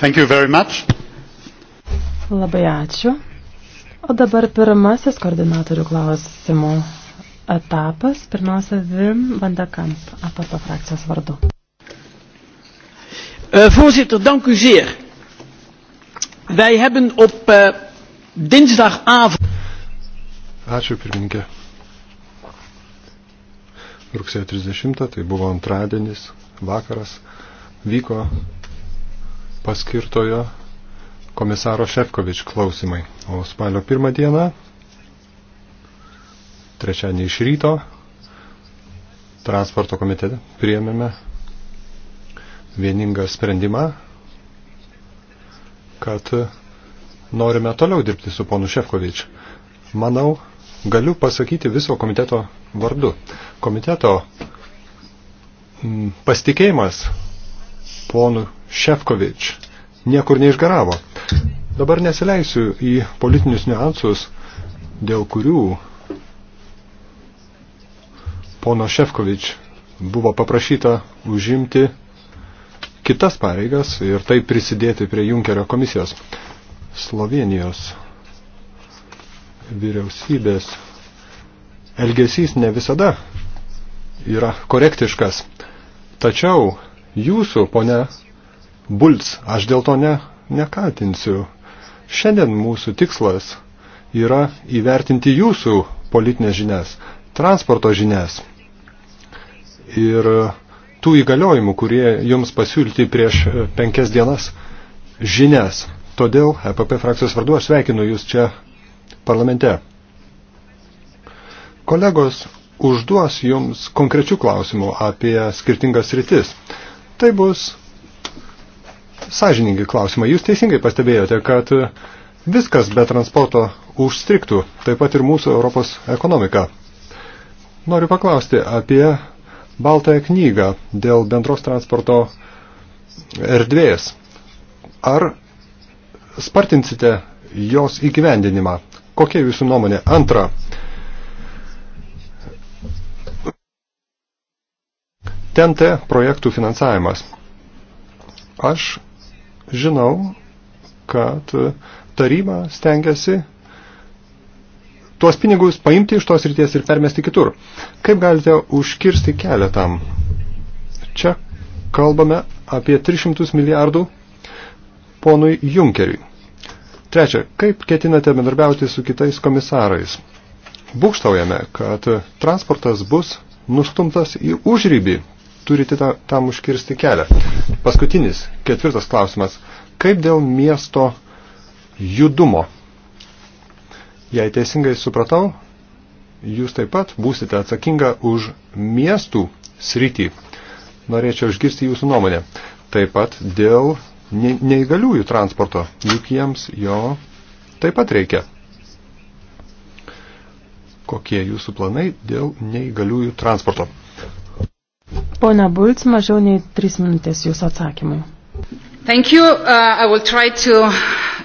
Thank you very much. Labai ačiū. O dabar pirmasis koordinatorių klausimų etapas. Pirmiausia, Vim Vandakamp, APP frakcijos vardu. Uh, voorzitter, dank u zeer. Wij hebben op uh, dinsdagavond. Ačiū pirmininkė. Rugsėjo 30, tai buvo antradienis, vakaras, vyko paskirtojo komisaro Šefkovič klausimai. O spalio pirmą dieną, trečiadienį iš ryto, transporto komitete priėmėme vieningą sprendimą, kad norime toliau dirbti su ponu Šefkovič. Manau, galiu pasakyti viso komiteto vardu. Komiteto mm, pasitikėjimas ponu Šefkovič niekur neišgaravo. Dabar nesileisiu į politinius niuansus, dėl kurių pono Šefkovič buvo paprašyta užimti kitas pareigas ir tai prisidėti prie Junkerio komisijos. Slovenijos vyriausybės elgesys ne visada yra korektiškas. Tačiau jūsų, ponia Bulc. Aš dėl to ne, nekaltinsiu. Šiandien mūsų tikslas yra įvertinti jūsų politinės žinias, transporto žinias ir tų įgaliojimų, kurie jums pasiūlyti prieš e, penkias dienas žinias. Todėl EPP frakcijos vardu aš sveikinu jūs čia parlamente. Kolegos užduos jums konkrečių klausimų apie skirtingas rytis. Tai bus sąžiningi klausimai. Jūs teisingai pastebėjote, kad viskas be transporto užstriktų, taip pat ir mūsų Europos ekonomika. Noriu paklausti apie Baltąją knygą dėl bendros transporto erdvės. Ar spartinsite jos įgyvendinimą? Kokia jūsų nuomonė? Antra. TNT projektų finansavimas. Aš žinau, kad taryba stengiasi tuos pinigus paimti iš tos ryties ir permesti kitur. Kaip galite užkirsti kelią tam? Čia kalbame apie 300 milijardų ponui Junkeriui. Trečia, kaip ketinate bendarbiauti su kitais komisarais? Būkštaujame, kad transportas bus nustumtas į užrybį turite ta, tam užkirsti kelią. Paskutinis, ketvirtas klausimas. Kaip dėl miesto judumo? Jei teisingai supratau, jūs taip pat būsite atsakinga už miestų sritį. Norėčiau išgirsti jūsų nuomonę. Taip pat dėl neįgaliųjų transporto, juk jiems jo taip pat reikia kokie jūsų planai dėl neįgaliųjų transporto. Pone Bulc, mažiau nei tris minutės jūsų atsakymui. Thank you. Uh, I will try to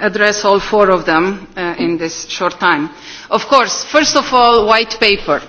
address all four of them uh, in this short time. Of course, first of all, white paper.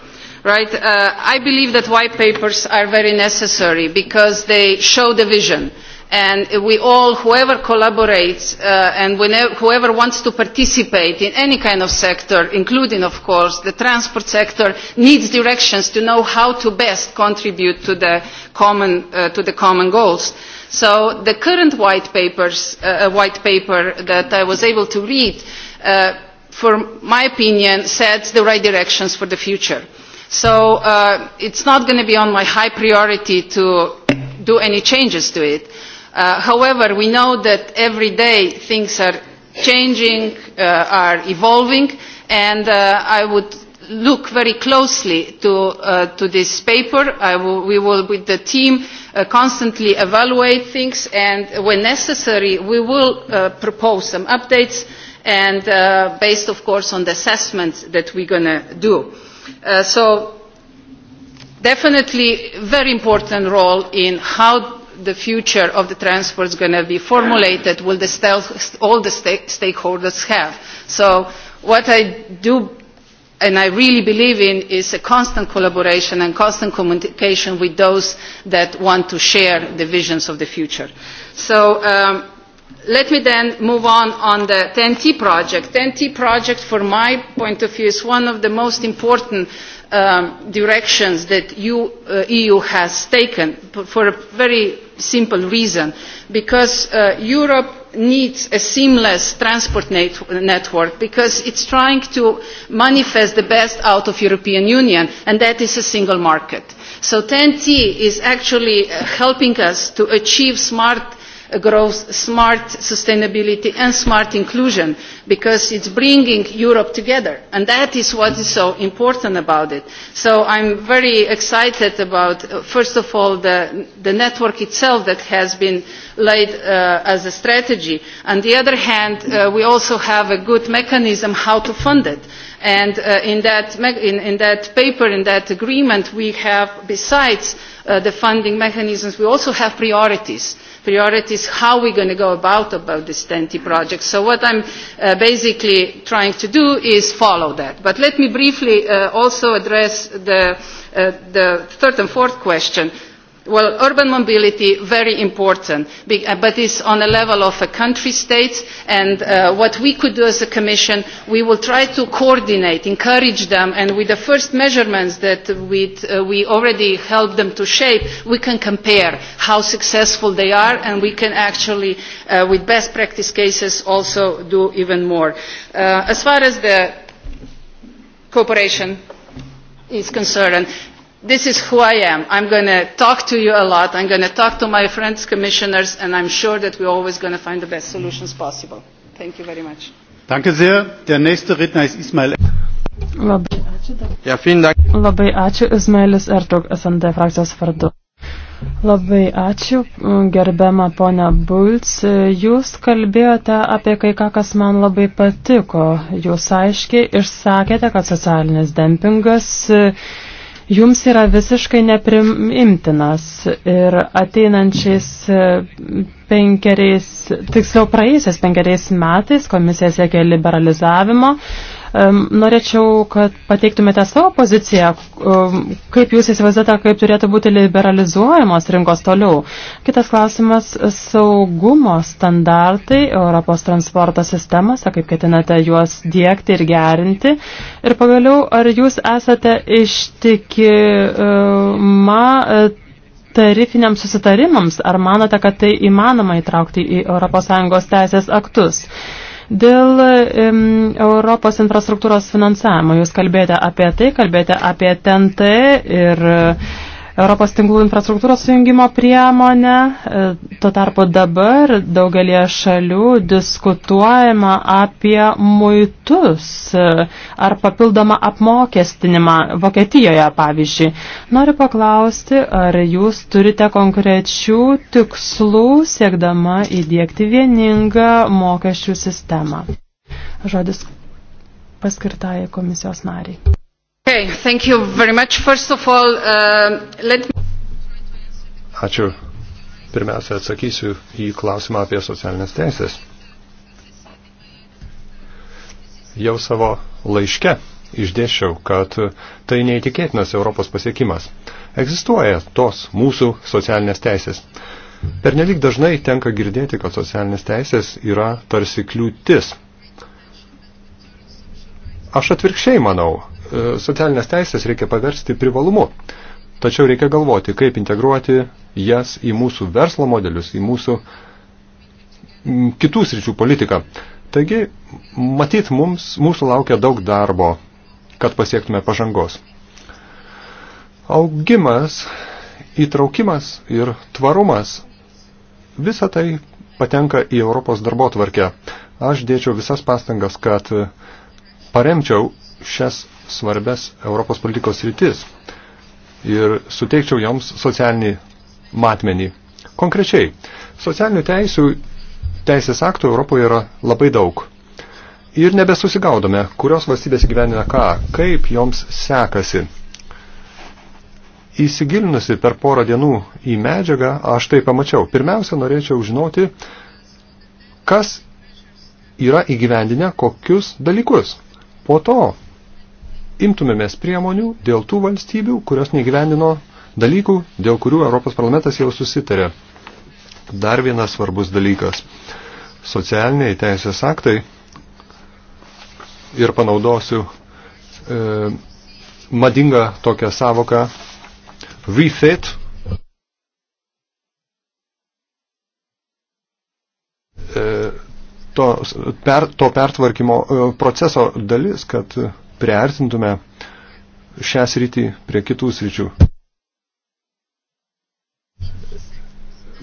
Right? Uh, I believe that white papers are very necessary because they show the vision. Uh, and we all, whoever collaborates uh, and whoever wants to participate in any kind of sector, including, of course, the transport sector, needs directions to know how to best contribute to the common, uh, to the common goals. So the current white, papers, uh, uh white paper that I was able to read, uh, for my opinion, sets the right directions for the future. So uh, it's not going to be on my high priority to do any changes to it Uh, however, we know that every day things are changing, uh, are evolving, and uh, I would look very closely to, uh, to this paper. I will, we will, with the team, uh, constantly evaluate things, and when necessary, we will uh, propose some updates, and uh, based, of course, on the assessments that we're going to do. Uh, so, definitely, very important role in how the future of the transport is going to be formulated will the st all the st stakeholders have. So what I do and I really believe in is a constant collaboration and constant communication with those that want to share the visions of the future. So um, let me then move on on the TNT project. TNT project from my point of view is one of the most important um, directions that you, uh, EU has taken for a very simple reason because uh, Europe needs a seamless transport net network because it's trying to manifest the best out of European Union and that is a single market. So TNT is actually uh, helping us to achieve smart growth, smart sustainability and smart inclusion because it's bringing Europe together and that is what is so important about it. So I'm very excited about, uh, first of all, the, the network itself that has been laid uh, as a strategy. On the other hand, uh, we also have a good mechanism how to fund it and uh, in, that in, in that paper in that agreement we have besides uh, the funding mechanisms we also have priorities priorities, how we're going to go about about this 10T project. So what I'm uh, basically trying to do is follow that. But let me briefly uh, also address the, uh, the third and fourth question well urban mobility is very important uh, but it is on the level of a country state and uh, what we could do as a commission we will try to coordinate encourage them and with the first measurements that we'd, uh, we already helped them to shape we can compare how successful they are and we can actually uh, with best practice cases also do even more. Uh, as far as the cooperation is concerned this is who I am. I'm going to talk to you a lot. I'm going to talk to my friends, commissioners, and I'm sure that we're always going to find the best solutions possible. Thank you very much. Danke sehr. Der nächste Redner ist Ismail. Labai ačiū. Ja, Dank. Labai ačiū, Ismailis Ertug, SND frakcijos vardu. Labai ačiū, gerbiama ponia Bulc. Jūs kalbėjote apie kai ką, kas man labai patiko. Jūs aiškiai išsakėte, kad socialinis dempingas jums yra visiškai neprimimtinas ir ateinančiais e, penkeriais, tiksliau praėjusiais penkeriais metais komisija siekia liberalizavimo, Norėčiau, kad pateiktumėte savo poziciją, kaip jūs įsivaizduojate, kaip turėtų būti liberalizuojamos rinkos toliau. Kitas klausimas – saugumo standartai Europos transporto sistemose, kaip ketinate juos dėkti ir gerinti. Ir pagaliau, ar jūs esate ištikima e, tarifiniams susitarimams, ar manote, kad tai įmanoma įtraukti į ES teisės aktus? Dėl um, Europos infrastruktūros finansavimo jūs kalbėjote apie tai, kalbėjote apie TNT ir uh, Europos tinklų infrastruktūros sujungimo priemonę. E, tuo tarpu dabar daugelie šalių diskutuojama apie muitus e, ar papildomą apmokestinimą Vokietijoje, pavyzdžiui. Noriu paklausti, ar jūs turite konkrečių tikslų siekdama įdėkti vieningą mokesčių sistemą. Žodis paskirtai komisijos nariai. Okay, thank you very much. First of all, uh, let me... Ačiū. Pirmiausia, atsakysiu į klausimą apie socialinės teisės. Jau savo laiške išdėšiau, kad tai neįtikėtinas Europos pasiekimas. Egzistuoja tos mūsų socialinės teisės. Per nelik dažnai tenka girdėti, kad socialinės teisės yra tarsi kliūtis. Aš atvirkščiai manau, E, socialinės teisės reikia paversti privalumu. Tačiau reikia galvoti, kaip integruoti jas į mūsų verslo modelius, į mūsų kitų sričių politiką. Taigi, matyt, mums, mūsų laukia daug darbo, kad pasiektume pažangos. Augimas, įtraukimas ir tvarumas – visa tai patenka į Europos darbo tvarkę. Aš dėčiau visas pastangas, kad paremčiau šias svarbes Europos politikos rytis ir suteikčiau joms socialinį matmenį. Konkrečiai, socialinių teisių teisės aktų Europoje yra labai daug. Ir nebesusigaudome, kurios valstybės gyvenina ką, kaip joms sekasi. Įsigilinusi per porą dienų į medžiagą, aš tai pamačiau. Pirmiausia, norėčiau žinoti, kas yra įgyvendinę kokius dalykus. Po to imtumėmės priemonių dėl tų valstybių, kurios negyvendino dalykų, dėl kurių Europos parlamentas jau susitarė. Dar vienas svarbus dalykas. Socialiniai teisės aktai ir panaudosiu e, madingą tokią savoką refit. E, to, per, to pertvarkymo e, proceso dalis, kad e, priartintume šią sritį prie kitų sričių.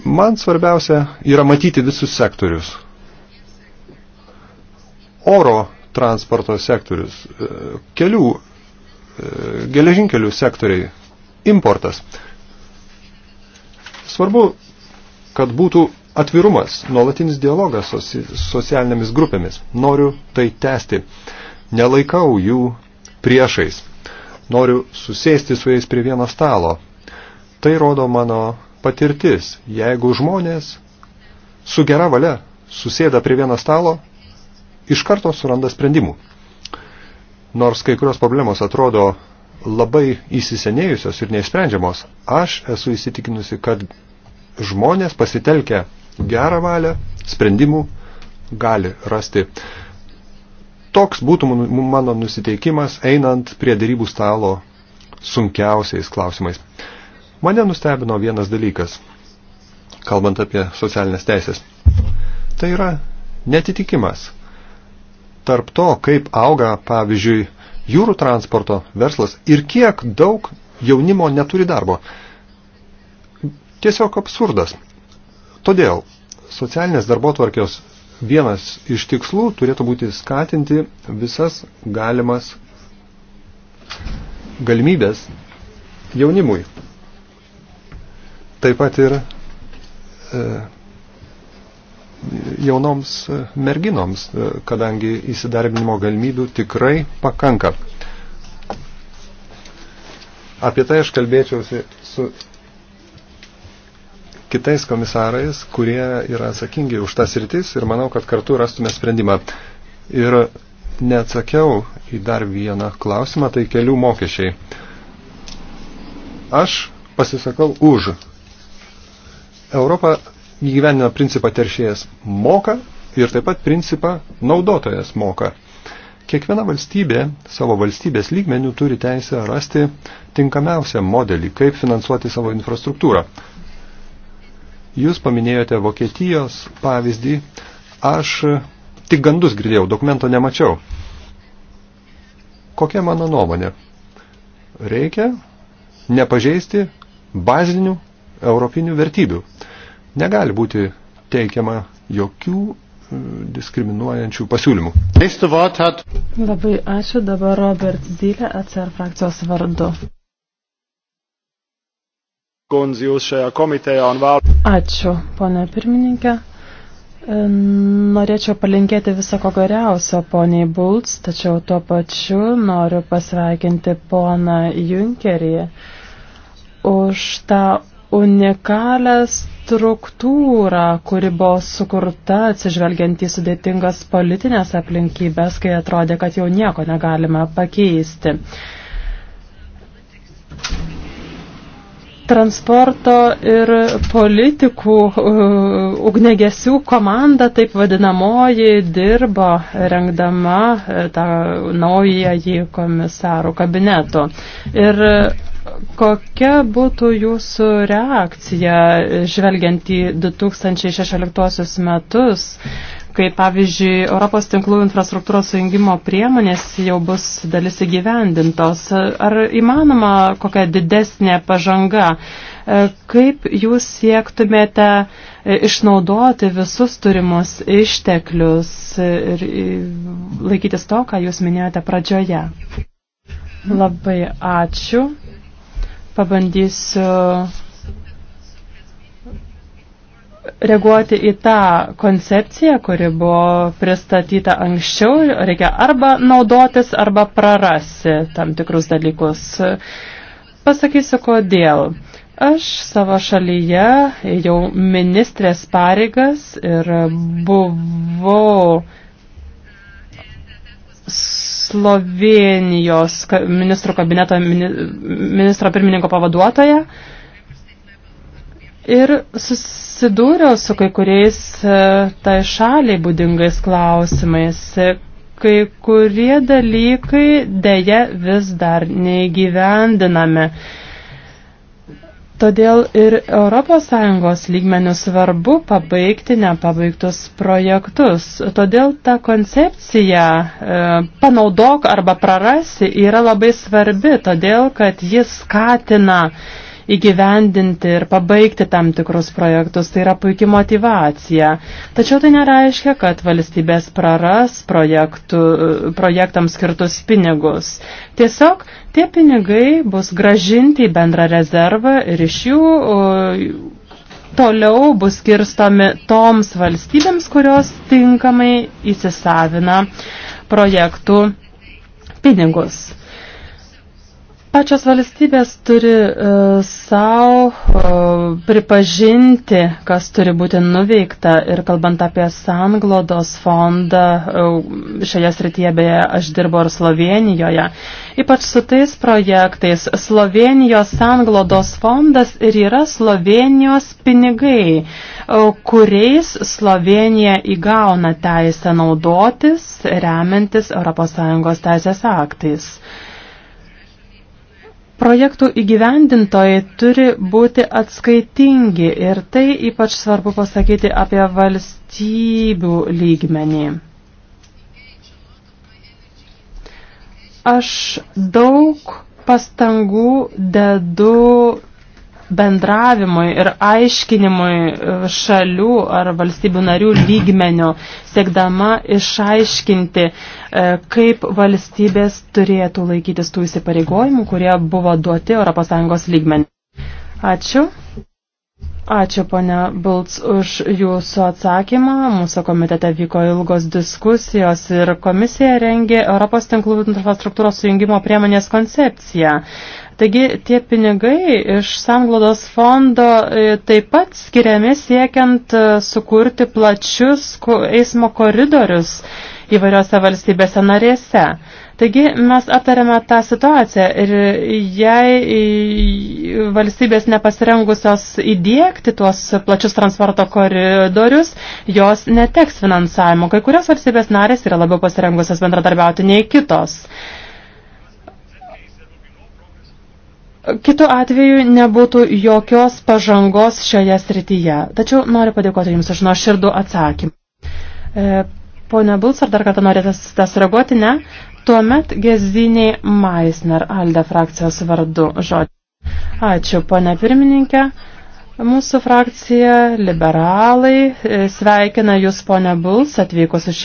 Man svarbiausia yra matyti visus sektorius. Oro transporto sektorius, e, kelių, e, geležinkelių sektoriai, importas. Svarbu, kad būtų atvirumas, nuolatinis dialogas soci, socialinėmis grupėmis. Noriu tai tęsti. Nelaikau jų priešais. Noriu susėsti su jais prie vieno stalo. Tai rodo mano patirtis. Jeigu žmonės su gera valia susėda prie vieno stalo, iš karto suranda sprendimų. Nors kai kurios problemos atrodo labai įsisenėjusios ir neišsprendžiamos, aš esu įsitikinusi, kad žmonės pasitelkę gerą valią sprendimų gali rasti. Toks būtų mano nusiteikimas einant prie dėrybų stalo sunkiausiais klausimais. Mane nustebino vienas dalykas, kalbant apie socialinės teisės. Tai yra netitikimas tarp to, kaip auga, pavyzdžiui, jūrų transporto verslas ir kiek daug jaunimo neturi darbo. Tiesiog absurdas. Todėl socialinės darbotvarkios vienas iš tikslų turėtų būti skatinti visas galimas galimybės jaunimui. Taip pat ir e, jaunoms e, merginoms, e, kadangi įsidarbinimo galimybių tikrai pakanka. Apie tai aš kalbėčiausi su kitais komisarais, kurie yra atsakingi už tas rytis ir manau, kad kartu rastume sprendimą. Ir neatsakiau į dar vieną klausimą, tai kelių mokesčiai. Aš pasisakau už. Europą įgyvenina principą teršėjas moka ir taip pat principą naudotojas moka. Kiekviena valstybė savo valstybės lygmenių turi teisę rasti tinkamiausią modelį, kaip finansuoti savo infrastruktūrą. Jūs paminėjote Vokietijos pavyzdį. Aš tik gandus girdėjau, dokumento nemačiau. Kokia mano nuomonė? Reikia nepažeisti bazinių europinių vertybių. Negali būti teikiama jokių e, diskriminuojančių pasiūlymų. Labai ačiū dabar Robert Zylė atsar frakcijos vardu. Konzijus šioje komiteje on val. Ačiū, ponė pirmininkė. E, norėčiau palinkėti visą ko geriausio poniai Bulc, tačiau tuo pačiu noriu pasveikinti poną Junkerį už tą unikalią struktūrą, kuri buvo sukurta atsižvelgiant į sudėtingas politinės aplinkybės, kai atrodė, kad jau nieko negalime pakeisti. transporto ir politikų e, ugnegesių komanda, taip vadinamoji, dirbo rengdama e, tą naująjį komisarų kabineto. Ir e, kokia būtų jūsų reakcija, žvelgiant į 2016 metus, kaip pavyzdžiui Europos tinklų infrastruktūros sujungimo priemonės jau bus dalis įgyvendintos. Ar įmanoma kokia didesnė pažanga? E, kaip jūs siektumėte e, išnaudoti visus turimus išteklius ir e, laikytis to, ką jūs minėjote pradžioje? Labai ačiū. Pabandysiu reaguoti į tą koncepciją, kuri buvo pristatyta anksčiau. Reikia arba naudotis, arba prarasi tam tikrus dalykus. Pasakysiu, kodėl. Aš savo šalyje jau ministrės pareigas ir buvau Slovenijos ministro kabineto ministro pirmininko pavaduotoja ir susidūriau su kai kuriais e, tai šaliai būdingais klausimais. Kai kurie dalykai dėja vis dar neįgyvendinami. Todėl ir ES lygmenių svarbu pabaigti nepabaigtus projektus. Todėl ta koncepcija e, panaudok arba prarasi yra labai svarbi, todėl kad jis skatina įgyvendinti ir pabaigti tam tikrus projektus. Tai yra puikia motivacija. Tačiau tai nereiškia, kad valstybės praras projektų, projektams skirtus pinigus. Tiesiog tie pinigai bus gražinti į bendrą rezervą ir iš jų toliau bus skirstomi toms valstybėms, kurios tinkamai įsisavina projektų pinigus. Pačios valstybės turi uh, e, savo uh, e, pripažinti, kas turi būti nuveikta. Ir kalbant apie Sanglodos fondą, uh, šioje srityje beje aš dirbu ir Slovenijoje. Ypač su tais projektais Slovenijos Sanglodos fondas ir yra Slovenijos pinigai, uh, kuriais Slovenija įgauna teisę naudotis, remiantis ES teisės aktais. Uh, Projektų įgyvendintojai turi būti atskaitingi ir tai ypač svarbu pasakyti apie valstybių lygmenį. Aš daug pastangų dedu bendravimui ir aiškinimui e, šalių ar valstybių narių lygmenių, siekdama išaiškinti, e, kaip valstybės turėtų laikytis tų įsipareigojimų, kurie buvo duoti ES lygmenį. Ačiū. Ačiū, ponia Bulc, už jūsų atsakymą. Mūsų komitete vyko ilgos diskusijos ir komisija rengė Europos tinklų infrastruktūros sujungimo priemonės koncepciją. Taigi tie pinigai iš sanglodos fondo e, taip pat skiriami siekiant e, sukurti plačius eismo koridorius įvairiose valstybėse narėse. Taigi mes aptarėme tą situaciją ir jei valstybės nepasirengusios įdėkti tuos plačius transporto koridorius, jos neteks finansavimo. Kai kurios valstybės narės yra labiau pasirengusios bendradarbiauti nei kitos. Kitu atveju nebūtų jokios pažangos šioje srityje. Tačiau noriu padėkoti Jums už nuoširdų atsakymą. E, Pone Bulc, ar dar kartą norite sureaguoti? Ne. Tuomet Geziniai Maisner, Alde frakcijos vardu žodžiu. Ačiū, pone pirmininkė. Mūsų frakcija liberalai e, sveikina Jūs, ponia Buls, atvykus iš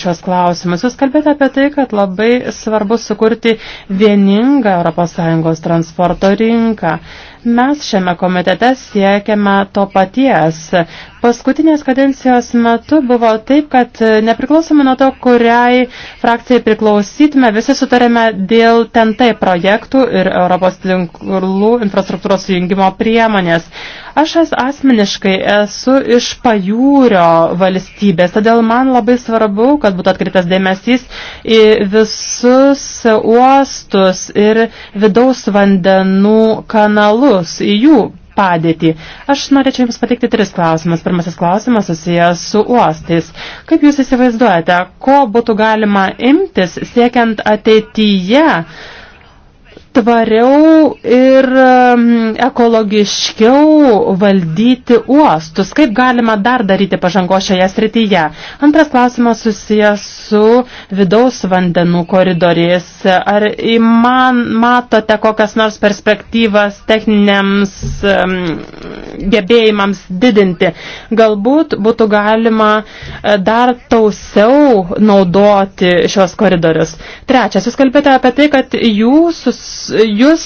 šios klausimus. Jūs kalbėte apie tai, kad labai svarbu sukurti vieningą ES transporto rinką. Mes šiame komitete siekiame to paties. Paskutinės kadencijos metu buvo taip, kad nepriklausomai nuo to, kuriai frakcijai priklausytume, visi sutarėme dėl tentai projektų ir Europos tinklų infrastruktūros sujungimo priemonės. Aš asmeniškai esu iš pajūrio valstybės, todėl man labai svarbu, kad būtų atkritas dėmesys į visus uostus ir vidaus vandenų kanalus vaikus, į jų padėtį. Aš norėčiau Jums pateikti tris klausimus. Pirmasis klausimas susijęs su uostais. Kaip Jūs įsivaizduojate, ko būtų galima imtis siekiant ateityje? tvariau ir ekologiškiau valdyti uostus? Kaip galima dar daryti pažango šioje srityje? Antras klausimas susijęs su vidaus vandenų koridoriais. Ar man matote kokias nors perspektyvas techniniams um, gebėjimams didinti? Galbūt būtų galima e, dar tausiau naudoti šios koridorius. Trečias, jūs kalbėjote apie tai, kad jūsų jūs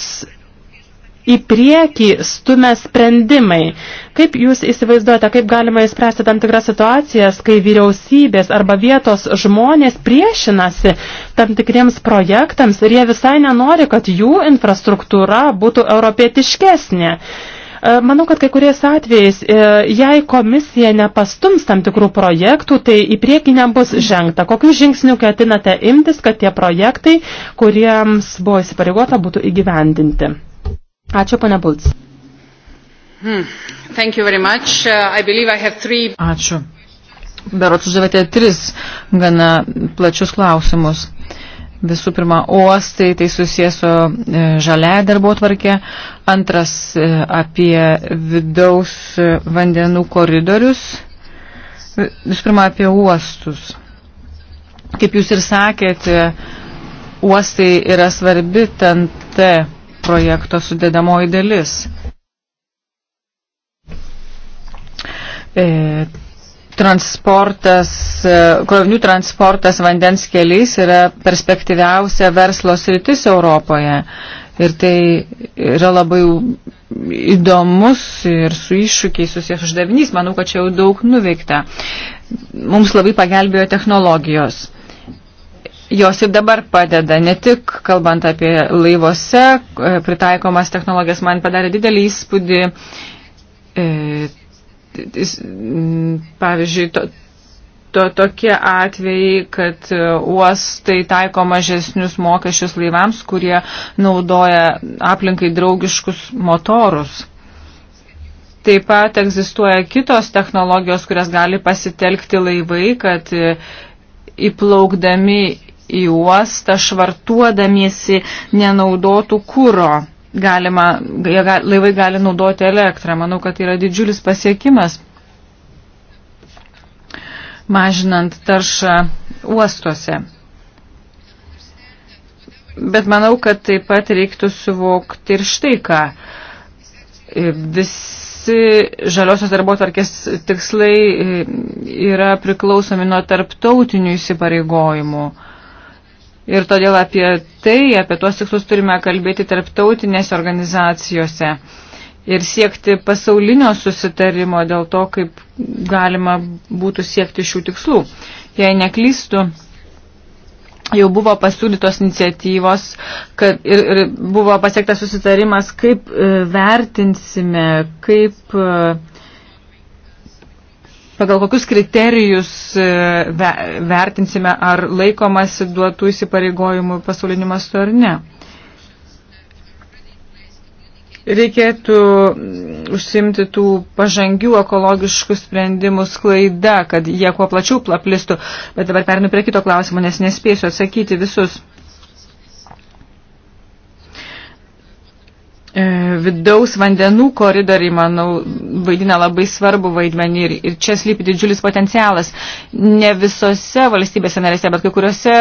į priekį stumia sprendimai. Kaip jūs įsivaizduojate, kaip galima įspręsti tam tikras situacijas, kai vyriausybės arba vietos žmonės priešinasi tam tikriems projektams ir jie visai nenori, kad jų infrastruktūra būtų europietiškesnė. Uh, E, manau, kad kai kuriais atvejais, e, jei komisija nepastums tam tikrų projektų, tai į priekį nebus žengta. Kokių žingsnių ketinate imtis, kad tie projektai, kuriems buvo įsipareigota, būtų įgyvendinti? Ačiū, pane Bulc. Hmm. Thank you very much. Uh, I believe I have three... Ačiū. Berots uždavėte tris gana plačius klausimus. Visų pirma, uostai, tai susijęs su e, žalia darbo tvarkė. Antras, e, apie vidaus e, vandenų koridorius. Visų pirma, apie uostus. Kaip jūs ir sakėte, uostai yra svarbi TNT projekto sudėdamoji dalis. E, transportas, e, krovinių transportas vandens keliais yra perspektyviausia verslo sritis Europoje. Ir tai yra labai įdomus ir su iššūkiais susijęs uždavinys. Manau, kad čia jau daug nuveikta. Mums labai pagelbėjo technologijos. Jos ir dabar padeda, ne tik kalbant apie laivuose, e, pritaikomas technologijas man padarė didelį įspūdį. E, Mm, pavyzdžiui, to, to, tokie atvejai, kad e, uostai taiko mažesnius mokesčius laivams, kurie naudoja aplinkai draugiškus motorus. Taip pat egzistuoja kitos technologijos, kurias gali pasitelkti laivai, kad e, įplaukdami į uostą švartuodamiesi nenaudotų kūro galima, laivai gali naudoti elektrą. Manau, kad yra didžiulis pasiekimas mažinant taršą uostuose. Bet manau, kad taip pat reiktų suvokti ir štai ką. Visi žaliosios darbo tvarkės tikslai yra priklausomi nuo tarptautinių įsipareigojimų. Ir todėl apie tai, apie tuos tikslus turime kalbėti tarptautinėse organizacijose ir siekti pasaulinio susitarimo dėl to, kaip galima būtų siekti šių tikslų. Jei neklystu, jau buvo pasiūlytos iniciatyvos kad, ir, ir buvo pasiektas susitarimas, kaip e, vertinsime, kaip e, pagal kokius kriterijus e, vertinsime, ar laikomasi duotų įsipareigojimų pasauliniu mastu ar ne. Reikėtų mm, užsimti tų pažangių ekologiškų sprendimų sklaida, kad jie kuo plačiau plaplistų, bet dabar pernu prie kito klausimo, nes nespėsiu atsakyti visus. E, vidaus vandenų koridoriai, manau, vaidina labai svarbu vaidmenį ir, ir čia slypi didžiulis potencialas. Ne visose valstybėse narėse, bet kai kuriuose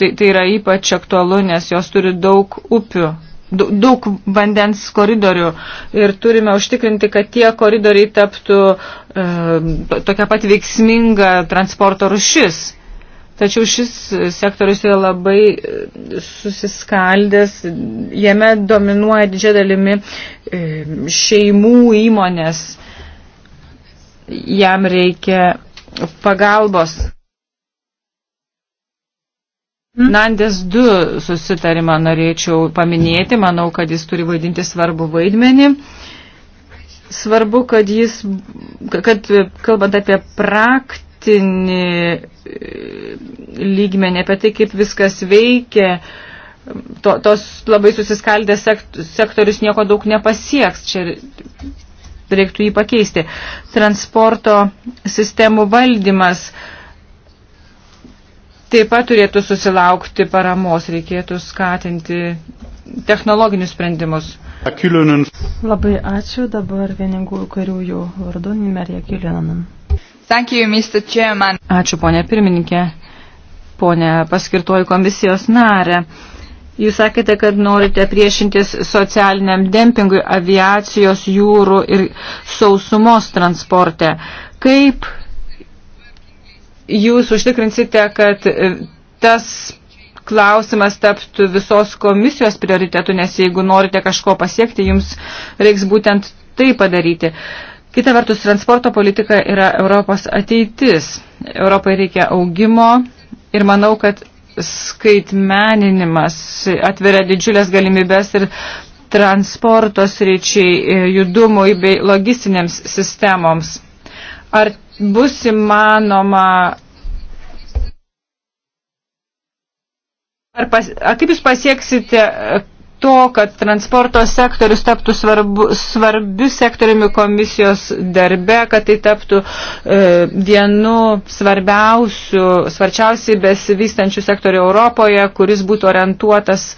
tai, tai yra ypač aktualu, nes jos turi daug upių, daug, daug vandens koridorių ir turime užtikrinti, kad tie koridoriai taptų e, tokia pat veiksminga transporto rušis. E, Tačiau šis sektorius yra labai e, susiskaldęs, jame dominuoja didžia dalimi e, šeimų įmonės, jam reikia pagalbos. Hmm? Nandės 2 susitarimą norėčiau paminėti, manau, kad jis turi vaidinti svarbų vaidmenį. Svarbu, kad jis, kad kalbant apie praktiką, vietinį e, lygmenį, apie tai, kaip viskas veikia. To, tos labai susiskaldęs sekt, sektorius nieko daug nepasieks. Čia reiktų jį pakeisti. Transporto sistemų valdymas taip pat turėtų susilaukti paramos, reikėtų skatinti technologinius sprendimus. Labai ačiū dabar vieningųjų kariųjų vardu Nimerija Kilinanan. Thank you, Mr. Chairman. Ačiū, ponė pirmininkė, ponė paskirtoji komisijos narė. Jūs sakėte, kad norite priešintis socialiniam dempingui aviacijos, jūrų ir sausumos transporte. Kaip jūs užtikrinsite, kad e, tas klausimas taptų visos komisijos prioritetu, nes jeigu norite kažko pasiekti, jums reiks būtent tai padaryti. Uh, Kita vertus, transporto politika yra Europos ateitis. Europai reikia augimo ir manau, kad skaitmeninimas atveria didžiulės galimybės ir transporto sričiai, e, judumui bei logistinėms sistemoms. Ar bus įmanoma Ar pas, a, kaip jūs pasieksite e, to, kad transporto sektorius taptų svarbu, svarbiu sektoriumi komisijos darbe, kad tai taptų e, vienu svarbiausių, svarčiausiai besivystančių sektorių Europoje, kuris būtų orientuotas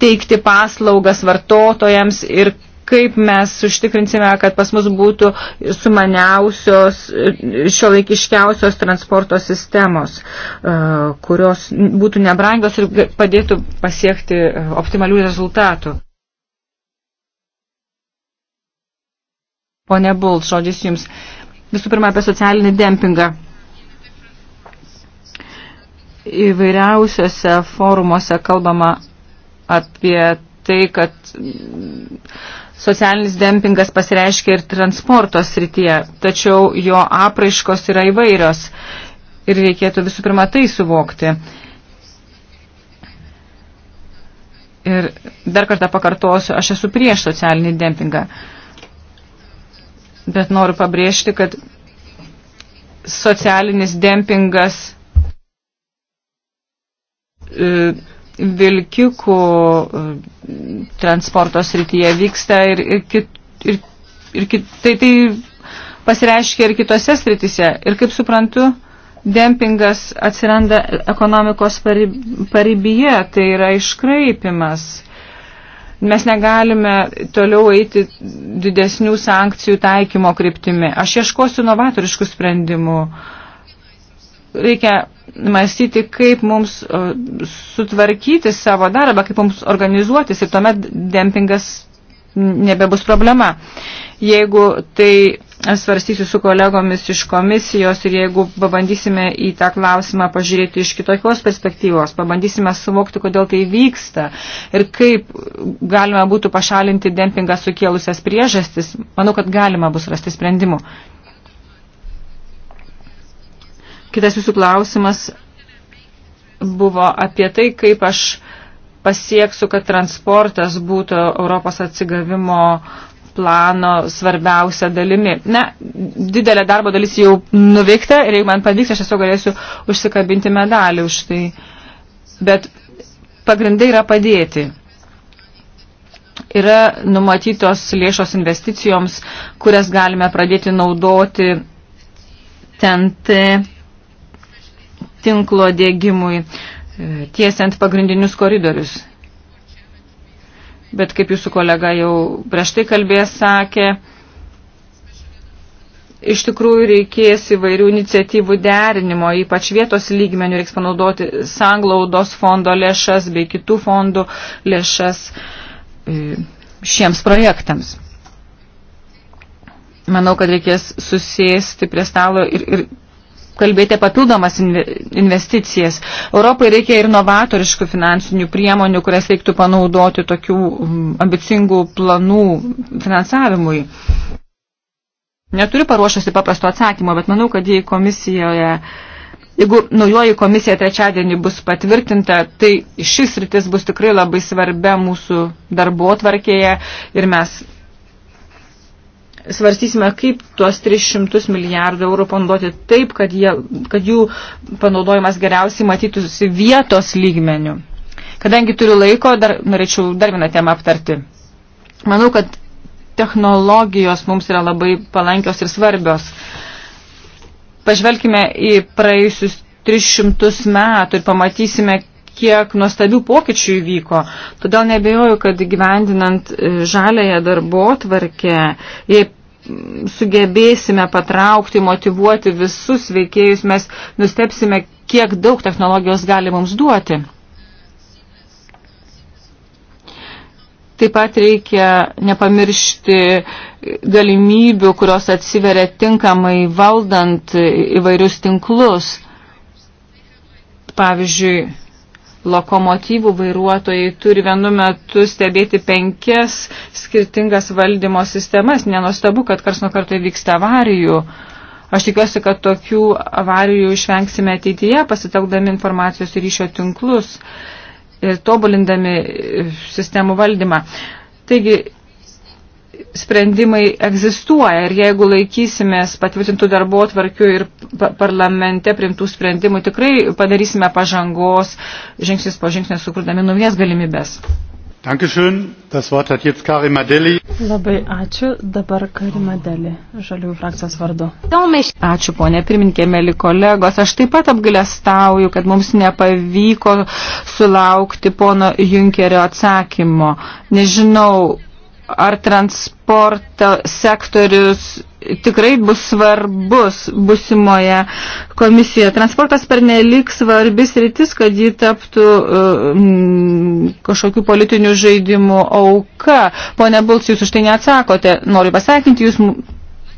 teikti paslaugas vartotojams ir kaip mes užtikrinsime, kad pas mus būtų sumaniausios, šiolaikiškiausios transporto sistemos, e, kurios būtų nebrangios ir padėtų pasiekti e, optimalių rezultatų. Pone Bult, žodis jums. Visų pirma, apie socialinį dempingą. Įvairiausiose forumuose kalbama apie tai, kad Socialinis dempingas pasireiškia ir transporto srityje, tačiau jo apraiškos yra įvairios ir reikėtų visų pirma tai suvokti. Ir dar kartą pakartosiu, aš esu prieš socialinį dempingą, bet noriu pabrėžti, kad socialinis dempingas e, vilkikų e, transporto srityje vyksta ir, ir, kit, ir, ir kit, tai, tai pasireiškia ir kitose srityse. Ir kaip suprantu, dempingas atsiranda ekonomikos paribyje, tai yra iškraipimas. Mes negalime toliau eiti didesnių sankcijų taikymo kryptimi. Aš ieškosiu novatoriškų sprendimų. Reikia mąstyti, kaip mums sutvarkyti savo darbą, kaip mums organizuotis ir tuomet dempingas nebebus problema. Jeigu tai svarstysiu su kolegomis iš komisijos ir jeigu pabandysime į tą klausimą pažiūrėti iš kitokios perspektyvos, pabandysime suvokti, kodėl tai vyksta ir kaip galima būtų pašalinti dempingą sukėlusias priežastis, manau, kad galima bus rasti sprendimų. Kitas jūsų klausimas buvo apie tai, kaip aš pasieksiu, kad transportas būtų Europos atsigavimo plano svarbiausia dalimi. Na, didelė darbo dalis jau nuveikta ir jeigu man pavyks, aš tiesiog galėsiu užsikabinti medalį už tai. Bet pagrindai yra padėti. Yra numatytos lėšos investicijoms, kurias galime pradėti naudoti TNT tinklo dėgymui, e, tiesiant pagrindinius koridorius. Bet kaip jūsų kolega jau prieš tai kalbės sakė, iš tikrųjų reikės įvairių iniciatyvų derinimo, ypač vietos lygmenių reiks panaudoti sanglaudos fondo lėšas bei kitų fondų lėšas e, šiems projektams. Manau, kad reikės susėsti prie stalo ir, ir kalbėti papildomas investicijas. Europai reikia ir novatoriškų finansinių priemonių, kurias reiktų panaudoti tokių ambicingų planų finansavimui. Neturiu paruošusi paprasto atsakymo, bet manau, kad jei komisijoje, jeigu naujoji komisija trečiadienį bus patvirtinta, tai šis rytis bus tikrai labai svarbia mūsų darbo tvarkėje ir mes svarstysime, kaip tuos 300 milijardų eurų panaudoti taip, kad, jie, kad jų panaudojimas geriausiai matytųsi vietos lygmenių. Kadangi turiu laiko, dar norėčiau dar vieną temą aptarti. Manau, kad technologijos mums yra labai palankios ir svarbios. Pažvelkime į praėjusius 300 metų ir pamatysime, kiek nuostabių pokyčių įvyko. Todėl nebejoju, kad gyvendinant e, žalėje darbo tvarkę, jei sugebėsime patraukti, motivuoti visus veikėjus, mes nustepsime, kiek daug technologijos gali mums duoti. Taip pat reikia nepamiršti galimybių, kurios atsiveria tinkamai valdant įvairius tinklus. Pavyzdžiui, lokomotyvų vairuotojai turi vienu metu stebėti penkias skirtingas valdymo sistemas. Nenostabu, kad kars nuo karto įvyksta avarijų. Aš tikiuosi, kad tokių avarijų išvengsime ateityje, pasitelkdami informacijos ir ryšio tinklus ir tobulindami e, sistemų valdymą. Taigi, sprendimai egzistuoja ir jeigu laikysimės patvirtintų darbo tvarkių ir parlamente primtų sprendimų, tikrai padarysime pažangos žingsnis po žingsnės sukurdami naujas galimybės. Dankeschön. Das Wort hat jetzt Karima Deli. Labai ačiū. Dabar Karima Deli, Žaliųjų frakcijos vardu. Ačiū, ponė pirmininkė, mėly kolegos. Aš taip pat apgailestauju, kad mums nepavyko sulaukti pono Junkerio atsakymo. Nežinau, ar transporto sektorius tikrai bus svarbus busimoje komisijoje. Transportas per nelik svarbis rytis, kad ji taptų mm, uh, kažkokių politinių žaidimų auka. Pone Bulc, jūs už tai neatsakote. Noriu pasakinti jūs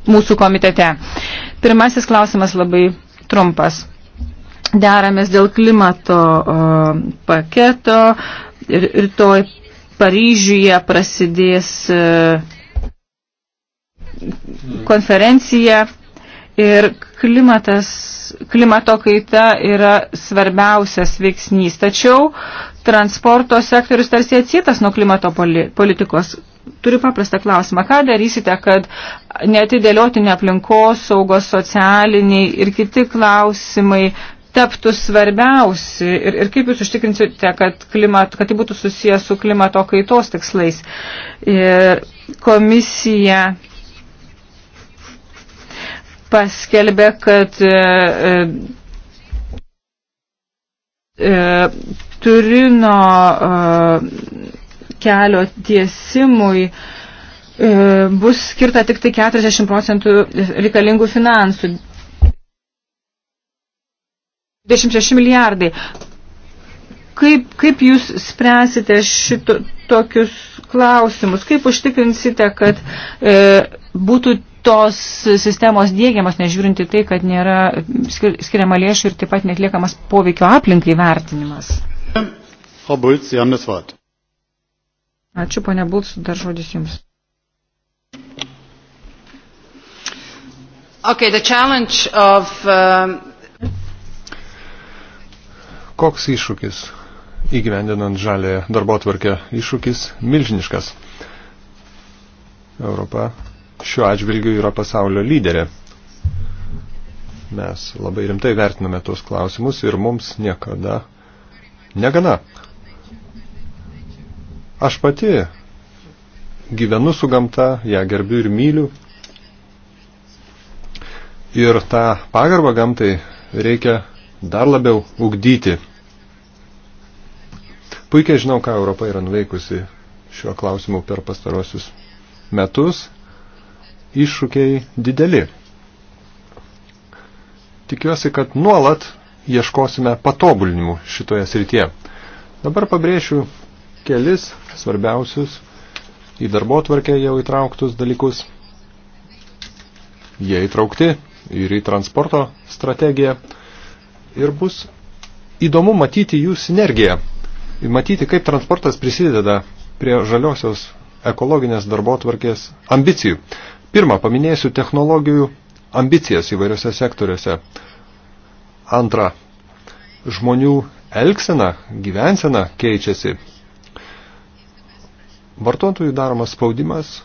mūsų komitete. Pirmasis klausimas labai trumpas. Deramės dėl klimato o, uh, paketo ir, ir toj Paryžiuje prasidės e, konferencija ir klimatas, klimato kaita yra svarbiausias veiksnys. Tačiau transporto sektorius tarsi atsietas nuo klimato politikos. Turiu paprastą klausimą. Ką darysite, kad netidėliotinė aplinkos, saugos, socialiniai ir kiti klausimai taptų svarbiausi ir, ir kaip jūs užtikrinsite, kad, klimat, kad tai būtų susijęs su klimato kaitos tikslais. Ir komisija paskelbė, kad e, e, Turino e, kelio tiesimui e, bus skirta tik tai 40 procentų reikalingų finansų. 26 milijardai. Kaip, kaip jūs spręsite šito, tokius klausimus? Kaip užtikrinsite, kad e, būtų tos sistemos dėgiamas, nežiūrinti tai, kad nėra skiriama lėšų ir taip pat netliekamas poveikio aplinkai vertinimas? Ačiū, ponia Bulc, dar žodis jums. Okay, the challenge of um, Koks iššūkis įgyvendinant žalę darbo tvarkę? Iššūkis milžiniškas. Europa šiuo atžvilgiu yra pasaulio lyderė. Mes labai rimtai vertiname tuos klausimus ir mums niekada negana. Aš pati gyvenu su gamta, ją gerbiu ir myliu. Ir tą pagarbą gamtai reikia dar labiau ugdyti. Puikiai žinau, ką Europa yra nuveikusi šiuo klausimu per pastarosius metus. Iššūkiai dideli. Tikiuosi, kad nuolat ieškosime patobulinimų šitoje srityje. Dabar pabrėšiu kelis svarbiausius į darbo tvarkę jau įtrauktus dalykus. Jie įtraukti ir į transporto strategiją ir bus įdomu matyti jų sinergiją matyti, kaip transportas prisideda prie žaliosios ekologinės darbotvarkės ambicijų. Pirma, paminėsiu technologijų ambicijas įvairiose sektoriuose. Antra, žmonių elgsena, gyvensena keičiasi. Vartotojų daromas spaudimas,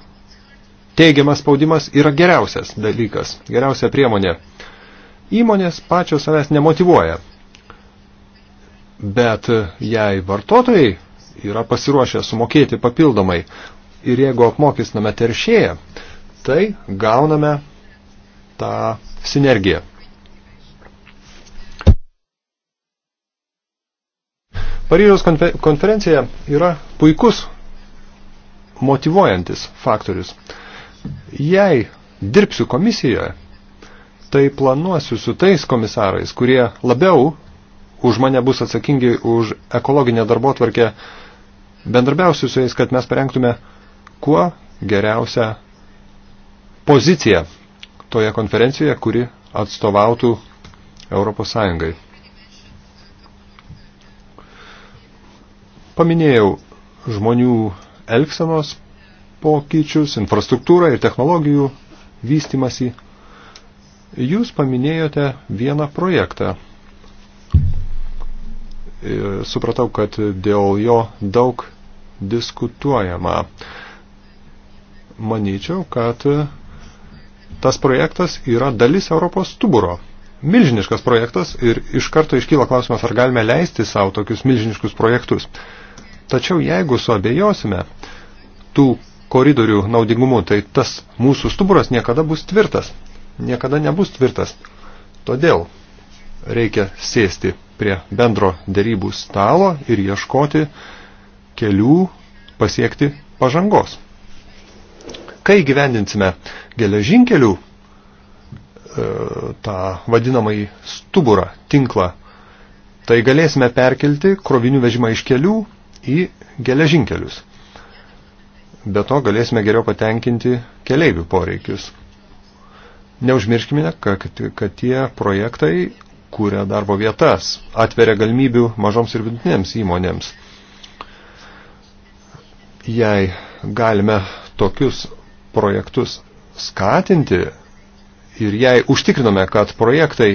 teigiamas spaudimas yra geriausias dalykas, geriausia priemonė. Įmonės pačios savęs nemotivuoja Bet jei vartotojai yra pasiruošę sumokėti papildomai ir jeigu apmokysname teršėją, tai gauname tą sinergiją. Paryžiaus konferencija yra puikus motivuojantis faktorius. Jei dirbsiu komisijoje, tai planuosiu su tais komisarais, kurie labiau už mane bus atsakingi už ekologinę darbotvarkę. Bendarbiausiu su jais, kad mes parengtume kuo geriausią poziciją toje konferencijoje, kuri atstovautų Europos Sąjungai. Paminėjau žmonių elgsenos pokyčius, infrastruktūrą ir technologijų vystimasi. Jūs paminėjote vieną projektą – supratau, kad dėl jo daug diskutuojama. Manyčiau, kad tas projektas yra dalis Europos stuburo. Milžiniškas projektas ir iš karto iškyla klausimas, ar galime leisti savo tokius milžiniškus projektus. Tačiau jeigu suabejosime tų koridorių naudingumu, tai tas mūsų stuburas niekada bus tvirtas. Niekada nebus tvirtas. Todėl reikia sėsti prie bendro dėrybų stalo ir ieškoti kelių pasiekti pažangos. Kai gyvendinsime geležinkelių e, tą vadinamąjį stuburą, tinklą, tai galėsime perkelti krovinių vežimą iš kelių į geležinkelius. Be to galėsime geriau patenkinti keleivių poreikius. Neužmirškime, kad, kad tie projektai kuria darbo vietas, atveria galimybių mažoms ir vidutinėms įmonėms. Jei galime tokius projektus skatinti ir jei užtikriname, kad projektai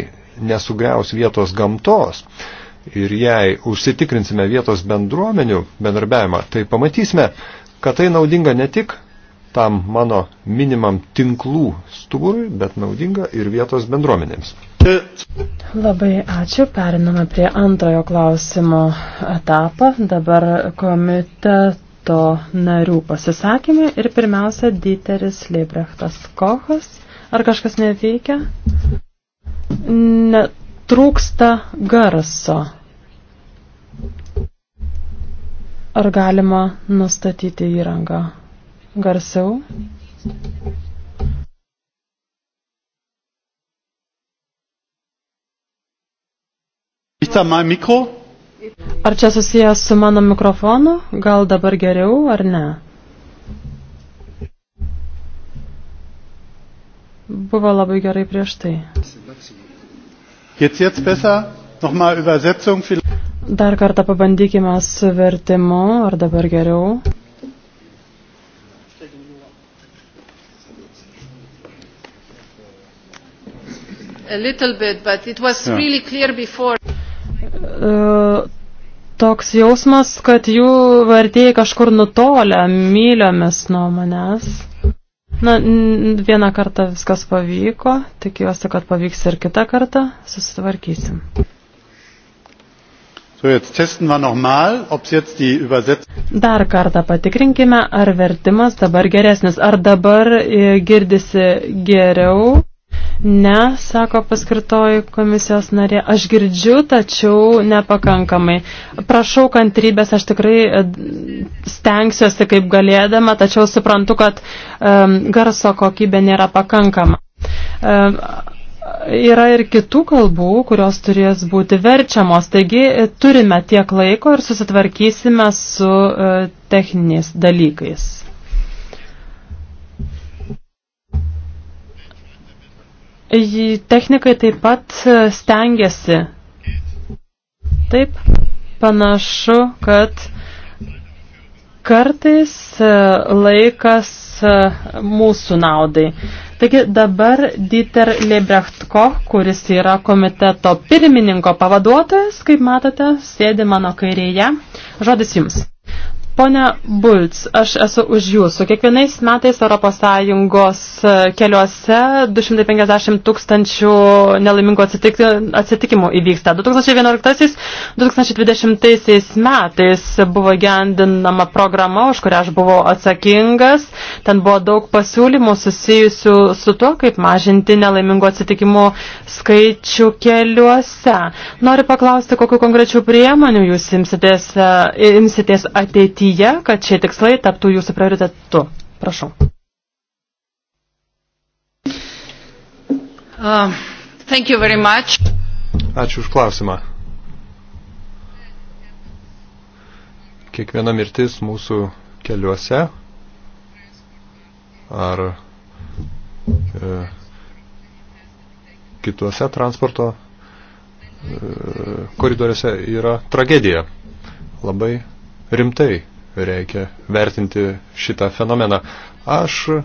nesugriaus vietos gamtos ir jei užsitikrinsime vietos bendruomenių bendarbiavimą, tai pamatysime, kad tai naudinga ne tik tam mano minimam tinklų stuburui, bet naudinga ir vietos bendruomenėms. Labai ačiū. Periname prie antrojo klausimo etapą. Dabar komiteto narių pasisakymai ir pirmiausia Dieteris Liebrechtas Kochas. Ar kažkas neveikia? Netrūksta garso. Ar galima nustatyti įrangą? garsiau. Ar čia susijęs su mano mikrofonu? Gal dabar geriau ar ne? Buvo labai gerai prieš tai. Jetzt, jetzt besser. Nochmal Übersetzung. Dar kartą pabandykime su vertimu, ar dabar geriau. a little bit, but it was yeah. really clear before. Uh, toks jausmas, kad jų vertėjai kažkur nutolę myliomis nuo manęs. Na, vieną kartą viskas pavyko, tikiuosi, kad pavyks ir kitą kartą, susitvarkysim. So, jetzt testen wir nochmal, ob jetzt die Übersetzung. Dar kartą patikrinkime, ar vertimas dabar geresnis, ar dabar e, girdisi geriau. Ne, sako paskirtoji komisijos narė, aš girdžiu, tačiau nepakankamai. Prašau kantrybės, aš tikrai e, stengsiuosi kaip galėdama, tačiau suprantu, kad um, garso kokybė nėra pakankama. Um, yra ir kitų kalbų, kurios turės būti verčiamos. Taigi turime tiek laiko ir susitvarkysime su techniniais dalykais. Technikai taip pat e, stengiasi. Taip, panašu, kad kartais e, laikas e, mūsų naudai. Taigi dabar Dieter Lebrechtko, kuris yra komiteto pirmininko pavaduotojas, kaip matote, sėdi mano kairėje. Žodis jums. Pone Bulc, aš esu už jūsų. Kiekvienais metais ES e, keliuose 250 tūkstančių nelaimingų atsitik, atsitikimų įvyksta. 2011-2020 metais buvo gendinama programa, už kurią aš buvau atsakingas. Ten buvo daug pasiūlymų susijusių su tuo, kaip mažinti nelaimingų atsitikimų skaičių keliuose. Noriu paklausti, kokiu konkrečiu priemonių jūs imsitės, e, imsitės ateityje ateityje, kad šie tikslai taptų jūsų prioritetu? Prašau. Uh, thank you very much. Ačiū už klausimą. Kiekviena mirtis mūsų keliuose ar e, kituose transporto e, koridoriuose yra tragedija. Labai rimtai reikia vertinti šitą fenomeną. Aš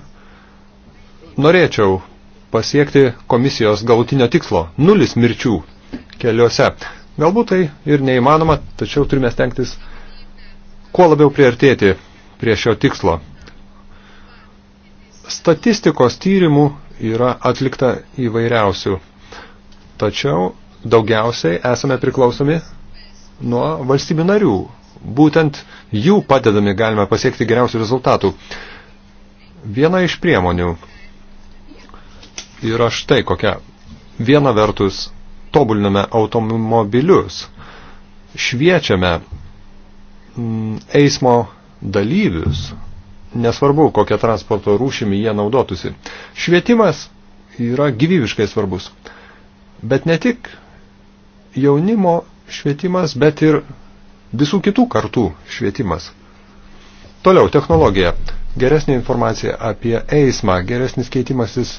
norėčiau pasiekti komisijos galutinio tikslo – nulis mirčių keliuose. Galbūt tai ir neįmanoma, tačiau turime stengtis kuo labiau priartėti prie šio tikslo. Statistikos tyrimų yra atlikta įvairiausių, tačiau daugiausiai esame priklausomi nuo valstybių narių. Būtent jų padedami galime pasiekti geriausių rezultatų. Viena iš priemonių yra štai kokia. Viena vertus tobuliname automobilius, šviečiame mm, eismo dalyvius, nesvarbu, kokią transporto rūšimi jie naudotųsi. Švietimas yra gyvybiškai svarbus. Bet ne tik jaunimo švietimas, bet ir visų kitų kartų švietimas. Toliau, technologija. Geresnė informacija apie eismą, geresnis keitimasis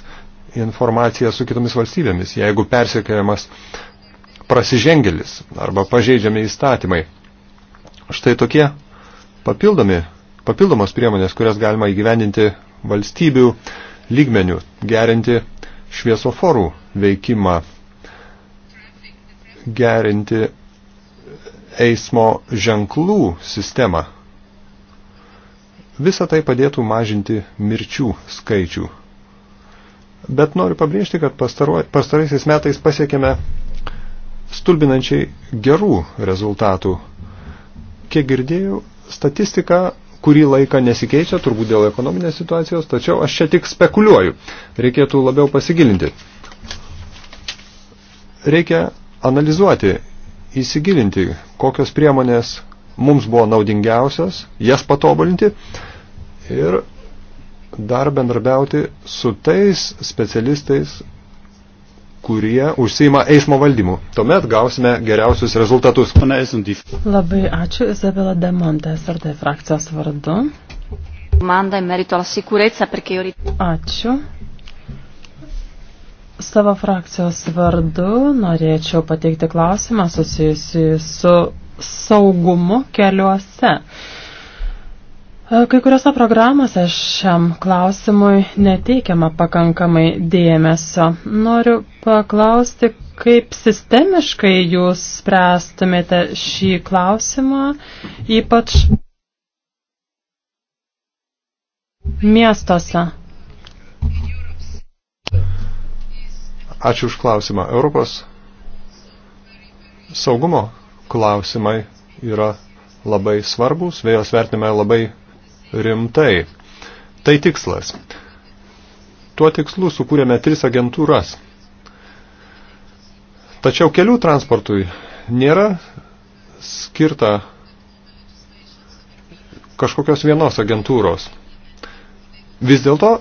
informacija su kitomis valstybėmis, jeigu persekiojamas prasižengėlis arba pažeidžiami įstatymai. Štai tokie papildomi, papildomos priemonės, kurias galima įgyvendinti valstybių lygmenių, gerinti šviesoforų veikimą, gerinti eismo ženklų sistemą. Visą tai padėtų mažinti mirčių skaičių. Bet noriu pabrėžti, kad pastaraisiais metais pasiekėme stulbinančiai gerų rezultatų. Kiek girdėjau, statistika kurį laiką nesikeičia, turbūt dėl ekonominės situacijos, tačiau aš čia tik spekuliuoju. Reikėtų labiau pasigilinti. Reikia analizuoti įsigilinti, kokios priemonės mums buvo naudingiausios, jas patobulinti ir dar bendrabiauti su tais specialistais, kurie užsima eismo valdymu. Tuomet gausime geriausius rezultatus. Labai ačiū Izabela Demonte, SRD frakcijos vardu. Ačiū. Savo frakcijos vardu norėčiau pateikti klausimą susijusi su saugumu keliuose. E, kai kuriuose programuose šiam klausimui neteikiama pakankamai dėmesio. Noriu paklausti, kaip sistemiškai jūs spręstumėte šį klausimą, ypač miestuose. Ačiū už klausimą. Europos saugumo klausimai yra labai svarbus, vėjos vertinime labai rimtai. Tai tikslas. Tuo tikslu sukūrėme tris agentūras. Tačiau kelių transportui nėra skirta kažkokios vienos agentūros. Vis dėlto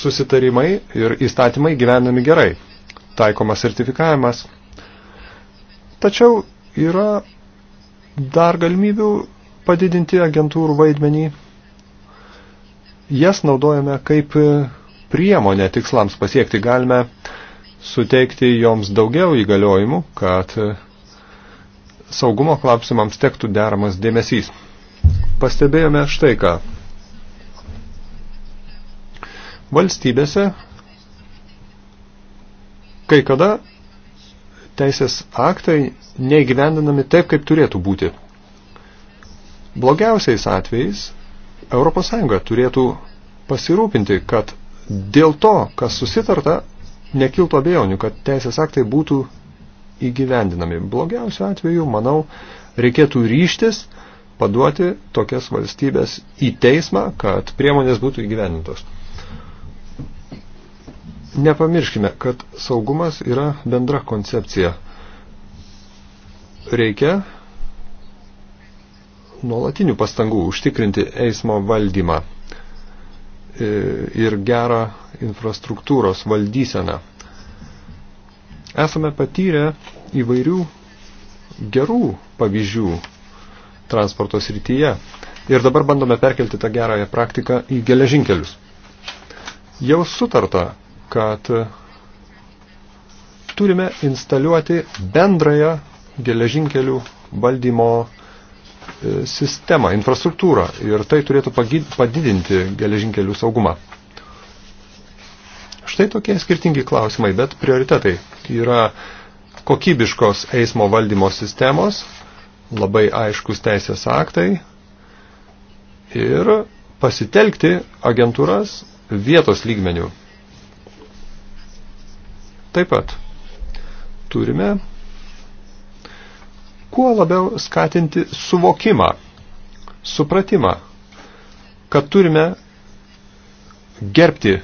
susitarimai ir įstatymai gyvenami gerai taikomas sertifikavimas. Tačiau yra dar galimybių padidinti agentūrų vaidmenį. Jas naudojame kaip priemonę tikslams pasiekti. Galime suteikti joms daugiau įgaliojimų, kad saugumo klausimams tektų deramas dėmesys. Pastebėjome štai ką. Valstybėse Kai kada teisės aktai neįgyvendinami taip, kaip turėtų būti. Blogiausiais atvejais ES turėtų pasirūpinti, kad dėl to, kas susitarta, nekiltų abejonių, kad teisės aktai būtų įgyvendinami. Blogiausiu atveju, manau, reikėtų ryštis paduoti tokias valstybės į teismą, kad priemonės būtų įgyvendintos. Nepamirškime, kad saugumas yra bendra koncepcija. Reikia nuolatinių pastangų užtikrinti eismo valdymą e, ir gerą infrastruktūros valdyseną. Esame patyrę įvairių gerų pavyzdžių transporto srityje ir dabar bandome perkelti tą gerąją praktiką į geležinkelius. Jau sutarta, kad turime instaliuoti bendrąją geležinkelių valdymo e, sistemą, infrastruktūrą ir tai turėtų padidinti geležinkelių saugumą. Štai tokie skirtingi klausimai, bet prioritetai yra kokybiškos eismo valdymo sistemos, labai aiškus teisės aktai ir pasitelkti agentūras vietos lygmenių. Taip pat turime kuo labiau skatinti suvokimą, supratimą, kad turime gerbti e,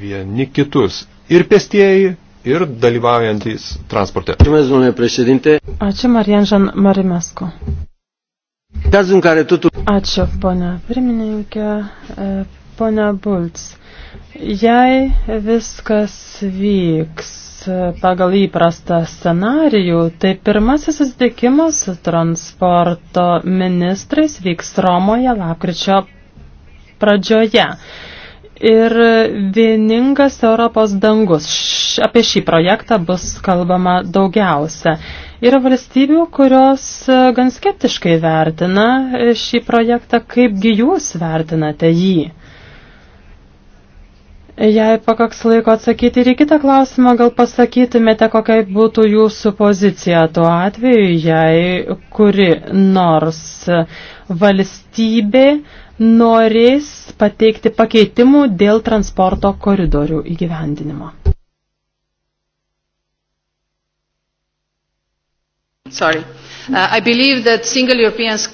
vieni kitus ir pėstieji, ir dalyvaujantys transporte. Ačiū, Marienžan Marimesko. Ačiū, ponia pirmininkė, e, ponia Bulc. Jei viskas vyks pagal įprastą scenarijų, tai pirmasis susitikimas su transporto ministrais vyks Romoje lapkričio pradžioje. Ir vieningas Europos dangus. Apie šį projektą bus kalbama daugiausia. Yra valstybių, kurios gan skeptiškai vertina šį projektą, kaipgi jūs vertinate jį. Jei pakaks laiko atsakyti ir į kitą klausimą, gal pasakytumėte, kokia būtų jūsų pozicija tuo atveju, jei kuri nors valstybė norės pateikti pakeitimų dėl transporto koridorių įgyvendinimo. Sorry. Uh,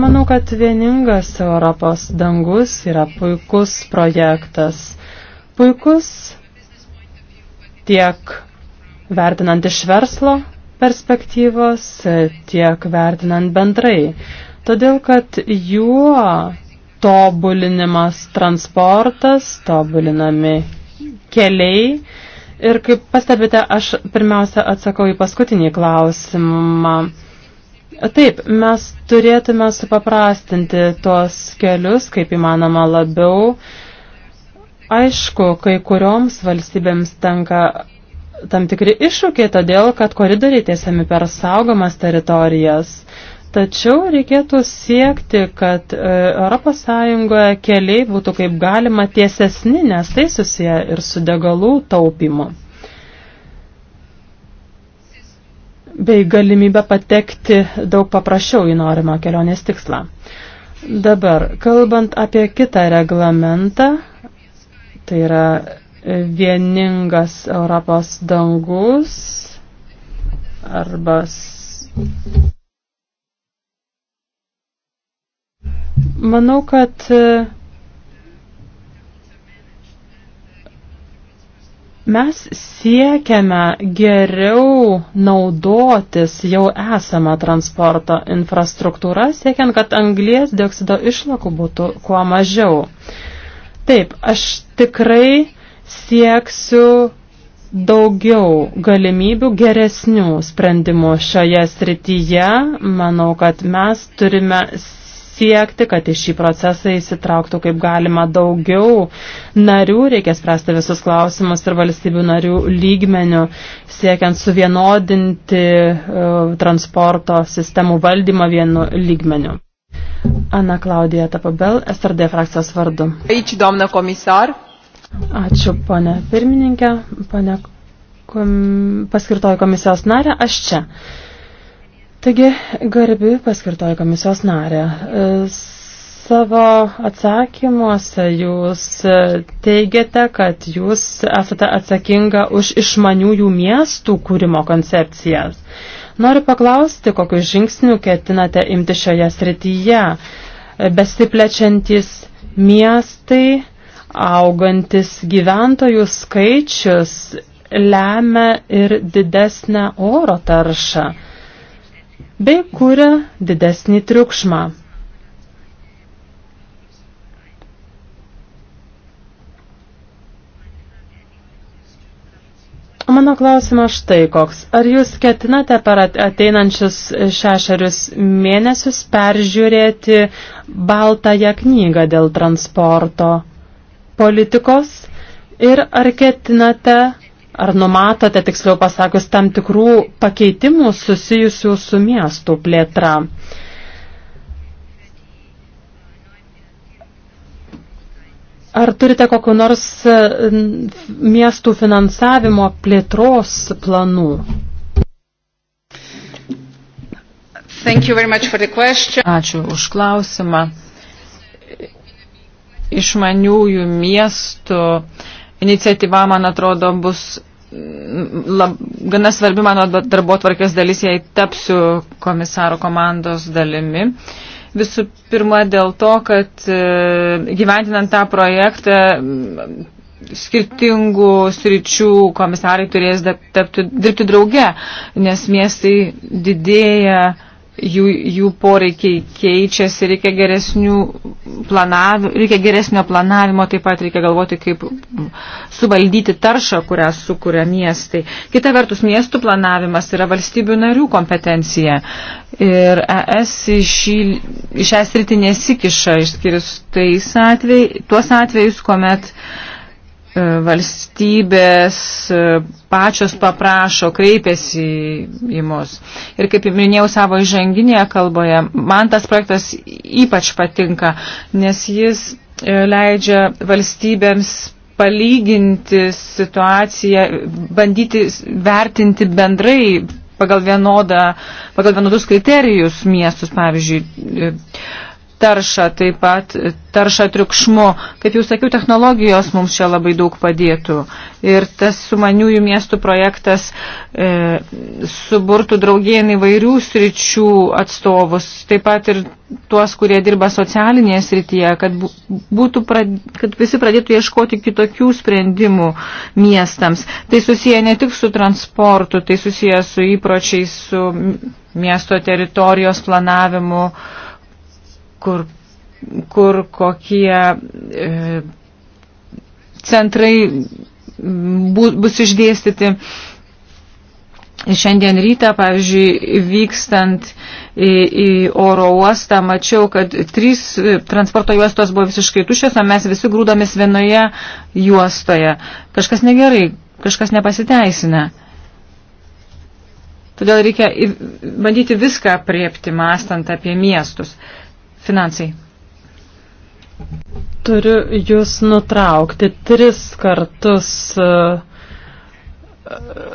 Manau, kad vieningas Europos dangus yra puikus projektas puikus tiek vertinant iš verslo perspektyvos, tiek vertinant bendrai. Todėl, kad juo tobulinimas transportas, tobulinami keliai. Ir kaip pastebite, aš pirmiausia atsakau į paskutinį klausimą. Taip, mes turėtume supaprastinti tuos kelius, kaip įmanoma labiau. Uh, Aišku, kai kurioms valstybėms tenka tam tikri iššūkiai, todėl kad koridoriai tiesiami per saugomas teritorijas. Tačiau reikėtų siekti, kad ES keliai būtų kaip galima tiesesni, nes tai susiję ir su degalų taupimu. Bei galimybę patekti daug paprasčiau į norimą kelionės tikslą. Dabar, kalbant apie kitą reglamentą, Tai yra e, vieningas Europos dangus arba Manau, kad e, mes siekiame geriau naudotis jau esamą transporto infrastruktūrą, siekiant, kad anglies dioksido išlakų būtų kuo mažiau. Uh, Taip, aš tikrai sieksiu daugiau galimybių geresnių sprendimų šioje srityje. Manau, kad mes turime siekti, kad į šį procesą įsitrauktų kaip galima daugiau narių, reikia spręsti visus klausimus ir valstybių narių lygmenių, siekiant suvienodinti uh, transporto sistemų valdymą vienu lygmeniu. Ana Klaudija Tapabel, SRD frakcijos vardu. Aici, domna komisar. Ačiū, ponė pirmininkė, ponė kom... paskirtoji komisijos narė, aš čia. Taigi, garbi paskirtoji komisijos narė. E, savo atsakymuose jūs teigiate, kad jūs esate atsakinga už išmaniųjų miestų kūrimo koncepcijas. Noriu paklausti, kokius žingsnių ketinate imti šioje srityje. Besiplečiantis miestai, augantis gyventojų skaičius lemia ir didesnę oro taršą, bei kuria didesnį triukšmą. Mano klausimas štai koks. Ar jūs ketinate per ateinančius šešerius mėnesius peržiūrėti baltąją knygą dėl transporto politikos? Ir ar ketinate, ar numatote, tiksliau pasakius, tam tikrų pakeitimų susijusių su miestų plėtra? Uh, Ar turite kokiu nors e, miestų finansavimo plėtros planų? Thank you very much for the question. Ačiū už klausimą. Išmaniųjų miestų iniciatyva, man atrodo, bus lab, gana svarbi mano darbo tvarkės dalis, jei tapsiu komisaro komandos dalimi. Uh, Visų pirma, dėl to, kad e, gyventinant tą projektą skirtingų sričių komisarai turės tapti, dirbti drauge, nes miestai didėja jų, jų poreikiai keičiasi, reikia, planav, reikia geresnio planavimo, taip pat reikia galvoti, kaip suvaldyti taršą, kurią sukuria miestai. Kita vertus, miestų planavimas yra valstybių narių kompetencija ir ES į šią sritį nesikiša, išskirius tais atvej, tuos atvejus, kuomet uh, E, valstybės e, pačios paprašo, kreipiasi į mus. Ir kaip minėjau savo įžanginėje kalboje, man tas projektas ypač patinka, nes jis e, leidžia valstybėms palyginti situaciją, bandyti vertinti bendrai pagal, vienodą, pagal vienodus kriterijus miestus, pavyzdžiui, taršą, taip pat taršą triukšmu. Kaip jau sakiau, technologijos mums čia labai daug padėtų. Ir tas sumaniųjų miestų projektas e, suburtų draugien įvairių sričių atstovus, taip pat ir tuos, kurie dirba socialinėje srityje, kad, būtų, prad, kad visi pradėtų ieškoti kitokių sprendimų miestams. Tai susiję ne tik su transportu, tai susiję su įpročiais, su miesto teritorijos planavimu. E, kur, kur kokie e, centrai bu, bus išdėstyti. Šiandien ryte, pavyzdžiui, vykstant į, į oro uostą, mačiau, kad trys e, transporto juostos buvo visiškai tuščios, o mes visi grūdomis vienoje juostoje. Kažkas negerai, kažkas nepasiteisina. Todėl reikia bandyti viską priepti, mastant apie miestus. Uh, finansai. Turiu jūs nutraukti tris kartus. E, e,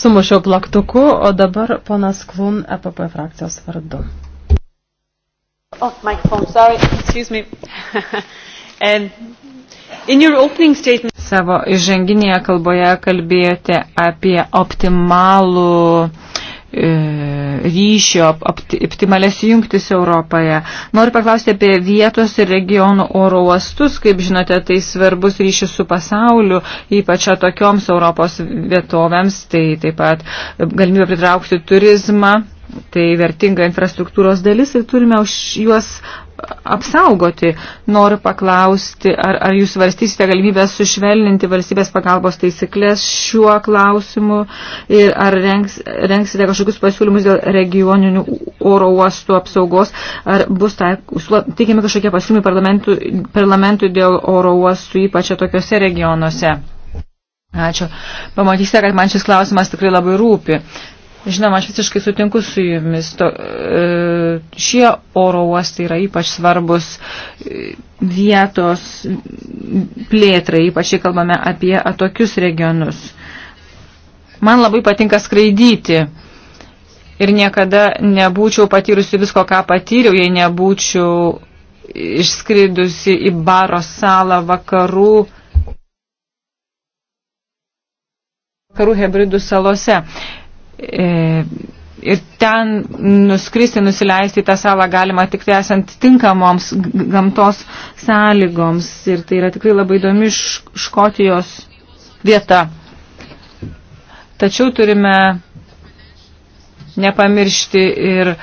sumušiau plaktuku, o dabar ponas Klun EPP frakcijos vardu. Oh, microphone, sorry, excuse me. And Savo įženginėje kalboje kalbėjote apie optimalų E, ryšio, optimales jungtis Europoje. Noriu paklausti apie vietos ir regionų oro uostus, kaip žinote, tai svarbus ryšis su pasauliu, ypač atokioms Europos vietovėms, tai taip pat galimybė pritraukti turizmą, tai vertinga infrastruktūros dalis ir turime už juos apsaugoti. Noriu paklausti, ar, ar jūs varstysite galimybę sušvelninti valstybės pagalbos taisyklės šiuo klausimu ir ar rengs, rengsite kažkokius pasiūlymus dėl regioninių oro uostų apsaugos, ar bus teikiami kažkokie pasiūlymai parlamentui, parlamentui dėl oro uostų, ypač tokiuose regionuose. Ačiū. Pamatysite, kad man šis klausimas tikrai labai rūpi. Žinoma, aš visiškai sutinku su jumis. To, e, šie oro uostai yra ypač svarbus e, vietos plėtrai, ypač jei kalbame apie atokius regionus. Man labai patinka skraidyti ir niekada nebūčiau patyrusi visko, ką patyriau, jei nebūčiau išskridusi į baro salą vakarų vakarų hebridų salose. E, ir ten nuskristi, nusileisti į tą salą galima tik tai esant tinkamoms gamtos sąlygoms. Ir tai yra tikrai labai įdomi Škotijos vieta. Tačiau turime nepamiršti ir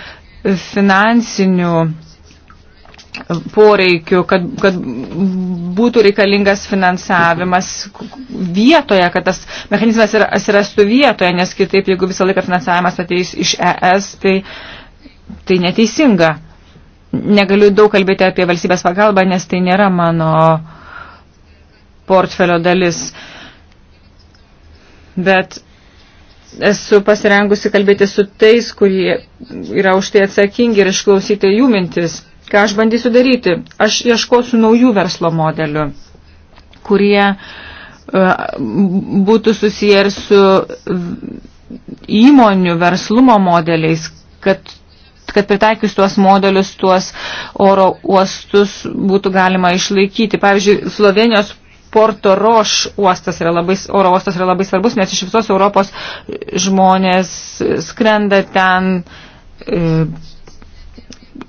finansinių poreikių, kad, kad būtų reikalingas finansavimas vietoje, kad tas mechanizmas atsirastų vietoje, nes kitaip, jeigu visą laiką finansavimas ateis iš ES, tai, tai neteisinga. Negaliu daug kalbėti apie valstybės pagalbą, nes tai nėra mano portfelio dalis. Bet esu pasirengusi kalbėti su tais, kurie yra už tai atsakingi ir išklausyti jų mintis. Ką aš bandysiu daryti? Aš ieškosiu naujų verslo modelių, kurie e, būtų susiję ir su įmonių verslumo modeliais, kad kad pritaikius tuos modelius, tuos oro uostus būtų galima išlaikyti. Pavyzdžiui, Slovenijos Porto Roš uostas yra labai, oro uostas yra labai svarbus, nes iš visos Europos žmonės skrenda ten e,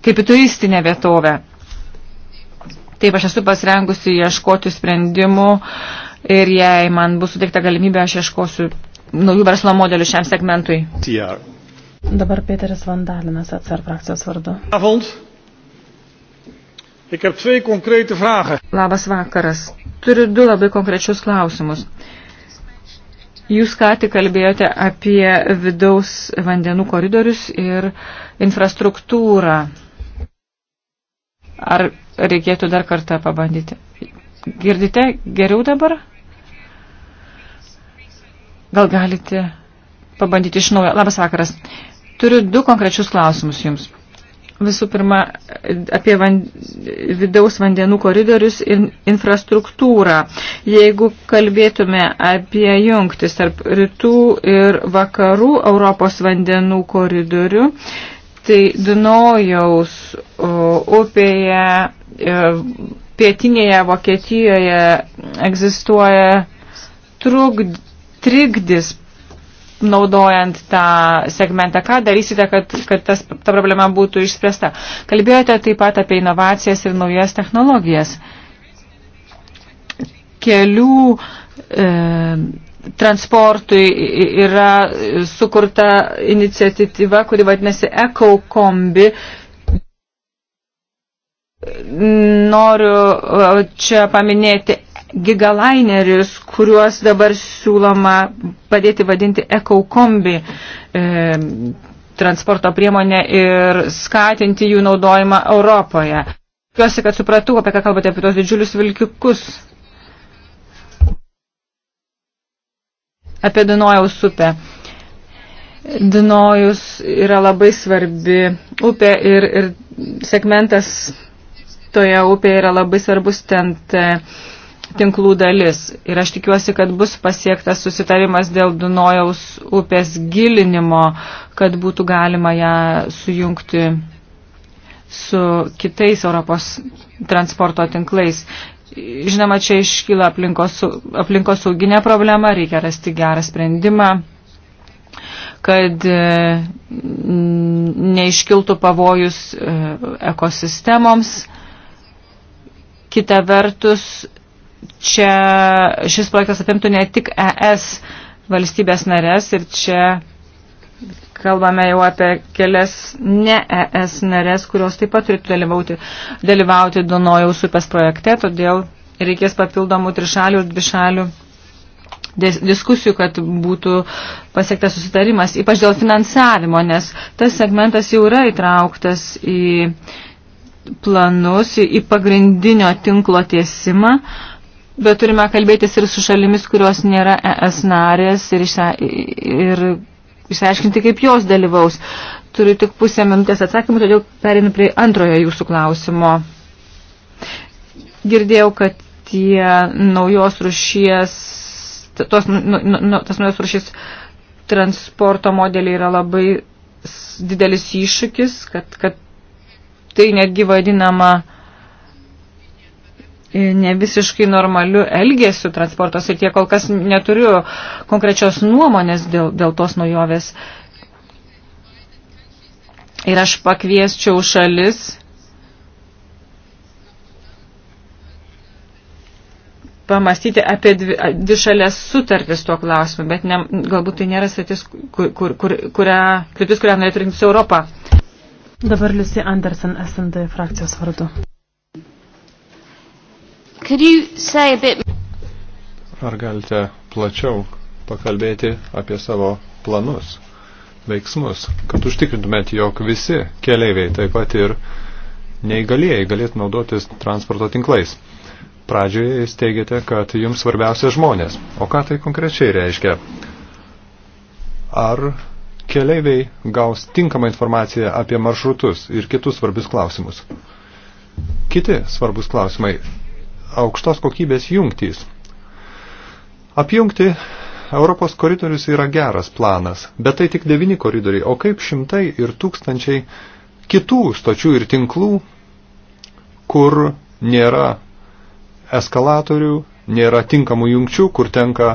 kaip į turistinę vietovę. Taip, aš esu pasirengusi ieškoti sprendimų ir jei man bus suteikta galimybė, aš ieškosiu naujų verslo modelių šiam segmentui. TR. Dabar Peteris Vandalinas atsar frakcijos vardu. Avond. Ik heb twee concrete vragen. Labas vakaras. Turiu du labai konkrečius klausimus. Jūs ką tik kalbėjote apie vidaus vandenų koridorius ir infrastruktūrą. Ar reikėtų dar kartą pabandyti? Girdite geriau dabar? Gal galite pabandyti iš naujo? Labas vakaras. Turiu du konkrečius klausimus jums visų pirma apie van, vidaus vandenų koridorius ir infrastruktūrą. Jeigu kalbėtume apie jungtis tarp rytų ir vakarų Europos vandenų koridorių, tai Dunojaus upėje e, pietinėje Vokietijoje egzistuoja trukdis naudojant tą segmentą? Ką darysite, kad, kad tas, ta problema būtų išspręsta? Kalbėjote taip pat apie inovacijas ir naujas technologijas. Kelių e, transportui yra sukurta iniciatyva, kuri vadinasi Eco Kombi. Noriu e, čia paminėti gigalainerius, kuriuos dabar siūloma padėti vadinti ekokombi e, transporto priemonę ir skatinti jų naudojimą Europoje. Tikiuosi, kad supratau, apie ką kalbate, apie tos didžiulius vilkiukus. Apie Dunojaus upę. Dunojus yra labai svarbi upė ir, ir segmentas toje upėje yra labai svarbus ten. Te, tinklų dalis. Ir aš tikiuosi, kad bus pasiektas susitarimas dėl Dunojaus upės gilinimo, kad būtų galima ją sujungti su kitais Europos transporto tinklais. Žinoma, čia iškyla aplinkos, aplinkos sauginė problema, reikia rasti gerą sprendimą kad e, neiškiltų pavojus e, ekosistemoms. Kita vertus, čia šis projektas apimtų ne tik ES valstybės narės ir čia kalbame jau apie kelias ne ES narės, kurios taip pat turėtų dalyvauti, dalyvauti Donojaus upės projekte, todėl reikės papildomų trišalių ir dvišalių diskusijų, kad būtų pasiektas susitarimas, ypač dėl finansavimo, nes tas segmentas jau yra įtrauktas į planus, į pagrindinio tinklo tiesimą, bet turime kalbėtis ir su šalimis, kurios nėra ES narės ir, išsia, ir išsiaiškinti, kaip jos dalyvaus. Turiu tik pusę minutės atsakymų, todėl perinu prie antrojo jūsų klausimo. Girdėjau, kad tie naujos rušies, tos, nu, nu, nu, nu tas naujos rušies transporto modeliai yra labai didelis iššūkis, kad, kad tai netgi vadinama uh, ne visiškai normaliu elgesiu transporto srityje. Kol kas neturiu konkrečios nuomonės dėl, dėl tos naujovės. Ir aš pakviesčiau šalis pamastyti apie dvi, dvi šalės sutartis tuo klausimu, bet ne, galbūt tai nėra sritis, kur, kur, kur, kurią, kliūtis, kurią norėtų rinktis Europą. Dabar Liusi Andersen, SND frakcijos vardu bit... Ar galite plačiau pakalbėti apie savo planus, veiksmus, kad užtikrintumėt, jog visi keleiviai, taip pat ir neįgalėjai, galėtų naudotis transporto tinklais? Pradžioje jūs teigiate, kad jums svarbiausia žmonės. O ką tai konkrečiai reiškia? Ar keleiviai gaus tinkamą informaciją apie maršrutus ir kitus svarbius klausimus? Kiti svarbus klausimai aukštos kokybės jungtys. Apjungti Europos koridorius yra geras planas, bet tai tik devyni koridoriai, o kaip šimtai ir tūkstančiai kitų stočių ir tinklų, kur nėra eskalatorių, nėra tinkamų jungčių, kur tenka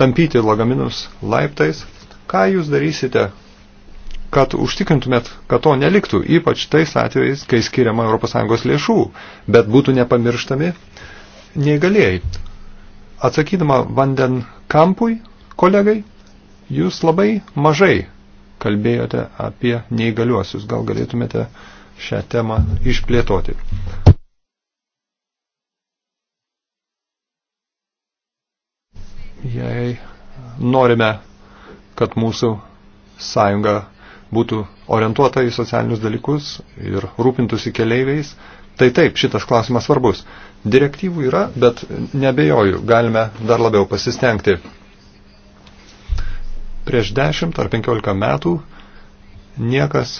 tampyti lagaminus laiptais. Ką jūs darysite, kad užtikrintumėt, kad to neliktų, ypač tais atvejais, kai skiriama ES lėšų, bet būtų nepamirštami neįgalėjai. Atsakydama Vanden Kampui, kolegai, jūs labai mažai kalbėjote apie neįgaliuosius. Gal galėtumėte šią temą išplėtoti. Jei norime, kad mūsų sąjunga būtų orientuota į socialinius dalykus ir rūpintųsi keleiviais, Tai taip, šitas klausimas svarbus. Direktyvų yra, bet nebejoju, galime dar labiau pasistengti. Prieš 10 ar 15 metų niekas,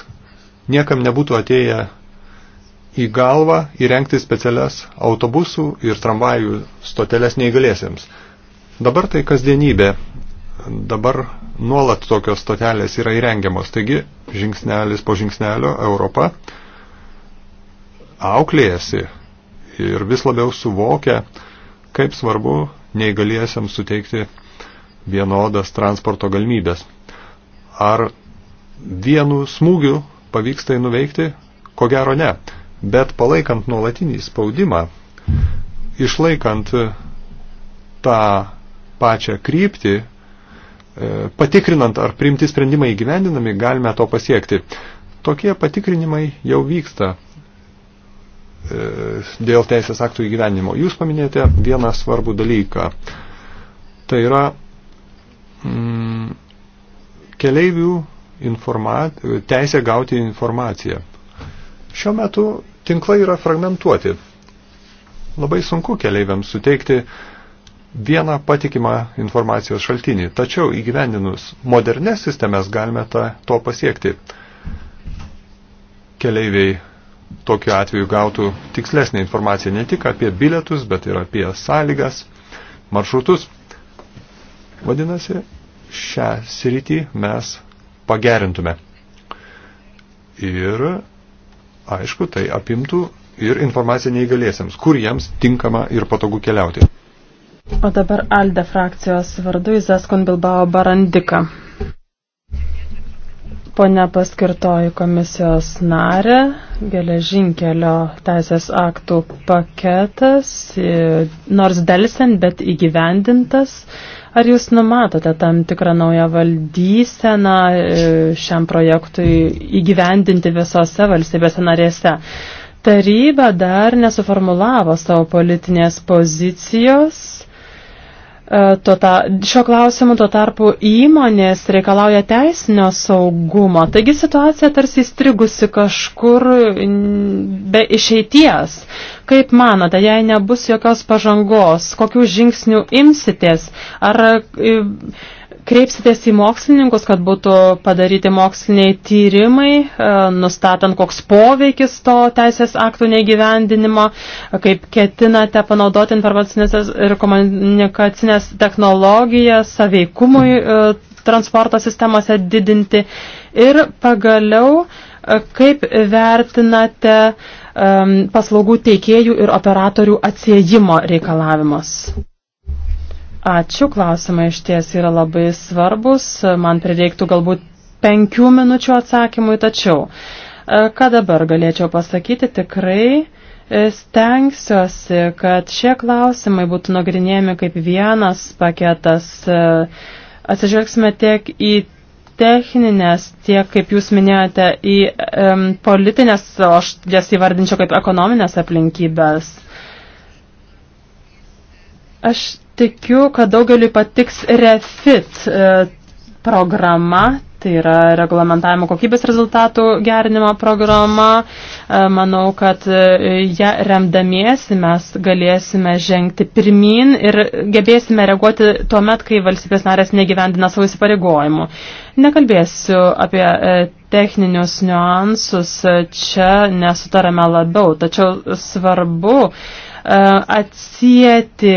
niekam nebūtų atėję į galvą įrengti specialias autobusų ir tramvajų stoteles neįgalėsiams. Dabar tai kasdienybė. Dabar nuolat tokios stotelės yra įrengiamos. Taigi, žingsnelis po žingsnelio Europa auklėjasi ir vis labiau suvokia, kaip svarbu neįgaliesiams suteikti vienodas transporto galimybės. Ar vienu smūgiu pavyks tai nuveikti? Ko gero ne. Bet palaikant nuolatinį spaudimą, išlaikant tą pačią kryptį, e, patikrinant ar priimti sprendimai įgyvendinami, galime to pasiekti. Tokie patikrinimai jau vyksta E, dėl teisės aktų įgyvenimo. Jūs paminėjote vieną svarbų dalyką. Tai yra mm, keleivių informat, teisė gauti informaciją. Šiuo metu tinklai yra fragmentuoti. Labai sunku keleiviams suteikti vieną patikimą informacijos šaltinį, tačiau įgyvendinus modernes sistemas galime ta, to pasiekti. Keleiviai tokiu atveju gautų tikslesnę informaciją ne tik apie bilietus, bet ir apie sąlygas, maršrutus. Vadinasi, šią sritį mes pagerintume. Ir, aišku, tai apimtų ir informaciją neįgalėsiams, kur jiems tinkama ir patogu keliauti. O dabar Alde frakcijos vardu Izas Konbilbao Barandika. Pone paskirtoji komisijos narė, geležinkelio teisės aktų paketas, e, nors delsiant, bet įgyvendintas. Ar jūs numatote tam tikrą naują valdyseną e, šiam projektui įgyvendinti visose valstybėse narėse? Taryba dar nesuformulavo savo politinės pozicijos Tota, šio klausimu tuo tarpu įmonės reikalauja teisinio saugumo. Taigi situacija tarsi įstrigusi kažkur be išeities. Kaip manote, jei nebus jokios pažangos, kokių žingsnių imsitės? Ar e, Kreipsitės į mokslininkus, kad būtų padaryti moksliniai tyrimai, e, nustatant, koks poveikis to teisės aktų neįgyvendinimo, kaip ketinate panaudoti informacinės ir komunikacinės technologijas, saveikumui e, transporto sistemose didinti ir pagaliau, e, kaip vertinate paslaugų teikėjų ir operatorių atsiejimo reikalavimus. Ačiū, klausimai iš ties yra labai svarbus. Man prireiktų galbūt penkių minučių atsakymui, tačiau e, ką dabar galėčiau pasakyti, tikrai e, stengsiuosi, kad šie klausimai būtų nagrinėjami kaip vienas paketas. E, atsižvelgsime tiek į techninės, tiek, kaip jūs minėjote, į um, politinės, aš jas įvardinčiau kaip ekonominės aplinkybės. Aš Tikiu, kad daugeliu patiks REFIT e, programa, tai yra reglamentavimo kokybės rezultatų gerinimo programa. E, manau, kad e, ją remdamiesi mes galėsime žengti pirmin ir gebėsime reaguoti tuo met, kai valstybės narės negyvendina savo įsipareigojimų. Nekalbėsiu apie techninius niuansus, čia nesutarame labiau, tačiau svarbu, atsijėti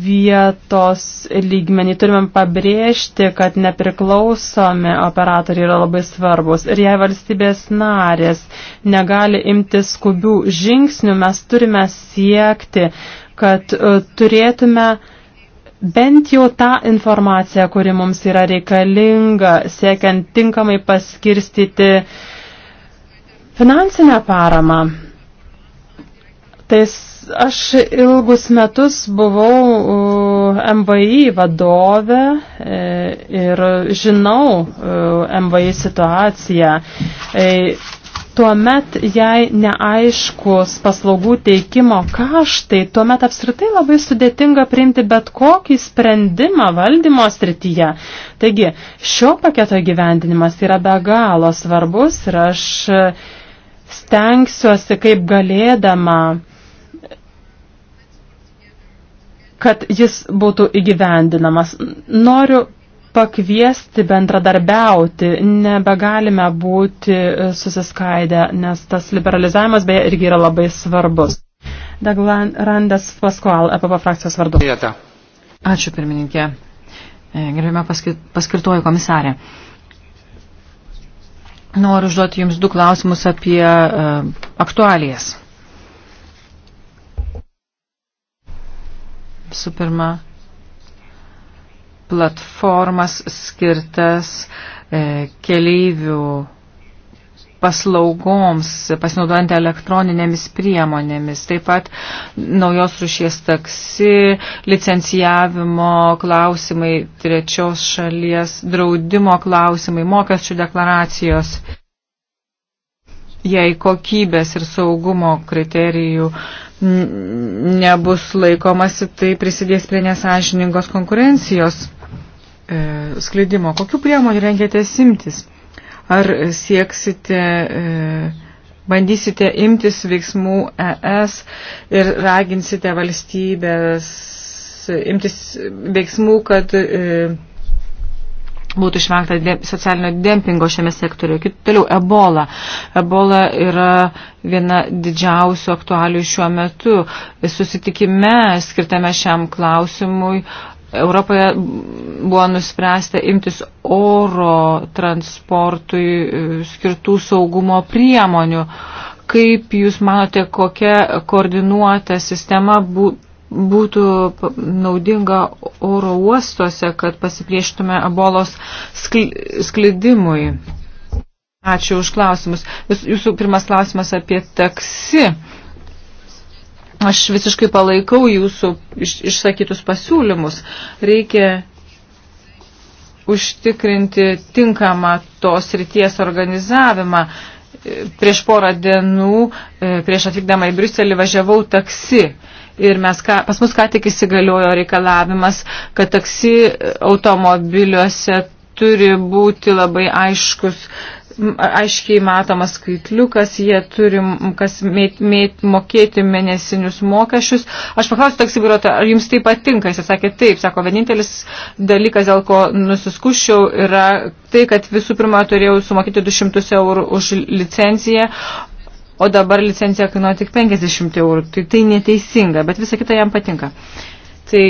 vietos lygmenį. Turime pabrėžti, kad nepriklausomi operatoriai yra labai svarbus. Ir jei valstybės narės negali imti skubių žingsnių, mes turime siekti, kad e, turėtume bent jau tą informaciją, kuri mums yra reikalinga, siekiant tinkamai paskirstyti finansinę paramą. Tais Aš ilgus metus buvau uh, MVI vadovė uh, ir žinau uh, MVI situaciją. Tuomet, jei neaiškus paslaugų teikimo kaštai, tuomet apskritai labai sudėtinga priimti bet kokį sprendimą valdymo srityje. Taigi, šio paketo gyvendinimas yra be galo svarbus ir aš stengsiuosi kaip galėdama kad jis būtų įgyvendinamas. Noriu pakviesti bendradarbiauti, nebegalime būti susiskaidę, nes tas liberalizavimas beje irgi yra labai svarbus. Daglan Randas Paskual, EPP frakcijos vardu. Ačiū pirmininkė. E, Gerbime paskirtuoju komisarė. Noriu užduoti Jums du klausimus apie uh, aktualijas. Visų pirma, platformas skirtas e, keleivių paslaugoms, pasinaudojant elektroninėmis priemonėmis, taip pat naujos rušies taksi, licencijavimo klausimai, trečios šalies draudimo klausimai, mokesčių deklaracijos jei kokybės ir saugumo kriterijų nebus laikomasi, tai prisidės prie nesažiningos konkurencijos e, sklidimo. Kokiu priemonių rengėtės imtis? Ar sieksite, e, bandysite imtis veiksmų ES ir raginsite valstybės imtis veiksmų, kad e, būtų išvengta de, socialinio dempingo šiame sektoriuje. Toliau, ebola. Ebola yra viena didžiausių aktualių šiuo metu. Susitikime skirtame šiam klausimui. Europoje buvo nuspręsta imtis oro transportui e, skirtų saugumo priemonių. Kaip Jūs manote, kokia koordinuota sistema būtų būtų naudinga oro uostuose, kad pasipriešitume abolos skl sklidimui. Ačiū už klausimus. Jūsų pirmas klausimas apie taksi. Aš visiškai palaikau jūsų iš, išsakytus pasiūlymus. Reikia užtikrinti tinkamą tos ryties organizavimą. Prieš porą dienų, e, prieš atvykdama į Briuselį, važiavau taksi ir mes ką, pas mus ką tik įsigaliojo reikalavimas, kad taksi automobiliuose turi būti labai aiškus, aiškiai matomas skaitliukas, jie turi kas mėt, mėt, mokėti mėnesinius mokesčius. Aš paklausiu taksi vairuotoją, ar jums tai patinka? Jis sakė taip, sako, vienintelis dalykas, dėl ko nusiskuščiau, yra tai, kad visų pirma turėjau sumokėti 200 eurų už licenciją, o dabar licencija kainuoja tik 50 eurų. Tai tai neteisinga, bet visa kita jam patinka. Tai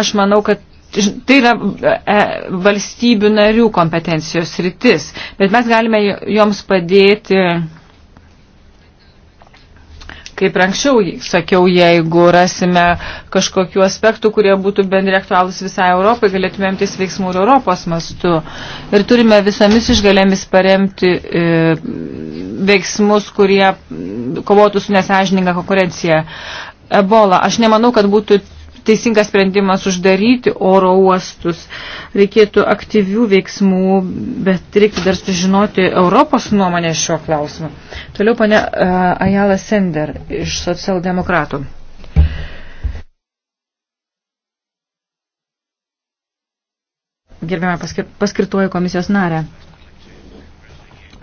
aš manau, kad tai yra e, valstybių narių kompetencijos rytis, bet mes galime joms padėti Kaip anksčiau sakiau, jeigu rasime kažkokiu aspektų, kurie būtų bendri aktualūs visai Europai, galėtume imtis veiksmų ir Europos mastu. Ir turime visomis išgalėmis paremti e, veiksmus, kurie kovotų su nesažininga konkurencija. Ebola. Aš nemanau, kad būtų teisingas sprendimas uždaryti oro uostus. Reikėtų aktyvių veiksmų, bet reikia dar sužinoti Europos nuomonę šiuo klausimu. Toliau pane Ajala Sender iš socialdemokratų. Gerbėme paskir, paskirtuoju komisijos narę.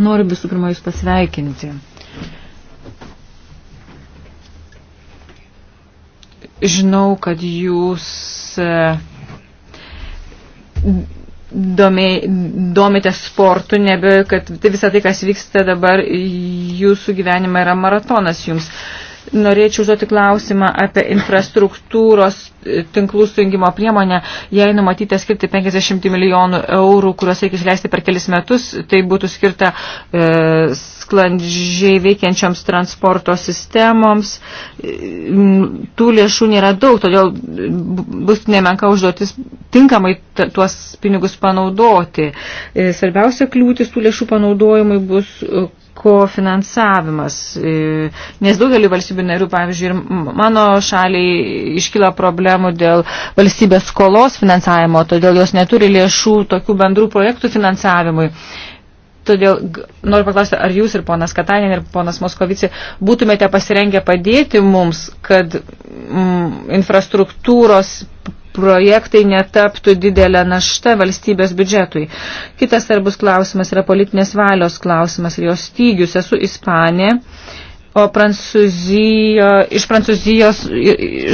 Noriu visų pirma Jūs pasveikinti Žinau, kad jūs e, domė, domite sportu, nebe, kad tai visą tai, kas vyksta dabar, jūsų gyvenime yra maratonas jums. Uh, Norėčiau užduoti klausimą apie infrastruktūros e, tinklų sujungimo priemonę. Jei numatyta skirti 50 milijonų eurų, kuriuos reikia išleisti per kelis metus, tai būtų skirta e, sklandžiai veikiančioms transporto sistemoms. E, tų lėšų nėra daug, todėl bus nemenka užduotis tinkamai tuos pinigus panaudoti. E, svarbiausia kliūtis tų lėšų panaudojimui bus kofinansavimas. E, nes daugelį valstybių narių, pavyzdžiui, ir mano šaliai iškyla problemų dėl valstybės skolos finansavimo, todėl jos neturi lėšų tokių bendrų projektų finansavimui. Todėl noriu paklausti, ar jūs ir ponas Katanin ir ponas Moskovici būtumėte pasirengę padėti mums, kad mm, infrastruktūros projektai netaptų didelę naštą valstybės biudžetui. Kitas svarbus klausimas yra politinės valios klausimas ir jos stygius. Esu Ispanė, o Prancūzijo, iš Prancūzijos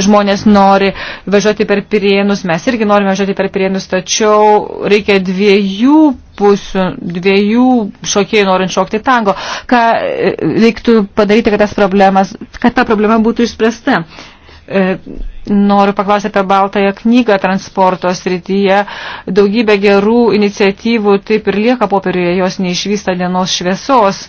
žmonės nori važiuoti per Pirienus, mes irgi norime važiuoti per Pirienus, tačiau reikia dviejų pusių, dviejų šokėjų norint šokti tango. Ką e, reiktų padaryti, kad, tas problemas, kad ta problema būtų išspręsta? E, Noriu paklausyti apie baltąją knygą transporto srityje. Daugybė gerų iniciatyvų taip ir lieka popieriuje, jos neišvysta dienos šviesos.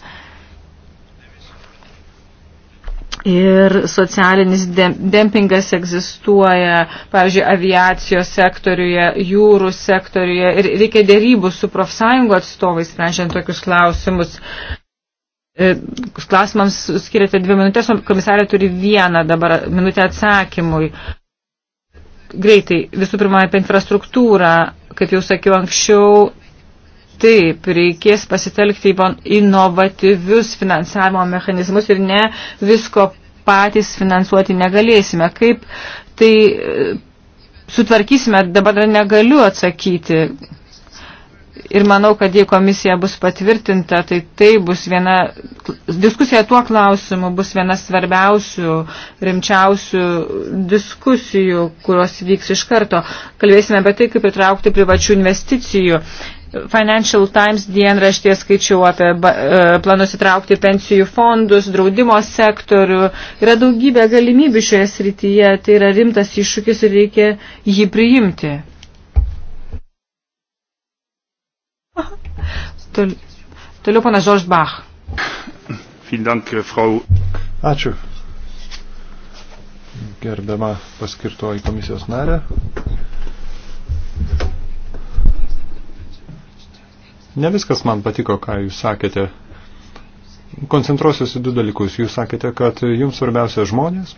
Ir socialinis dempingas egzistuoja, pavyzdžiui, aviacijos sektoriuje, jūrų sektoriuje. Ir reikia dėrybų su profsąjungo atstovais, sprendžiant tokius klausimus. Uh, E, klausimams skiriate dvi minutės, o komisarė turi vieną dabar minutę atsakymui. Greitai, visų pirma, apie infrastruktūrą, kaip jau sakiau anksčiau, taip, reikės pasitelkti inovatyvius finansavimo mechanizmus ir ne visko patys finansuoti negalėsime. Kaip tai e, sutvarkysime, dabar negaliu atsakyti ir manau, kad jei komisija bus patvirtinta, tai tai bus viena, diskusija tuo klausimu bus viena svarbiausių, rimčiausių diskusijų, kurios vyks iš karto. Kalbėsime apie tai, kaip pritraukti privačių investicijų. Financial Times dienraštė skaičiau apie e, planus įtraukti pensijų fondus, draudimo sektorių. Yra daugybė galimybių šioje srityje, tai yra rimtas iššūkis ir reikia jį priimti. Toliau pana Žorž Bach. Äh, Ačiū. Gerbiama paskirtoji komisijos narė. Ne viskas man patiko, ką jūs sakėte. Koncentruosiuosi du dalykus. Jūs sakėte, kad jums svarbiausia žmonės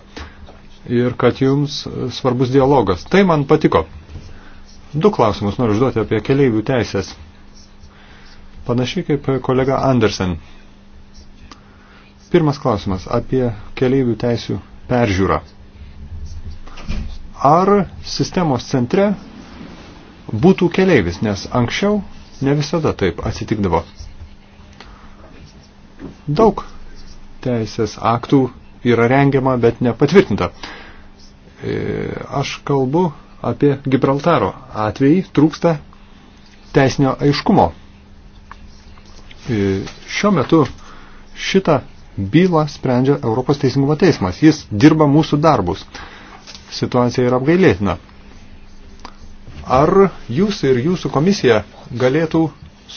ir kad jums svarbus dialogas. Tai man patiko. Du klausimus noriu užduoti apie keleivių teisės. Panašiai kaip kolega Andersen. Pirmas klausimas apie keleivių teisių peržiūrą. Ar sistemos centre būtų keleivis, nes anksčiau ne visada taip atsitikdavo. Daug teisės aktų yra rengiama, bet nepatvirtinta. E, aš kalbu apie Gibraltaro atvejį, trūksta teisinio aiškumo. E, šiuo metu šitą bylą sprendžia Europos teisingumo teismas. Jis dirba mūsų darbus. Situacija yra apgailėtina. Ar jūs ir jūsų komisija galėtų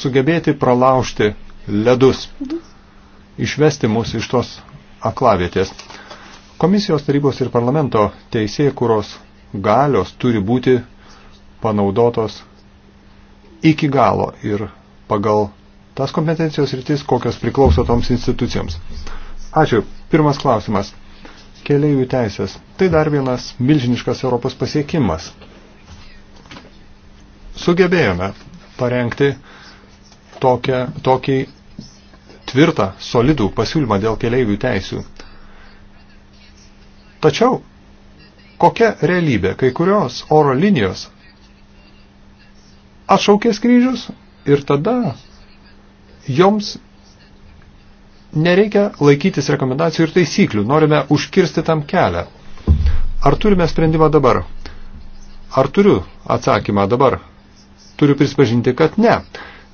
sugebėti pralaužti ledus, išvesti mus iš tos aklavietės? Komisijos tarybos ir parlamento teisėkuros galios turi būti panaudotos iki galo ir pagal tas kompetencijos rytis, kokios priklauso toms institucijoms. Ačiū. Pirmas klausimas. Keleivių teisės. Tai dar vienas milžiniškas Europos pasiekimas. Sugebėjome parengti tokią, tokį tvirtą, solidų pasiūlymą dėl keleivių teisių. Tačiau, kokia realybė, kai kurios oro linijos atšaukė skrydžius ir tada joms nereikia laikytis rekomendacijų ir taisyklių, norime užkirsti tam kelią. Ar turime sprendimą dabar? Ar turiu atsakymą dabar? Turiu prispažinti, kad ne,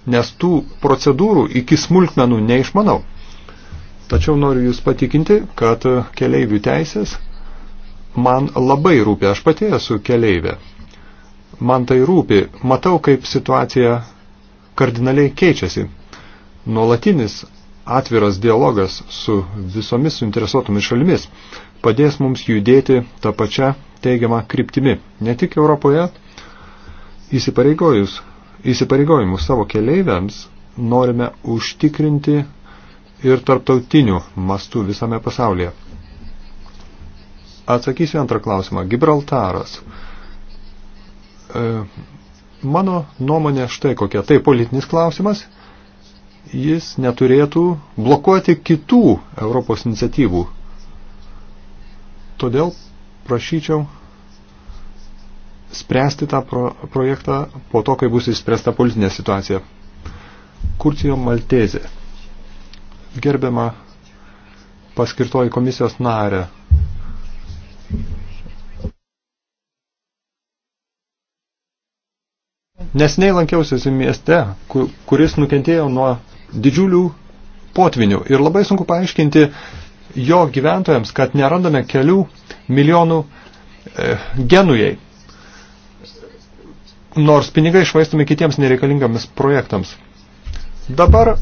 nes tų procedūrų iki smulkmenų neišmanau. Tačiau noriu Jūs patikinti, kad keleivių teisės man labai rūpi, aš pati esu keleivė. Man tai rūpi, matau, kaip situacija kardinaliai keičiasi nuolatinis atviras dialogas su visomis suinteresuotomis šalimis padės mums judėti tą pačią teigiamą kryptimi. Ne tik Europoje, įsipareigojimus savo keleiviams norime užtikrinti ir tarptautinių mastų visame pasaulyje. Atsakysiu antrą klausimą. Gibraltaras. E, mano nuomonė štai kokia. Tai politinis klausimas jis neturėtų blokuoti kitų Europos iniciatyvų. Todėl prašyčiau spręsti tą pro projektą po to, kai bus išspręsta politinė situacija. Kurcijo Maltezė. Gerbiama paskirtoji komisijos narė. Nesnei lankiausiuosi mieste, kuris nukentėjo nuo didžiulių potvinių ir labai sunku paaiškinti jo gyventojams, kad nerandame kelių milijonų e, genujai, nors pinigai išvaistome kitiems nereikalingams projektams. Dabar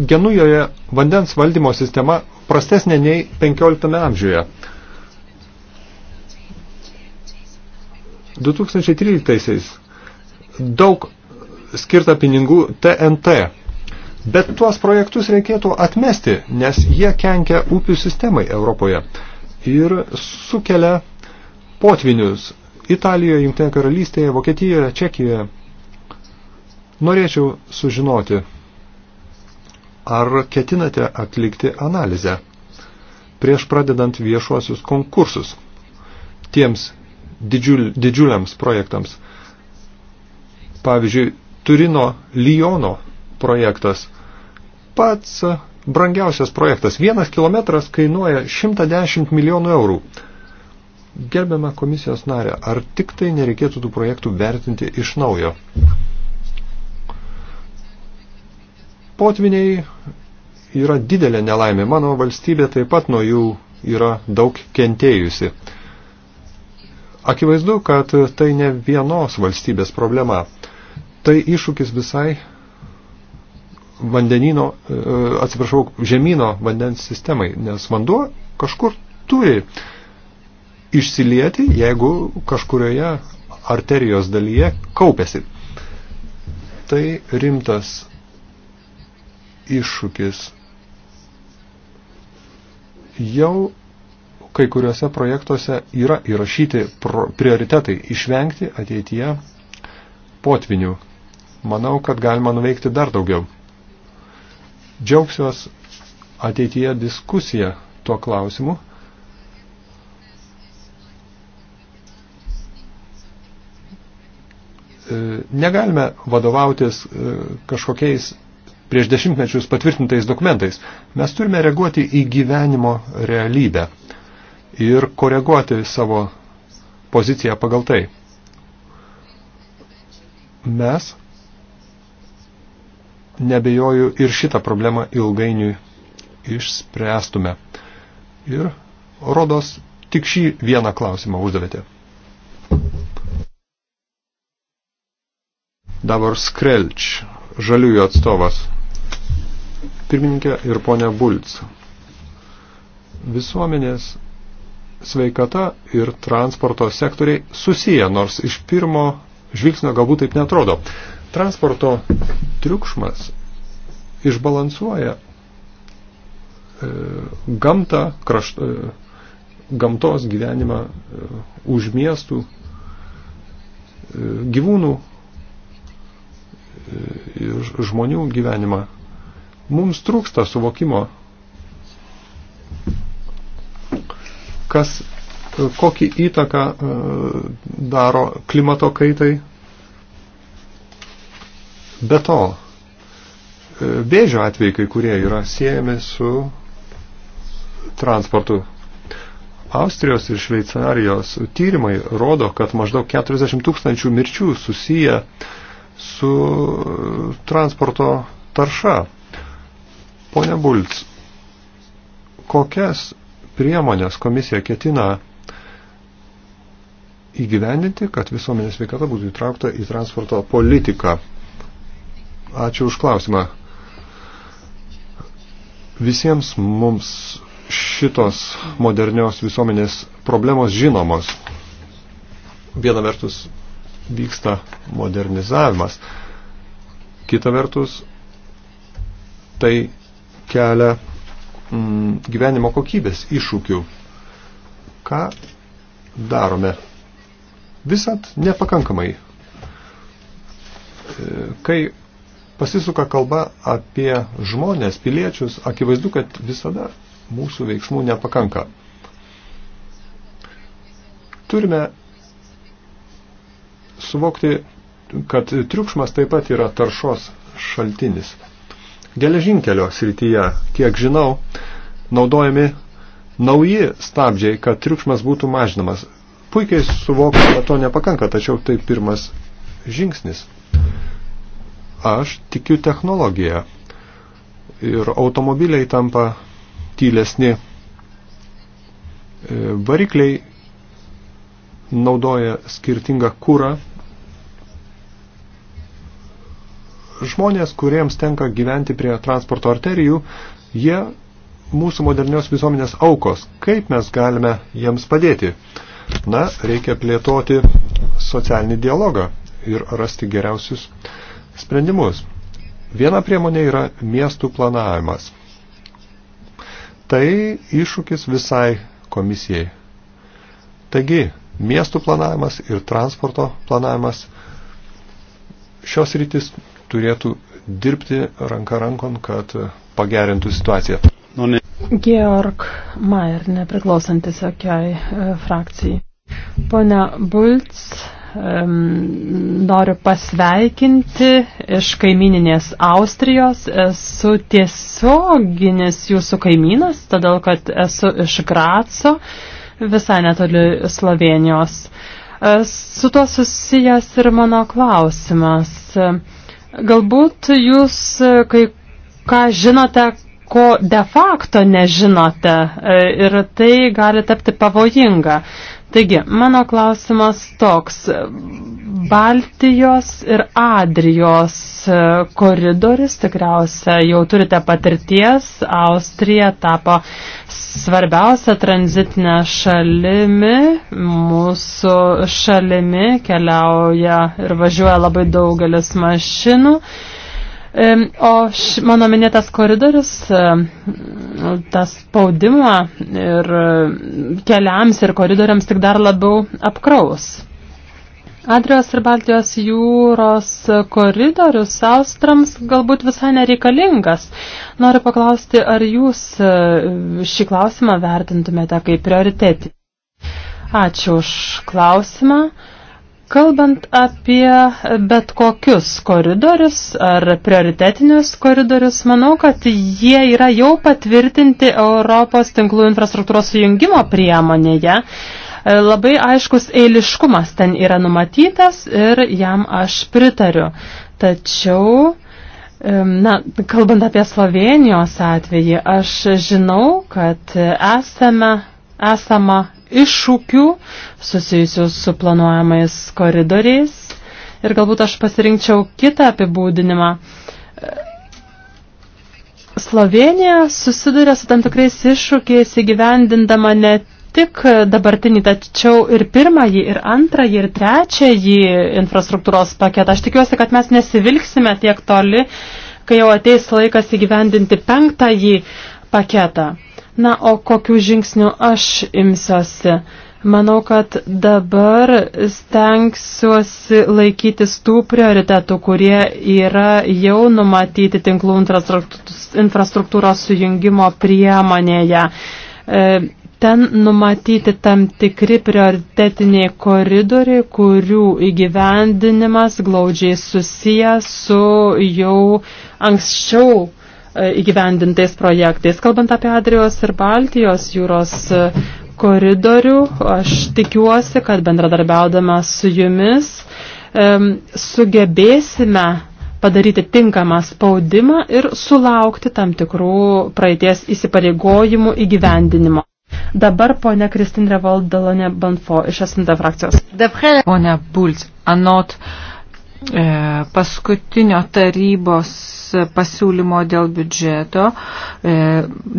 Genujoje vandens valdymo sistema prastesnė nei 15 amžiuje. 2013 daug skirta pinigų TNT Bet tuos projektus reikėtų atmesti, nes jie kenkia upių sistemai Europoje ir sukelia potvinius Italijoje, Jungtinė karalystėje, Vokietijoje, Čekijoje. Norėčiau sužinoti, ar ketinate atlikti analizę prieš pradedant viešuosius konkursus tiems didžiul, didžiuliams projektams. Pavyzdžiui, Turino Liono projektas pats brangiausias projektas. Vienas kilometras kainuoja 110 milijonų eurų. Gerbiama komisijos narė, ar tik tai nereikėtų tų projektų vertinti iš naujo? Potviniai yra didelė nelaimė. Mano valstybė taip pat nuo jų yra daug kentėjusi. Akivaizdu, kad tai ne vienos valstybės problema. Tai iššūkis visai vandenino, e, atsiprašau, žemino vandens sistemai, nes vanduo kažkur turi išsilieti, jeigu kažkurioje arterijos dalyje kaupiasi. Tai rimtas iššūkis. Jau kai kuriuose projektuose yra įrašyti prioritetai išvengti ateityje potvinių. Manau, kad galima nuveikti dar daugiau. Džiaugsiuos ateityje diskusiją tuo klausimu. E, negalime vadovautis e, kažkokiais prieš dešimtmečius patvirtintais dokumentais. Mes turime reaguoti į gyvenimo realybę ir koreguoti savo poziciją pagal tai. Mes nebejoju ir šitą problemą ilgainiui išspręstume. Ir rodos tik šį vieną klausimą uždavėte. Dabar Skrelč, žaliųjų atstovas. Pirmininkė ir ponia Bulc. Visuomenės sveikata ir transporto sektoriai susiję, nors iš pirmo žvilgsnio galbūt taip netrodo. Transporto triukšmas išbalansuoja e, gamtą, krašt, e, gamtos gyvenimą e, už miestų, gyvūnų ir žmonių gyvenimą. Mums trūksta suvokimo, kas, kokį įtaką daro klimato kaitai Be to, e, vėžio atvejai, kai kurie yra siejami su transportu. Austrijos ir Šveicarijos tyrimai rodo, kad maždaug 40 tūkstančių mirčių susiję su e, transporto tarša. Pone Bulc, kokias priemonės komisija ketina įgyvendinti, kad visuomenės sveikata būtų įtraukta į transporto politiką? Ačiū už klausimą. Visiems mums šitos modernios visuomenės problemos žinomos. Viena vertus vyksta modernizavimas, kita vertus tai kelia mm, gyvenimo kokybės iššūkių. Ką darome? Visat nepakankamai. E, kai pasisuka kalba apie žmonės, piliečius, akivaizdu, kad visada mūsų veiksmų nepakanka. Turime suvokti, kad triukšmas taip pat yra taršos šaltinis. Geležinkelio srityje, kiek žinau, naudojami nauji stabdžiai, kad triukšmas būtų mažinamas. Puikiai suvokiu, kad to nepakanka, tačiau tai pirmas žingsnis. Aš tikiu technologiją. Ir automobiliai tampa tylesni. E, varikliai naudoja skirtingą kūrą. Žmonės, kuriems tenka gyventi prie transporto arterijų, jie mūsų modernios visuomenės aukos. Kaip mes galime jiems padėti? Na, reikia plėtoti socialinį dialogą ir rasti geriausius sprendimus. Viena priemonė yra miestų planavimas. Tai iššūkis visai komisijai. Taigi, miestų planavimas ir transporto planavimas šios rytis turėtų dirbti ranka rankon, kad pagerintų situaciją. Nu, Georg Mayer, nepriklausantis jokiai e, frakcijai. Pone Bulc, noriu pasveikinti iš kaimininės Austrijos. Esu tiesioginis jūsų kaimynas, todėl kad esu iš Graco, visai netoli Slovenijos. E, su tuo susijęs ir mano klausimas. Galbūt jūs e, kai ką žinote, ko de facto nežinote e, ir tai gali tapti pavojinga. Taigi, mano klausimas toks. Baltijos ir Adrijos e, koridoris tikriausia jau turite patirties. Austrija tapo svarbiausia tranzitinė šalimi. Mūsų šalimi keliauja ir važiuoja labai daugelis mašinų. Uh, O š, mano minėtas koridorius, tas spaudimą ir keliams ir koridoriams tik dar labiau apkraus. Adrijos ir Baltijos jūros koridorius austrams galbūt visai nereikalingas. Noriu paklausti, ar jūs e, šį klausimą vertintumėte kaip prioritetį? Ačiū už klausimą. Kalbant apie bet kokius koridorius ar prioritetinius koridorius, manau, kad jie yra jau patvirtinti Europos tinklų infrastruktūros sujungimo priemonėje. Labai aiškus eiliškumas ten yra numatytas ir jam aš pritariu. Tačiau, na, kalbant apie Slovenijos atvejį, aš žinau, kad esame, esama iššūkių susijusių su planuojamais koridoriais. Ir galbūt aš pasirinkčiau kitą apibūdinimą. Slovenija susiduria su tam tikrais iššūkiais įgyvendindama ne tik dabartinį, tačiau ir pirmąjį, ir antrąjį, ir trečiąjį infrastruktūros paketą. Aš tikiuosi, kad mes nesivilksime tiek toli, kai jau ateis laikas įgyvendinti penktąjį paketą. Na, o kokių žingsnių aš imsiuosi? Manau, kad dabar stengsiuosi laikytis tų prioritetų, kurie yra jau numatyti tinklų infrastruktūros sujungimo priemonėje. E, ten numatyti tam tikri prioritetiniai koridoriai, kurių įgyvendinimas glaudžiai susijęs su jau anksčiau uh, E, įgyvendintais projektais. Kalbant apie Adrijos ir Baltijos jūros e, koridorių, aš tikiuosi, kad bendradarbiaudama su jumis e, sugebėsime padaryti tinkamą spaudimą ir sulaukti tam tikrų praeities įsipareigojimų įgyvendinimo. Dabar ponia Kristin Revold Dalonė Banfo iš SND frakcijos. Ponia Bulc, anot uh, E, paskutinio tarybos pasiūlymo dėl biudžeto. E,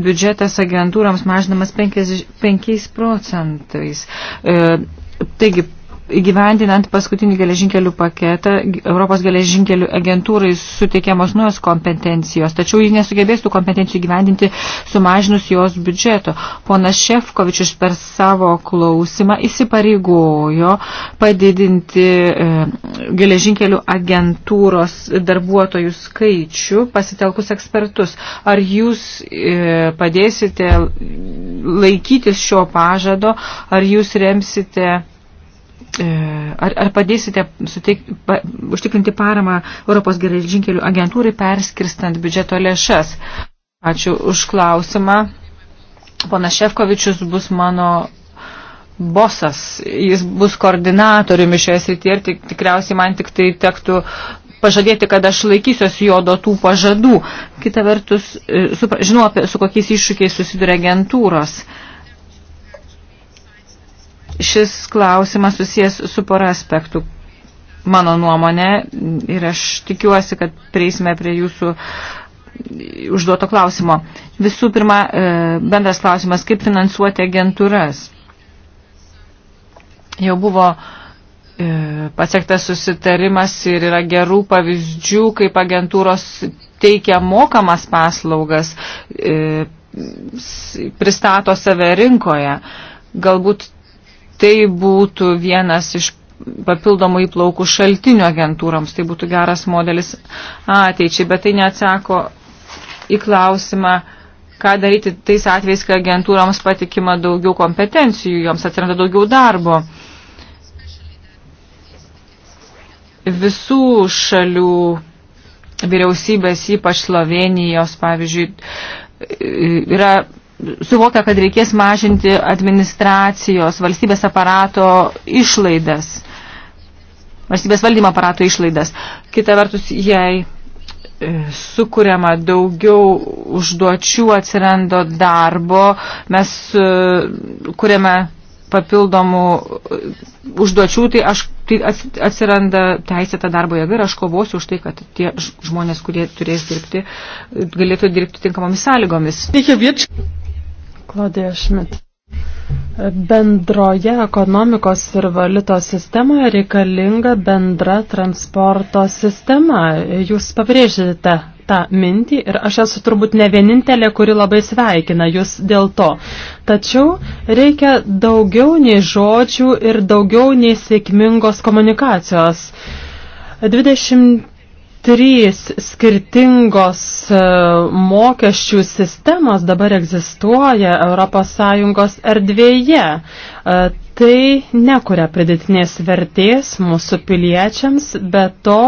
biudžetas agentūrams mažinamas 5 procentais. E, taigi, Įgyvendinant paskutinį geležinkelių paketą, Europos geležinkelių agentūrai suteikiamos nuos kompetencijos, tačiau jis nesugebės tų kompetencijų gyvendinti sumažinus jos biudžeto. Ponas Šefkovičius per savo klausimą įsipareigojo padidinti e, geležinkelių agentūros darbuotojų skaičių pasitelkus ekspertus. Ar jūs e, padėsite laikytis šio pažado, ar jūs remsite E, ar, ar padėsite suteik, pa, užtikrinti paramą Europos geležinkelių agentūrai perskirstant biudžeto lėšas? Ačiū už klausimą. Pana Šefkovičius bus mano bosas, jis bus koordinatoriumi šioje srityje ir tik, tikriausiai man tik tai tektų pažadėti, kad aš laikysiuosi jo duotų pažadų. Kita vertus, e, su, žinau, apie, su kokiais iššūkiais susiduria agentūros. Šis klausimas susijęs su pora aspektų, mano nuomonė, ir aš tikiuosi, kad prieisime prie jūsų užduoto klausimo. Visų pirma, e, bendras klausimas, kaip finansuoti agentūras. Jau buvo e, pasiektas susitarimas ir yra gerų pavyzdžių, kaip agentūros teikia mokamas paslaugas, e, pristato save rinkoje. Galbūt tai būtų vienas iš papildomų įplaukų šaltinių agentūroms. Tai būtų geras modelis ateičiai, bet tai neatsako į klausimą, ką daryti tais atvejais, kai agentūroms patikima daugiau kompetencijų, joms atsiranda daugiau darbo. Visų šalių vyriausybės, ypač Slovenijos, pavyzdžiui, yra suvokia, kad reikės mažinti administracijos, valstybės aparato išlaidas, valstybės valdymo aparato išlaidas. Kita vertus, jei e, sukuriama daugiau užduočių, atsirando darbo, mes e, kuriame papildomų e, užduočių, tai, aš, tai atsiranda teisėta darbo jėga ir aš kovosiu už tai, kad tie žmonės, kurie turės dirbti, galėtų dirbti tinkamomis sąlygomis. Klaudija Šmit. Bendroje ekonomikos ir valiutos sistemoje reikalinga bendra transporto sistema. Jūs pabrėžite tą mintį ir aš esu turbūt ne vienintelė, kuri labai sveikina jūs dėl to. Tačiau reikia daugiau nei žodžių ir daugiau nei sėkmingos komunikacijos. 20 trys skirtingos e, mokesčių sistemos dabar egzistuoja ES erdvėje. E, tai nekuria pridėtinės vertės mūsų piliečiams, bet to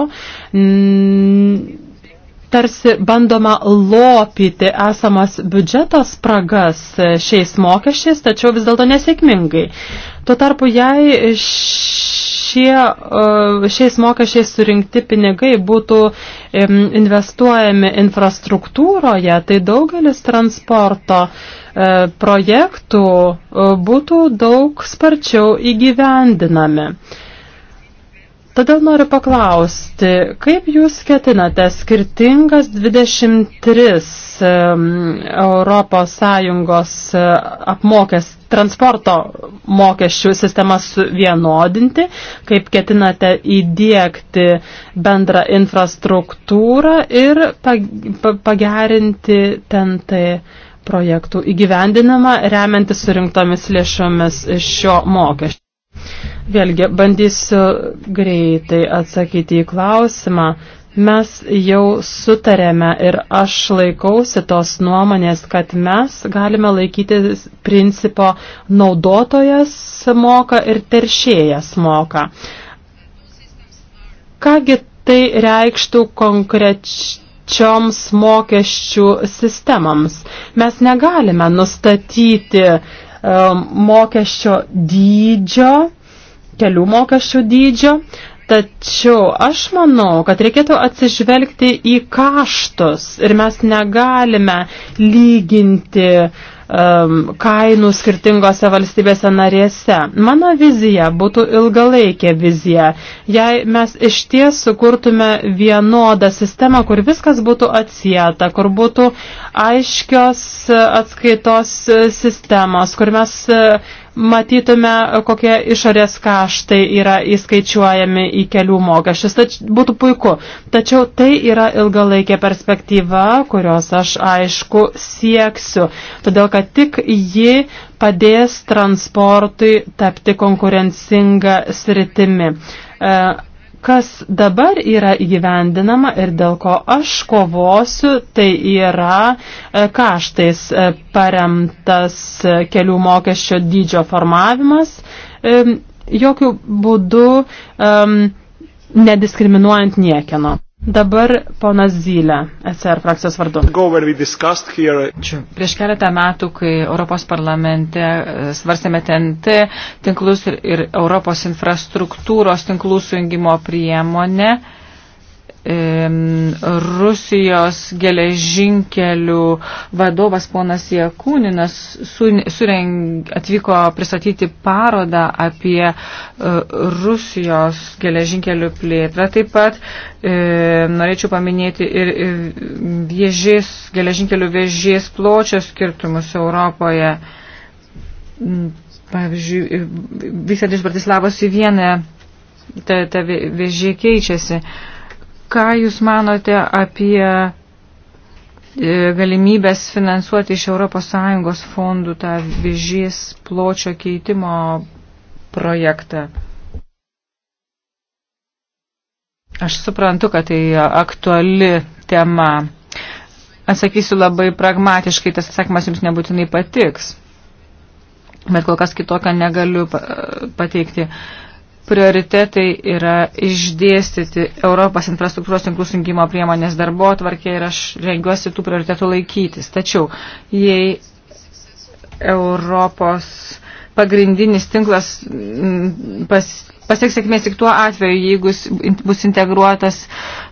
tarsi bandoma lopyti esamas biudžeto spragas e, šiais mokesčiais, tačiau vis dėlto nesėkmingai. Tuo tarpu, jei š šie, šiais mokesčiais surinkti pinigai būtų investuojami infrastruktūroje, tai daugelis transporto e, projektų būtų daug sparčiau įgyvendinami. Todėl noriu paklausti, kaip jūs ketinate skirtingas 23 Europos Sąjungos e, apmokės transporto mokesčių sistemas vienodinti, kaip ketinate įdėkti bendrą infrastruktūrą ir pagerinti ten tai projektų įgyvendinimą remiantis surinktomis lėšomis šio mokesčio. Vėlgi, bandysiu greitai atsakyti į klausimą. Mes jau sutarėme ir aš laikausi tos nuomonės, kad mes galime laikyti principo naudotojas moka ir teršėjas moka. Kągi tai reikštų konkrečioms mokesčių sistemams? Mes negalime nustatyti uh, Um, mokesčio dydžio, kelių mokesčių dydžio, Tačiau aš manau, kad reikėtų atsižvelgti į kaštus ir mes negalime lyginti uh, um, kainų skirtingose valstybėse narėse. Mano vizija būtų ilgalaikė vizija. Jei mes iš ties sukurtume vienodą sistemą, kur viskas būtų atsieta, kur būtų aiškios atskaitos sistemos, kur mes uh, matytume, kokie išorės kaštai yra įskaičiuojami į kelių mokesčius. Tač, būtų puiku. Tačiau tai yra ilgalaikė perspektyva, kurios aš aišku sieksiu. Todėl, kad tik ji padės transportui tapti konkurencinga sritimi. E, kas dabar yra įgyvendinama ir dėl ko aš kovosiu, tai yra e, kaštais e, paremtas e, kelių mokesčio dydžio formavimas, jokių būdų um, nediskriminuojant niekieno. Dabar ponas Zylė, SR frakcijos vardu. Ačiū. Prieš keletą metų, kai Europos parlamente e, svarstėme TNT tinklus ir, ir Europos infrastruktūros tinklų sujungimo priemonę, Rusijos geležinkelių vadovas ponas Jakūninas sureng, atvyko pristatyti parodą apie e, Rusijos geležinkelių plėtrą. Taip pat e, norėčiau paminėti ir viežės, geležinkelių viežės pločio skirtumus Europoje. Mm, pavyzdžiui, vykstant iš Bratislavos į vieną, ta, ta viežė keičiasi. E, Ką Jūs manote apie e, galimybės finansuoti iš ES fondų tą vižys pločio keitimo projektą? Aš suprantu, kad tai aktuali tema. Atsakysiu labai pragmatiškai, tas atsakymas jums nebūtinai patiks. Bet kol kas kitokio negaliu pateikti prioritetai yra išdėstyti Europos infrastruktūros tinklų sungimo priemonės darbo atvarkė ir aš rengiuosi tų prioritetų laikytis. Tačiau, jei Europos pagrindinis tinklas pas, pasieks sėkmės tik tuo atveju, jeigu bus integruotas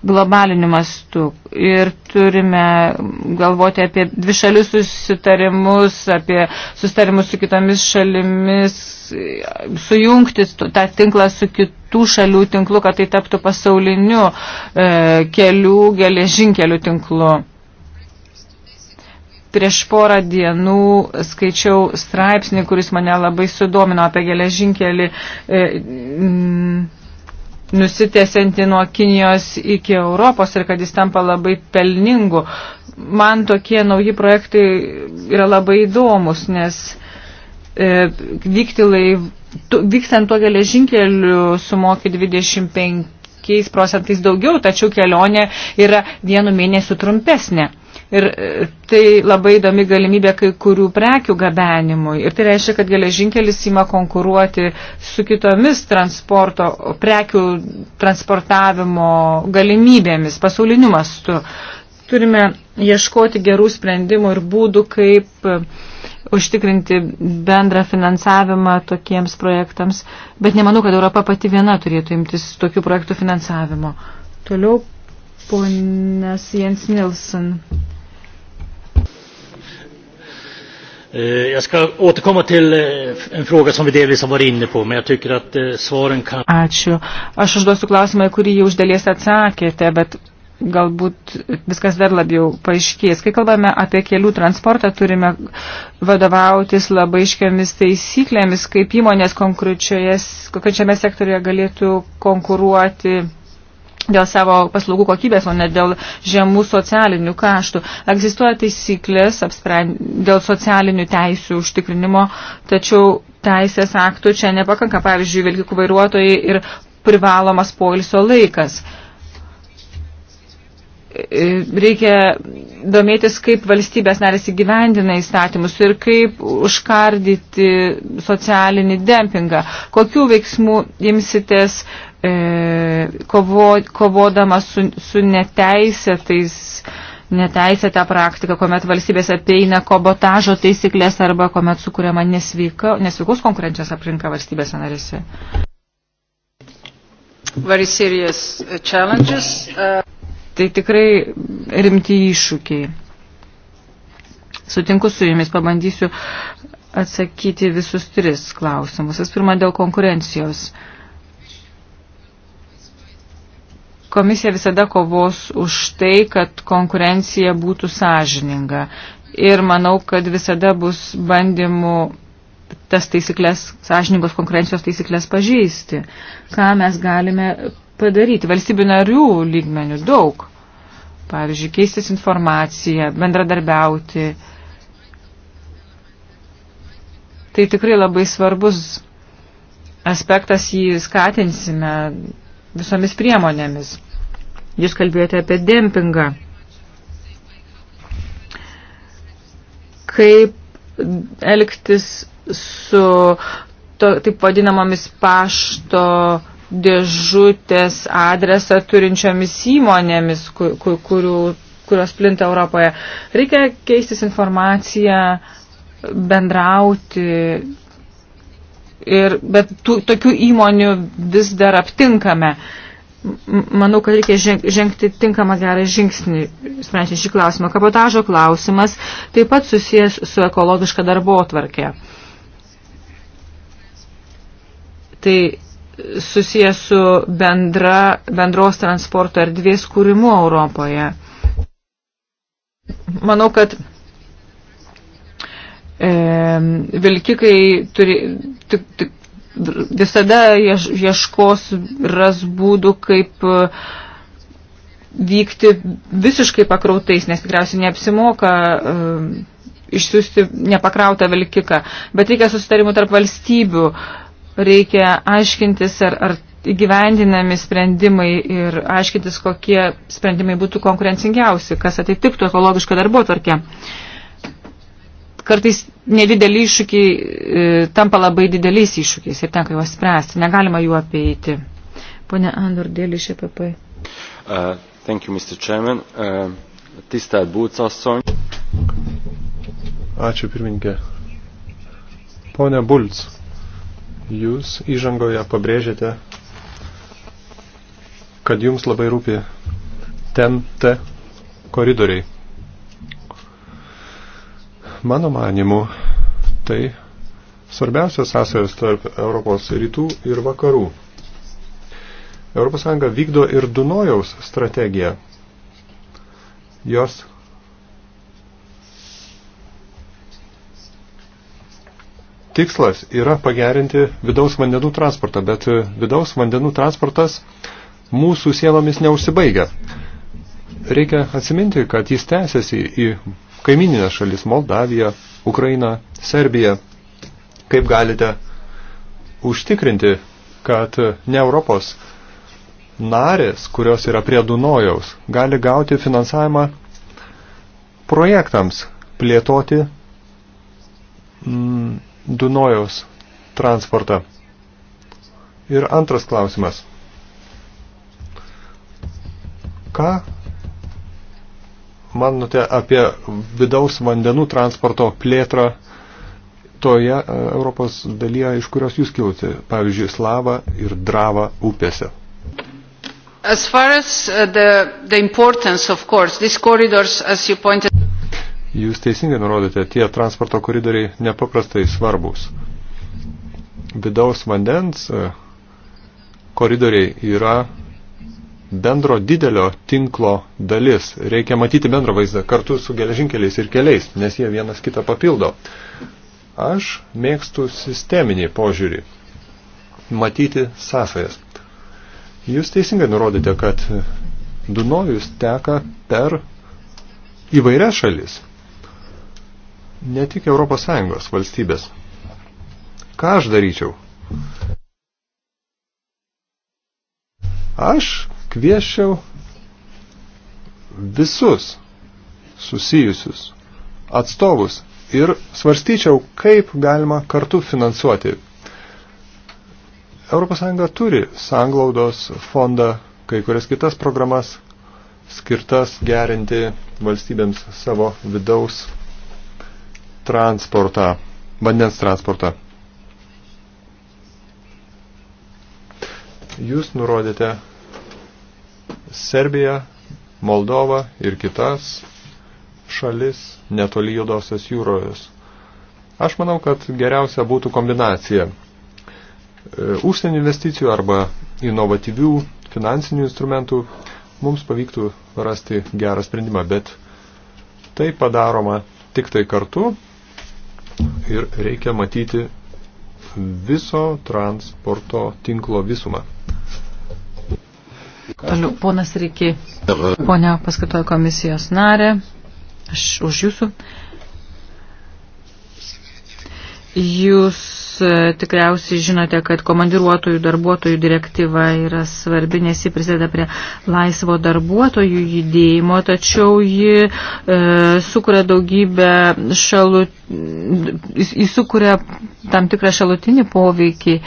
globaliniu mastu. Ir turime galvoti apie dvišalius susitarimus, apie susitarimus su kitomis šalimis, sujungti tą tinklą su kitų šalių tinklu, kad tai taptų pasauliniu e, kelių, geležinkelių tinklu. Prieš porą dienų skaičiau straipsnį, kuris mane labai sudomino apie geležinkelį e, nusitėsianti nuo Kinijos iki Europos ir kad jis tampa labai pelningu. Man tokie nauji projektai yra labai įdomus, nes e, vykti laiv, tu, vykstant tuo geležinkeliu sumoki 25 procentais daugiau, tačiau kelionė yra vienu mėnesiu trumpesnė. Ir e, tai labai įdomi galimybė kai kurių prekių gabenimui. Ir tai reiškia, kad geležinkelis ima konkuruoti su kitomis transporto, prekių transportavimo galimybėmis pasauliniu mastu. Turime ieškoti gerų sprendimų ir būdų, kaip e, užtikrinti bendrą finansavimą tokiems projektams, bet nemanau, kad Europa pati viena turėtų imtis tokių projektų finansavimo. Toliau ponas Jens Nilsson. Eh, jag ska återkomma till eh, en fråga som vi delvis har varit inne på, men jag tycker att eh, svaren kan... Ačiū. Aš užduosiu klausimą, kurį jau uždėlės atsakėte, bet galbūt viskas dar labiau paaiškės. Kai kalbame apie kelių transportą, turime vadovautis labai iškiamis taisyklėmis, kaip įmonės konkrečiame sektoriuje galėtų konkuruoti dėl savo paslaugų kokybės, o ne dėl žemų socialinių kaštų. Egzistuoja taisyklės dėl socialinių teisių užtikrinimo, tačiau teisės aktų čia nepakanka, pavyzdžiui, vilkikų vairuotojai ir privalomas poilsio laikas. E, reikia domėtis, kaip valstybės narės įgyvendina įstatymus ir kaip užkardyti socialinį dempingą. Kokių veiksmų imsitės uh, E, kovo, kovodamas su, su neteisėtais, neteisėtą praktiką, kuomet valstybės apeina kobotažo taisyklės arba kuomet sukūriama nesveika, nesveikus konkurencijos aplinka valstybės narėse. Very serious uh, challenges. Uh... Tai tikrai rimti iššūkiai. Sutinku su jumis, pabandysiu atsakyti visus tris klausimus. Vis pirma, dėl konkurencijos. Uh, Komisija visada kovos už tai, kad konkurencija būtų sąžininga. Ir manau, kad visada bus bandymų tas taisyklės, sąžiningos konkurencijos taisyklės pažįsti. Ką mes galime padaryti? Valstybių narių lygmenių daug. Pavyzdžiui, keistis informaciją, bendradarbiauti. Tai tikrai labai svarbus aspektas, jį skatinsime visomis priemonėmis. Jūs kalbėjote apie dempingą. Kaip elgtis su to, taip vadinamomis pašto dėžutės adresą turinčiomis įmonėmis, kur, kur, kurių, kurios plinta Europoje. Reikia keistis informaciją, bendrauti, ir, bet tų, tokių įmonių vis dar aptinkame. Uh, manau, kad reikia žengti tinkamą gerą žingsnį, sprendžiant šį klausimą. Kabotažo klausimas taip pat susijęs su ekologiška darbo tvarkė. Tai susijęs su bendra, bendros transporto erdvės kūrimu Europoje. Manau, kad e, vilkikai turi, tik, tik, visada ieškos ras būdų, kaip e, vykti visiškai pakrautais, nes tikriausiai neapsimoka e, išsiųsti nepakrautą vilkiką. Bet reikia susitarimų tarp valstybių, reikia aiškintis, ar, ar įgyvendinami sprendimai ir aiškintis, kokie sprendimai būtų konkurencingiausi, kas atitiktų ekologišką darbo tvarkę. Uh, kartais nedideli iššūkiai e, tampa labai dideliais iššūkiais ir tenka juos spręsti, negalima jų apeiti. Pone Andor, dėl iš EPP. Uh, thank you, Mr. Chairman. Uh, tisztelt Bulc asszony. Ačiū pirmininkė. Pone Bulc, jūs įžangoje pabrėžėte, kad jums labai rūpi ten te koridoriai. Mano manimu, tai svarbiausias sąsajos tarp Europos rytų ir vakarų. ES vykdo ir Dunojaus strategiją. Jos tikslas yra pagerinti vidaus vandenų transportą, bet vidaus vandenų transportas mūsų sienomis neužsibaigia. Reikia atsiminti, kad jis tęsiasi į kaimininės šalis Moldavija, Ukraina, Serbija. Kaip galite užtikrinti, kad ne Europos narės, kurios yra prie Dunojaus, gali gauti finansavimą projektams plėtoti mm, Dunojaus transportą. Ir antras klausimas. Ką manote apie vidaus vandenų transporto plėtrą toje e, Europos dalyje, iš kurios jūs kilote, pavyzdžiui, Slava ir Drava upėse? As far as uh, the, the importance, of course, these corridors, as you pointed... Jūs teisingai nurodote, tie transporto koridoriai nepaprastai svarbus. Vidaus vandens e, koridoriai yra bendro didelio tinklo dalis. Reikia matyti bendrą vaizdą kartu su geležinkeliais ir keliais, nes jie vienas kitą papildo. Aš mėgstu sisteminį požiūrį. Matyti sąsajas. Jūs teisingai nurodėte, kad Dunojus teka per įvairias šalis. Ne tik Europos Sąjungos valstybės. Ką aš daryčiau? Aš kvieščiau visus susijusius atstovus ir svarstyčiau, kaip galima kartu finansuoti. ES turi sanglaudos fondą, kai kurias kitas programas skirtas gerinti valstybėms savo vidaus transportą, vandens transportą. Jūs nurodėte Serbija, Moldova ir kitas šalis netoli judosios jūrojus. Aš manau, kad geriausia būtų kombinacija e, užsienio investicijų arba inovatyvių finansinių instrumentų mums pavyktų rasti gerą sprendimą, bet tai padaroma tik tai kartu ir reikia matyti viso transporto tinklo visumą. Toliau, ponas Riki, ponia paskatoja komisijos narė, aš už jūsų. Jūs E, tikriausiai žinote, kad komandiruotojų darbuotojų direktyva yra svarbi, nes ji prisideda prie laisvo darbuotojų judėjimo, tačiau ji e, sukuria daugybę šalut, įsukuria tam tikrą šalutinį poveikį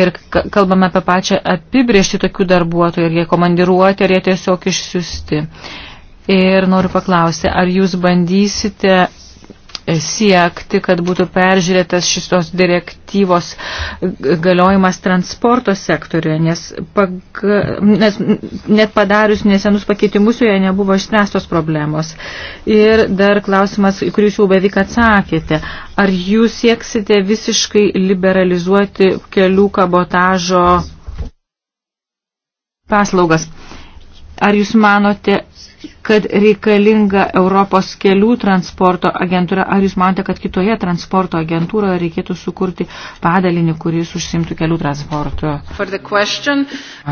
ir kalbame apie pačią apibriežti tokių darbuotojų, ar jie komandiruoti, ar jie tiesiog išsiusti. Ir noriu paklausti, ar jūs bandysite siekti, kad būtų peržiūrėtas šitos direktyvos galiojimas transporto sektoriuje, nes, pag, nes net padarius nesenus pakeitimus joje nebuvo išspręstos problemos. Ir dar klausimas, į kurį jūs jau beveik atsakėte, ar jūs sieksite visiškai liberalizuoti kelių kabotažo paslaugas? Ar jūs manote, kad reikalinga Europos kelių transporto agentūra, ar jūs manote, kad kitoje transporto agentūroje reikėtų sukurti padalinį, kuris užsimtų kelių transportu?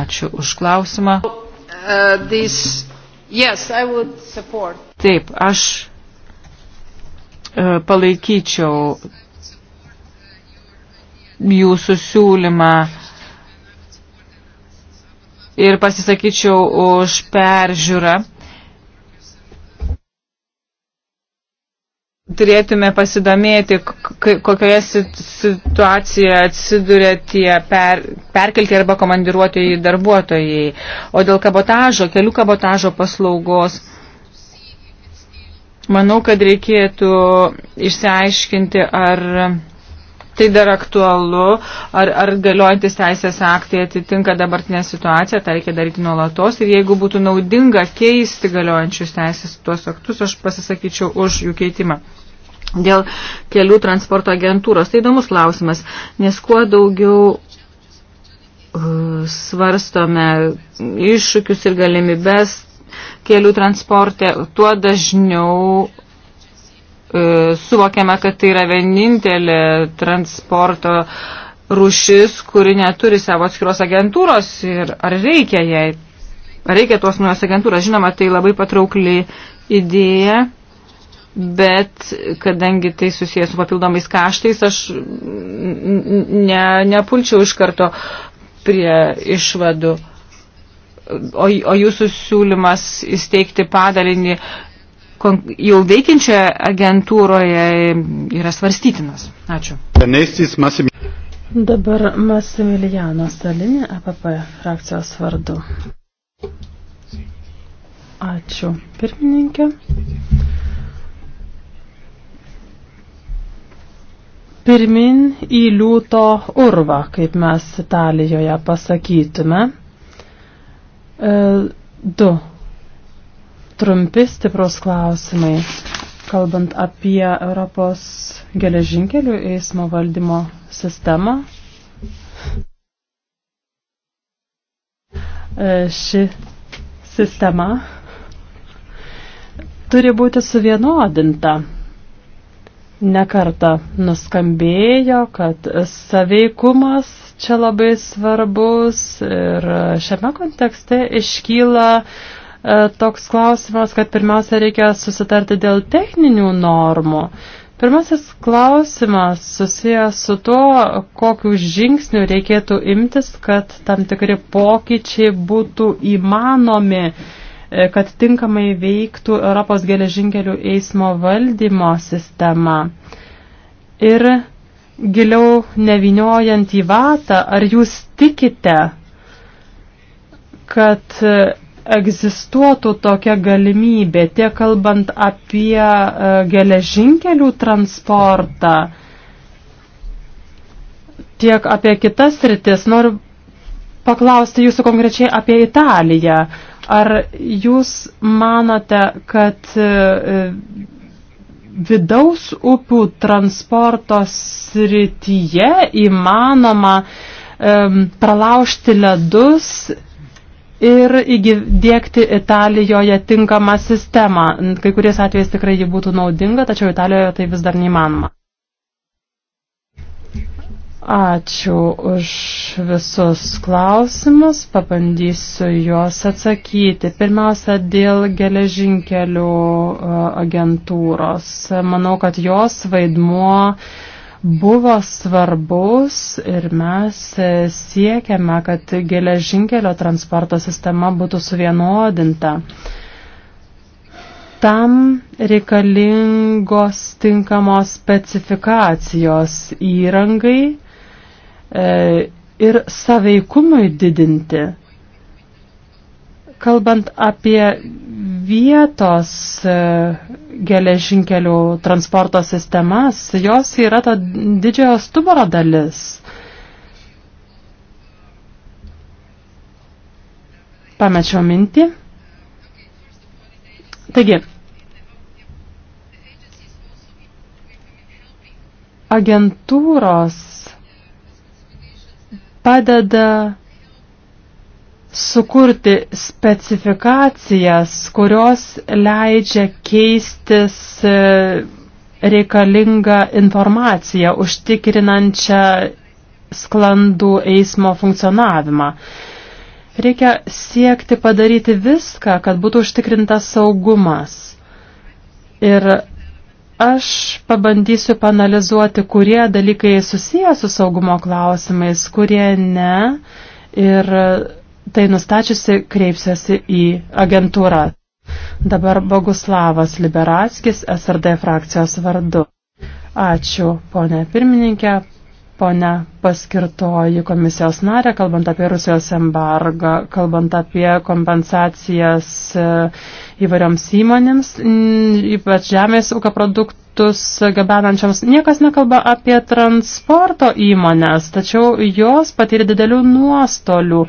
Ačiū už klausimą. Uh, this... yes, Taip, aš uh, palaikyčiau jūsų siūlymą ir pasisakyčiau už peržiūrą. Turėtume pasidomėti, kokioje situacijoje atsiduria tie per, perkelti arba komandiruotojai darbuotojai. O dėl kabotažo, kelių kabotažo paslaugos, manau, kad reikėtų išsiaiškinti, ar tai dar aktualu, ar, ar galiojantis teisės aktai atitinka dabartinę situaciją, tai reikia daryti nuolatos ir jeigu būtų naudinga keisti galiojančius teisės tuos aktus, aš pasisakyčiau už jų keitimą. Dėl kelių transporto agentūros. Tai įdomus klausimas, nes kuo daugiau uh, svarstome iššūkius ir galimybes kelių transporte, tuo dažniau E, suvokiame, kad tai yra vienintelė transporto rušis, kuri neturi savo atskiros agentūros ir ar reikia jai, ar reikia tos naujos agentūros. Žinoma, tai labai patraukli idėja, bet kadangi tai susijęs su papildomais kaštais, aš ne, nepulčiau iš karto prie išvadų o, o jūsų siūlymas įsteigti padalinį jau veikiančioje agentūroje yra svarstytinas. Ačiū. Dabar Masimiliano Salinė, APP frakcijos vardu. Ačiū, pirmininkė. Pirmin į liūto urvą, kaip mes Italijoje pasakytume. E, du trumpi stiprus klausimai, kalbant apie Europos geležinkelių eismo valdymo sistemą. E, ši sistema turi būti suvienodinta. Nekarta nuskambėjo, kad saveikumas čia labai svarbus ir šiame kontekste iškyla uh, E, toks klausimas, kad pirmiausia reikia susitarti dėl techninių normų. Pirmasis klausimas susijęs su tuo, kokiu žingsniu reikėtų imtis, kad tam tikri pokyčiai būtų įmanomi, e, kad tinkamai veiktų Europos geležinkelių eismo valdymo sistema. Ir giliau neviniojant į vatą, ar jūs tikite, kad egzistuotų tokia galimybė, tiek kalbant apie e, geležinkelių transportą, tiek apie kitas rytis. Noriu paklausti jūsų konkrečiai apie Italiją. Ar jūs manote, kad e, vidaus upių transporto srityje įmanoma um, pralaužti ledus ir įdėkti Italijoje tinkamą sistemą. Kai kuriais atvejais tikrai ji būtų naudinga, tačiau Italijoje tai vis dar neįmanoma. Ačiū už visus klausimus, pabandysiu juos atsakyti. Pirmiausia, dėl geležinkelių e, agentūros. Manau, kad jos vaidmuo uh, buvo svarbus ir mes siekiame, kad geležinkelio transporto sistema būtų suvienodinta. Tam reikalingos tinkamos specifikacijos įrangai e, ir saveikumui didinti. Kalbant apie vietos e, geležinkelių transporto sistemas, jos yra to didžiojo stuboro dalis. Pamečiau mintį. Taigi, agentūros padeda sukurti specifikacijas, kurios leidžia keistis e, reikalingą informaciją, užtikrinančią sklandų eismo funkcionavimą. Reikia siekti padaryti viską, kad būtų užtikrintas saugumas. Ir aš pabandysiu panalizuoti, kurie dalykai susiję su saugumo klausimais, kurie ne. Ir tai nustačiusi kreipsiuosi į agentūrą. Dabar Boguslavas Liberatskis SRD frakcijos vardu. Ačiū, ponė pirmininkė, ponė paskirtoji komisijos narė, kalbant apie Rusijos embargą, kalbant apie kompensacijas e, įvairioms įmonėms, ypač žemės ūkio produktus gabenančioms. Niekas nekalba apie transporto įmonės, tačiau jos patyrė didelių nuostolių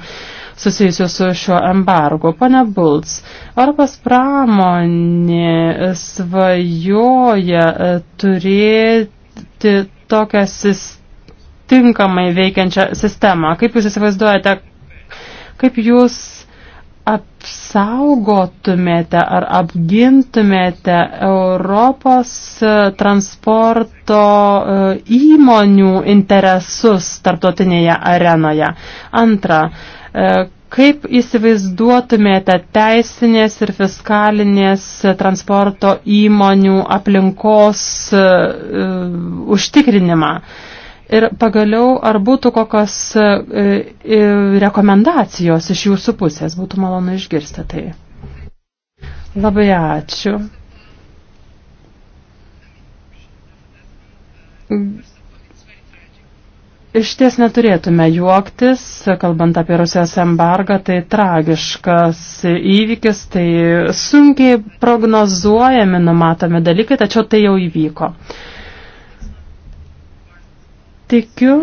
susijusius su šiuo embargu. Pane Bulc, Europos pramonė svajoja e, turėti tokią tinkamai veikiančią sistemą. Kaip jūs įsivaizduojate, kaip jūs apsaugotumėte ar apgintumėte Europos e, transporto e, įmonių interesus tarptautinėje arenoje. Antra, E, kaip įsivaizduotumėte teisinės ir fiskalinės transporto įmonių aplinkos e, užtikrinimą? Ir pagaliau, ar būtų kokios e, rekomendacijos iš jūsų pusės? Būtų malonu išgirsti tai. Labai ačiū. Iš ties neturėtume juoktis, kalbant apie Rusijos embargą, tai tragiškas įvykis, tai sunkiai prognozuojami, numatomi dalykai, tačiau tai jau įvyko. Tikiu,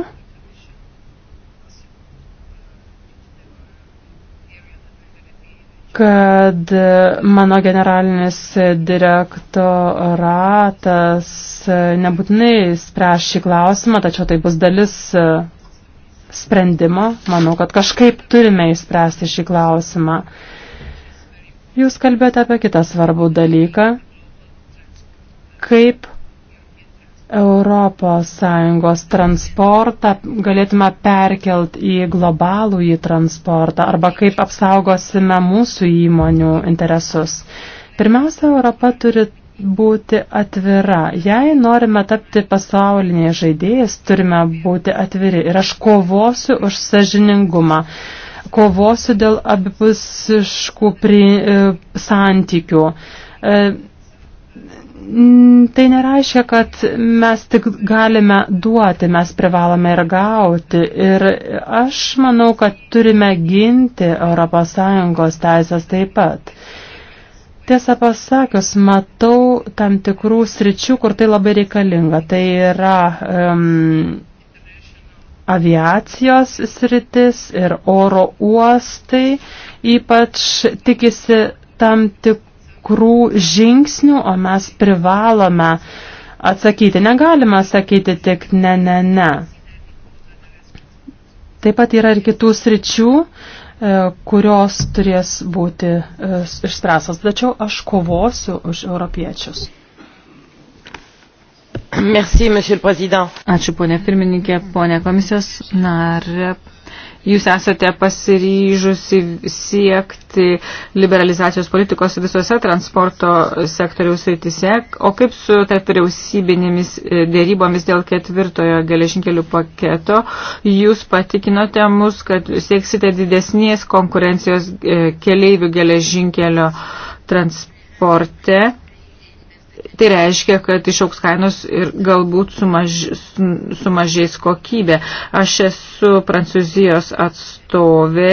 kad mano generalinis direktoratas nebūtinai spręs šį klausimą, tačiau tai bus dalis e, sprendimo. Manau, kad kažkaip turime įspręsti šį klausimą. Jūs kalbėjote apie kitą svarbų dalyką. Kaip ES transportą galėtume perkelt į globalų į transportą arba kaip apsaugosime mūsų įmonių interesus. Pirmiausia, Europa turi būti atvira. Jei norime tapti pasauliniais žaidėjais, turime būti atviri. Ir aš kovosiu už sažiningumą. Kovosiu dėl abipusiškų pri, e, santykių. E, Mm, tai nereiškia, kad mes tik galime duoti, mes privalome ir gauti. Ir aš manau, kad turime ginti ES teisės taip pat. Tiesą pasakius, matau tam tikrų sričių, kur tai labai reikalinga. Tai yra um, aviacijos sritis ir oro uostai ypač tikisi tam tik tikrų žingsnių, o mes privalome atsakyti. Negalima sakyti tik ne, ne, ne. Taip pat yra ir kitų sričių, e, kurios turės būti e, išspręstas. Tačiau aš kovosiu už europiečius. Merci, Ačiū, ponė pirmininkė, ponė komisijos narė. Jūs esate pasiryžusi siekti liberalizacijos politikos visose transporto sektoriaus rytise, o kaip su tarp vyriausybinėmis e, dėrybomis dėl ketvirtojo geležinkelių paketo, jūs patikinote mus, kad sieksite didesnės konkurencijos e, keleivių geležinkelio transporte Tai reiškia, kad išauks kainos ir galbūt sumaž, sumažės kokybė. Aš esu Prancūzijos atstovė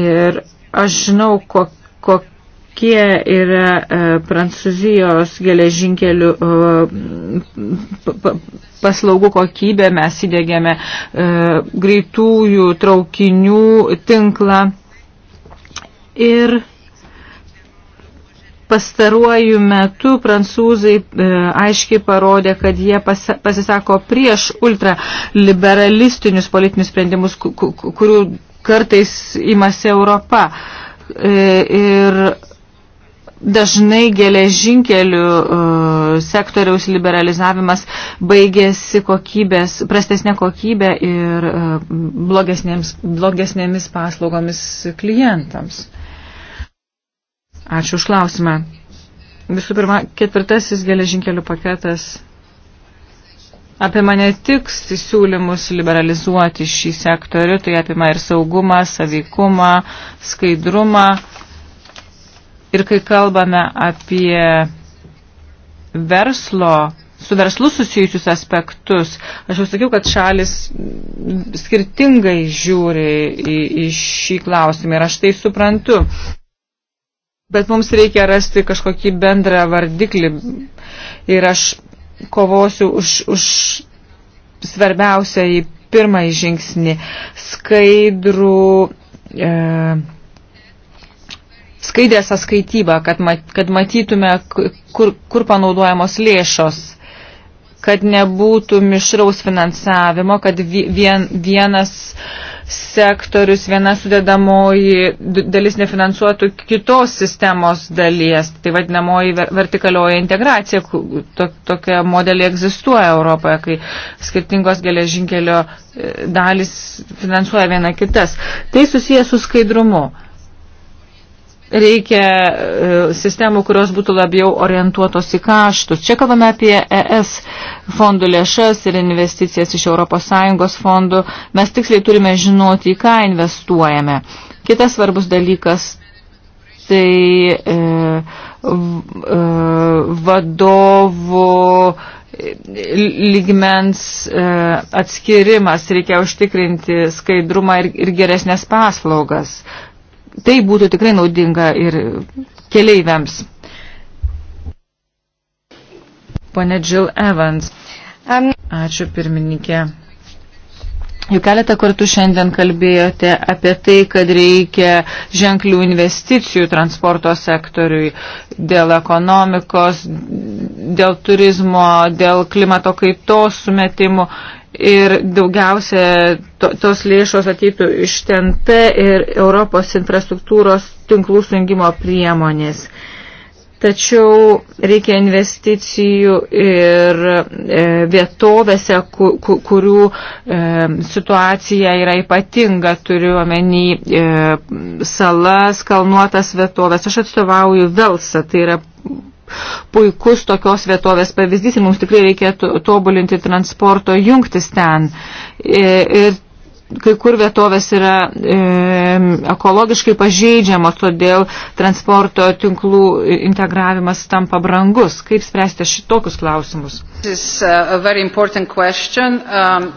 ir aš žinau, kokia kokie yra e, Prancūzijos geležinkelių e, paslaugų kokybė. Mes įdėgėme e, greitųjų traukinių tinklą. Ir pastaruoju metu prancūzai e, aiškiai parodė, kad jie pas, pasisako prieš ultraliberalistinius politinius sprendimus, kurių kartais imasi Europa. E, ir dažnai geležinkelių e, sektoriaus liberalizavimas baigėsi kokybės, prastesnė kokybė ir e, blogesnėmis paslaugomis klientams. Ačiū už klausimą. Visų pirma, ketvirtasis geležinkelių paketas apima ne tik siūlymus liberalizuoti šį sektorių, tai apima ir saugumą, saveikumą, skaidrumą. Ir kai kalbame apie verslo, su verslu susijusius aspektus, aš jau sakiau, kad šalis skirtingai žiūri į, į šį klausimą ir aš tai suprantu bet mums reikia rasti kažkokį bendrą vardiklį ir aš kovosiu už, už svarbiausią į pirmąjį žingsnį skaidrų e, skaidrę sąskaitybą, kad, mat, kad matytume, kur, kur panaudojamos lėšos kad nebūtų mišraus finansavimo, kad vien, vienas sektorius, viena sudėdamoji dalis nefinansuotų kitos sistemos dalies, tai vadinamoji vertikalioji integracija, tokia modelė egzistuoja Europoje, kai skirtingos geležinkelio e, dalis finansuoja viena kitas. Tai susijęs su skaidrumu reikia e, sistemų, kurios būtų labiau orientuotos į kaštus. Čia kalbame apie ES fondų lėšas ir investicijas iš ES fondų. Mes tiksliai turime žinoti, į ką investuojame. Kitas svarbus dalykas tai e, v, e, vadovų lygmens e, atskirimas, reikia užtikrinti skaidrumą ir, ir geresnės paslaugas. Tai būtų tikrai naudinga ir keleiviams. Pone Jill Evans. Um, Ačiū pirmininkė. Jau keletą kartų šiandien kalbėjote apie tai, kad reikia ženklių investicijų transporto sektoriui dėl ekonomikos, dėl turizmo, dėl klimato kaitos sumetimų. Ir daugiausia to, tos lėšos ateitų iš TNT ir Europos infrastruktūros tinklų sujungimo priemonės. Uh, Tačiau reikia investicijų ir e, vietovėse, kurių e, situacija yra ypatinga, turiu omeny e, salas, kalnuotas vietovės. Aš atstovauju Velsą, tai yra puikus tokios vietovės pavyzdys ir mums tikrai reikėtų tobulinti transporto jungtis ten. Ir kai kur vietovės yra e, ekologiškai pažeidžiamos, todėl transporto tinklų integravimas tampa brangus. Kaip spręsti šitokius klausimus? Uh, um...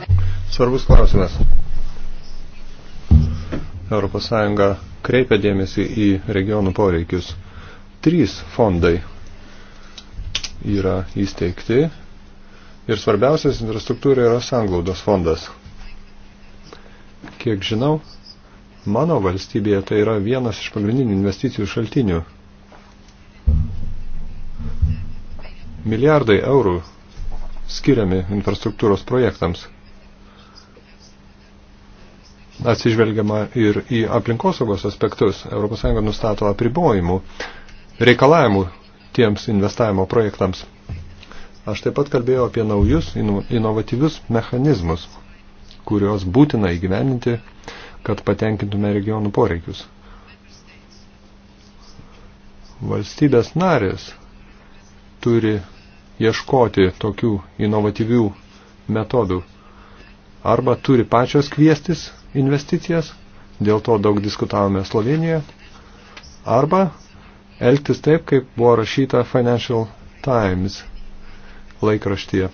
Svarbus klausimas. ES kreipia dėmesį į regionų poreikius. Trys fondai yra įsteigti ir svarbiausias infrastruktūra yra sanglaudos fondas – Kiek žinau, mano valstybėje tai yra vienas iš pagrindinių investicijų šaltinių. Milijardai eurų skiriami infrastruktūros projektams. Atsižvelgiama ir į aplinkosaugos aspektus. ES nustato apribojimų, reikalavimų tiems investavimo projektams. Aš taip pat kalbėjau apie naujus inovatyvius mechanizmus – kuriuos būtina įgyveninti, kad patenkintume regionų poreikius. Valstybės narės turi ieškoti tokių inovatyvių metodų. Arba turi pačios kviestis investicijas, dėl to daug diskutavome Slovenijoje, arba elgtis taip, kaip buvo rašyta Financial Times laikraštyje.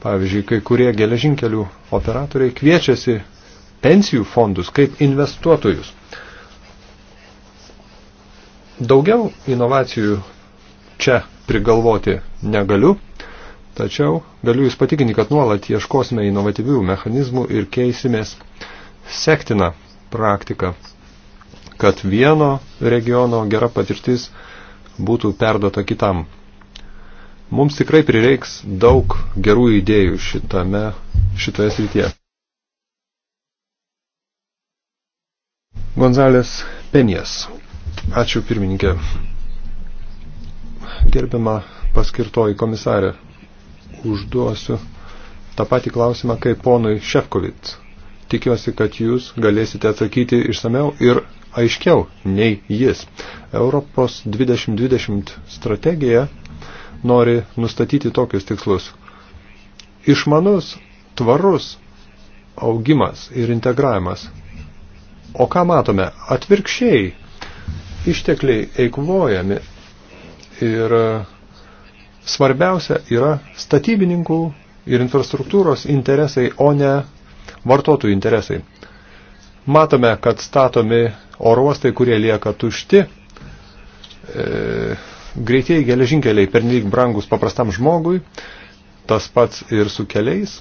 Pavyzdžiui, kai kurie geležinkelių operatoriai kviečiasi pensijų fondus kaip investuotojus. Daugiau inovacijų čia prigalvoti negaliu, tačiau galiu Jūs patikinti, kad nuolat ieškosime inovatyvių mechanizmų ir keisimės sektiną praktiką, kad vieno regiono gera patirtis būtų perduota kitam. Mums tikrai prireiks daug gerų idėjų šitame, šitoje srityje. Gonzalės Penijas. Ačiū pirmininkė. Gerbiama paskirtoji komisarė, užduosiu tą patį klausimą kaip ponui Šefkovic. Tikiuosi, kad jūs galėsite atsakyti išsameu ir aiškiau nei jis. Europos 2020 strategija nori nustatyti tokius tikslus. Išmanus, tvarus augimas ir integravimas. O ką matome? Atvirkščiai ištekliai eikvojami ir e, svarbiausia yra statybininkų ir infrastruktūros interesai, o ne vartotojų interesai. Matome, kad statomi oruostai, kurie lieka tušti, e, Greitieji geležinkeliai pernelyg brangus paprastam žmogui, tas pats ir su keliais,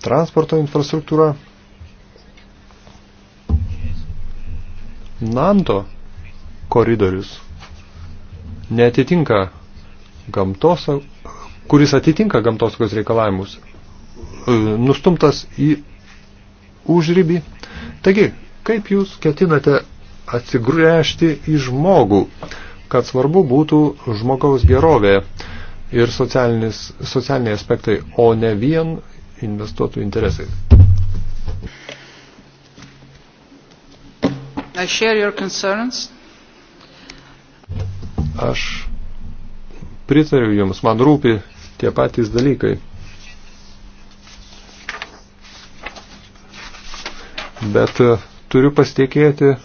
transporto infrastruktūra. Nanto koridorius netitinka gamtos, kuris atitinka gamtosaugos reikalavimus, e, nustumtas į užrybį. Taigi, kaip jūs ketinate atsigręžti į žmogų? kad svarbu būtų žmogaus gerovė ir socialiniai aspektai, o ne vien investuotojų interesai. I share your concerns. Aš pritariu jums, man rūpi tie patys dalykai. Bet e, turiu pasitikėti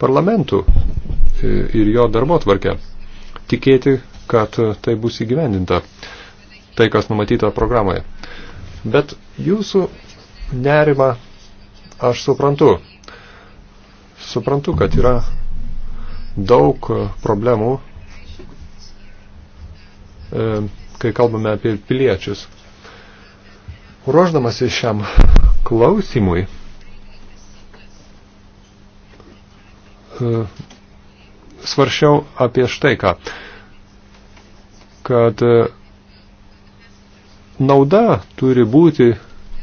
parlamentų e, ir jo darbo tvarkę. Tikėti, kad tai bus įgyvendinta, tai kas numatyta programoje. Bet jūsų nerima aš suprantu. Suprantu, kad yra daug problemų, e, kai kalbame apie piliečius. Ruoždamas šiam klausimui, svaršiau apie štai ką, kad e, nauda turi būti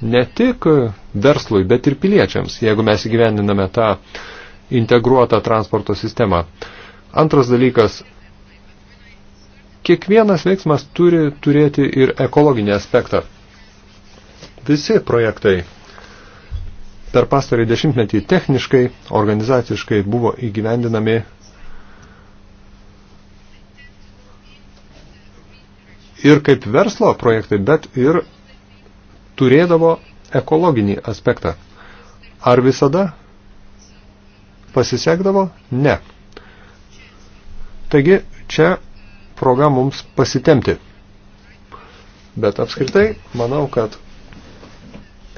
ne tik verslui, bet ir piliečiams, jeigu mes įgyvendiname tą integruotą transporto sistemą. Antras dalykas, kiekvienas veiksmas turi turėti ir ekologinį aspektą. Visi projektai per pastarį dešimtmetį techniškai, organizaciškai buvo įgyvendinami ir kaip verslo projektai, bet ir turėdavo ekologinį aspektą. Ar visada pasisekdavo? Ne. Taigi čia proga mums pasitemti. Bet apskritai manau, kad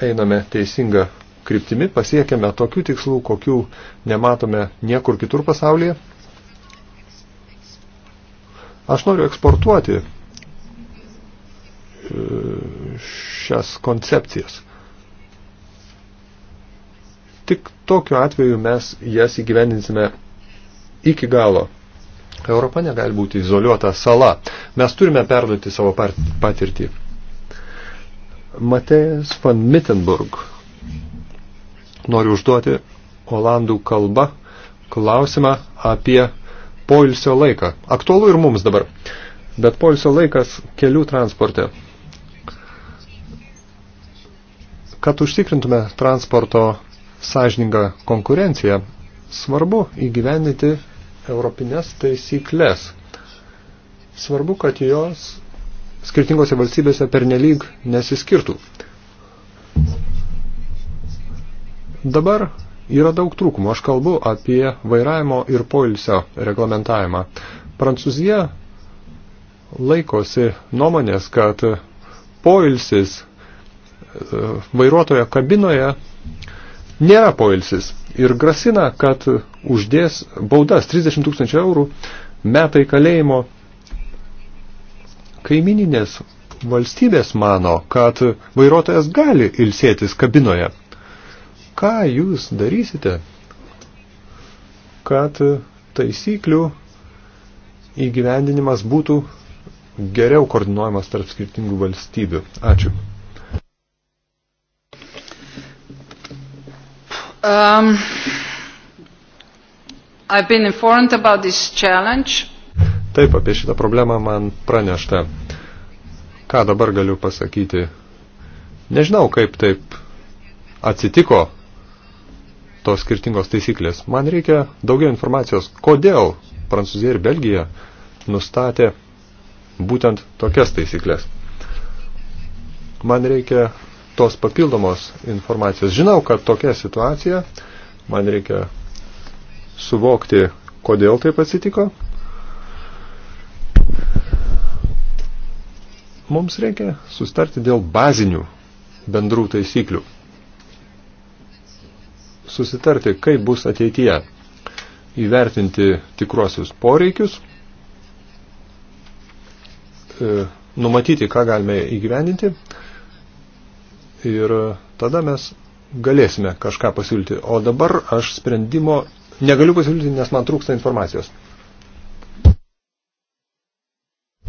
einame teisingą kryptimi pasiekėme tokių tikslų, kokių nematome niekur kitur pasaulyje. Aš noriu eksportuoti e, šias koncepcijas. Tik tokiu atveju mes jas įgyvendinsime iki galo. Europa negali būti izoliuota sala. Mes turime perduoti savo patirtį. Matėjas van Mittenburg noriu užduoti olandų kalbą klausimą apie poilsio laiką. Aktualu ir mums dabar. Bet poilsio laikas kelių transporte. Kad užtikrintume transporto sąžiningą konkurenciją, svarbu įgyvendinti europinės taisyklės. Svarbu, kad jos skirtingose valstybėse pernelyg nesiskirtų. Dabar yra daug trūkumų. Aš kalbu apie vairavimo ir poilsio reglamentavimą. Prancūzija laikosi nuomonės, kad poilsis e, vairuotojo kabinoje nėra poilsis ir grasina, kad uždės baudas 30 tūkstančių eurų metai kalėjimo. Kaimininės valstybės mano, kad vairuotojas gali ilsėtis kabinoje Ką jūs darysite, kad taisyklių įgyvendinimas būtų geriau koordinuojamas tarp skirtingų valstybių? Ačiū. Um, I've been informed about this challenge. Taip, apie šitą problemą man pranešta. Ką dabar galiu pasakyti? Nežinau, kaip taip atsitiko, tos skirtingos taisyklės. Man reikia daugiau informacijos, kodėl Prancūzija ir Belgija nustatė būtent tokias taisyklės. Man reikia tos papildomos informacijos. Žinau, kad tokia situacija, man reikia suvokti, kodėl taip atsitiko. Mums reikia sustarti dėl bazinių bendrų taisyklių susitarti, kaip bus ateityje įvertinti tikruosius poreikius, e, numatyti, ką galime įgyvendinti ir tada mes galėsime kažką pasiūlyti. O dabar aš sprendimo negaliu pasiūlyti, nes man trūksta informacijos.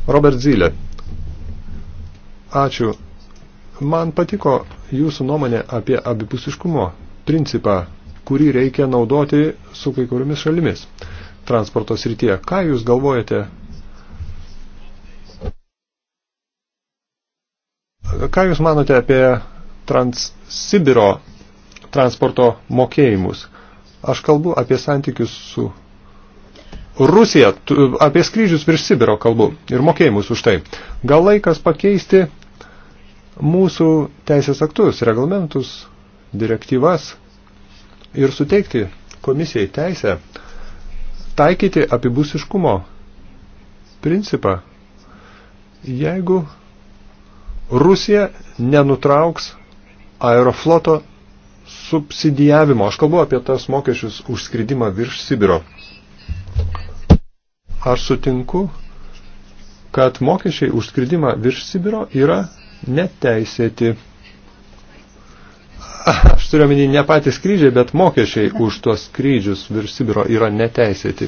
Robert Zylė. Ačiū. Man patiko jūsų nuomonė apie abipusiškumo principą, kurį reikia naudoti su kai kuriomis šalimis transporto srityje. Ką Jūs galvojate? Ką Jūs manote apie Transsibiro transporto mokėjimus? Aš kalbu apie santykius su Rusija, apie skrydžius virš Sibiro kalbu ir mokėjimus už tai. Gal laikas pakeisti mūsų teisės aktus, reglamentus, direktyvas, ir suteikti komisijai teisę taikyti apibusiškumo principą, jeigu Rusija nenutrauks aerofloto subsidijavimo. Aš kalbu apie tas mokesčius užskridimą virš Sibiro. Aš sutinku, kad mokesčiai užskridimą virš Sibiro yra neteisėti. Aš turiu omeny ne patys skrydžiai, bet mokesčiai už tuos skrydžius virš Sibiro yra neteisėti.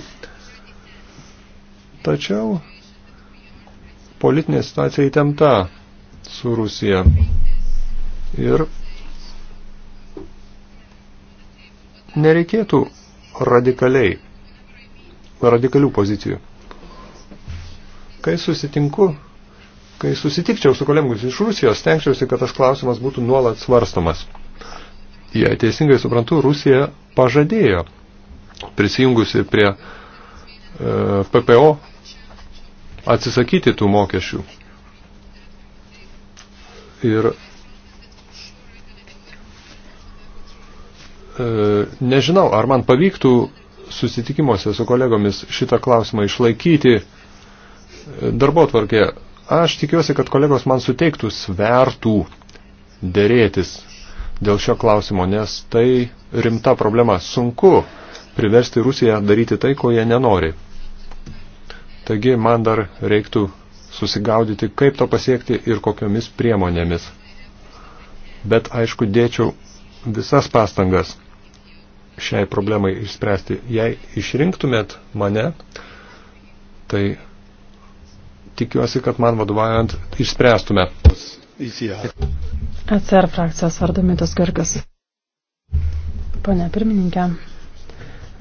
Tačiau politinė situacija įtemta su Rusija. Ir nereikėtų radikaliai, radikalių pozicijų. Kai susitinku, kai susitikčiau su kolegomis iš Rusijos, stengčiausi, kad tas klausimas būtų nuolat svarstomas jei teisingai suprantu, Rusija pažadėjo prisijungusi prie e, PPO atsisakyti tų mokesčių. Ir e, nežinau, ar man pavyktų susitikimuose su kolegomis šitą klausimą išlaikyti e, darbo tvarkė. Aš tikiuosi, kad kolegos man suteiktų svertų dėrėtis dėl šio klausimo, nes tai rimta problema. Sunku priversti Rusiją daryti tai, ko jie nenori. Taigi man dar reiktų susigaudyti, kaip to pasiekti ir kokiomis priemonėmis. Bet aišku, dėčiau visas pastangas šiai problemai išspręsti. Jei išrinktumėt mane, tai tikiuosi, kad man vadovaujant išspręstume. ECR frakcijos vardu Mitas Gargas. Pone pirmininkė,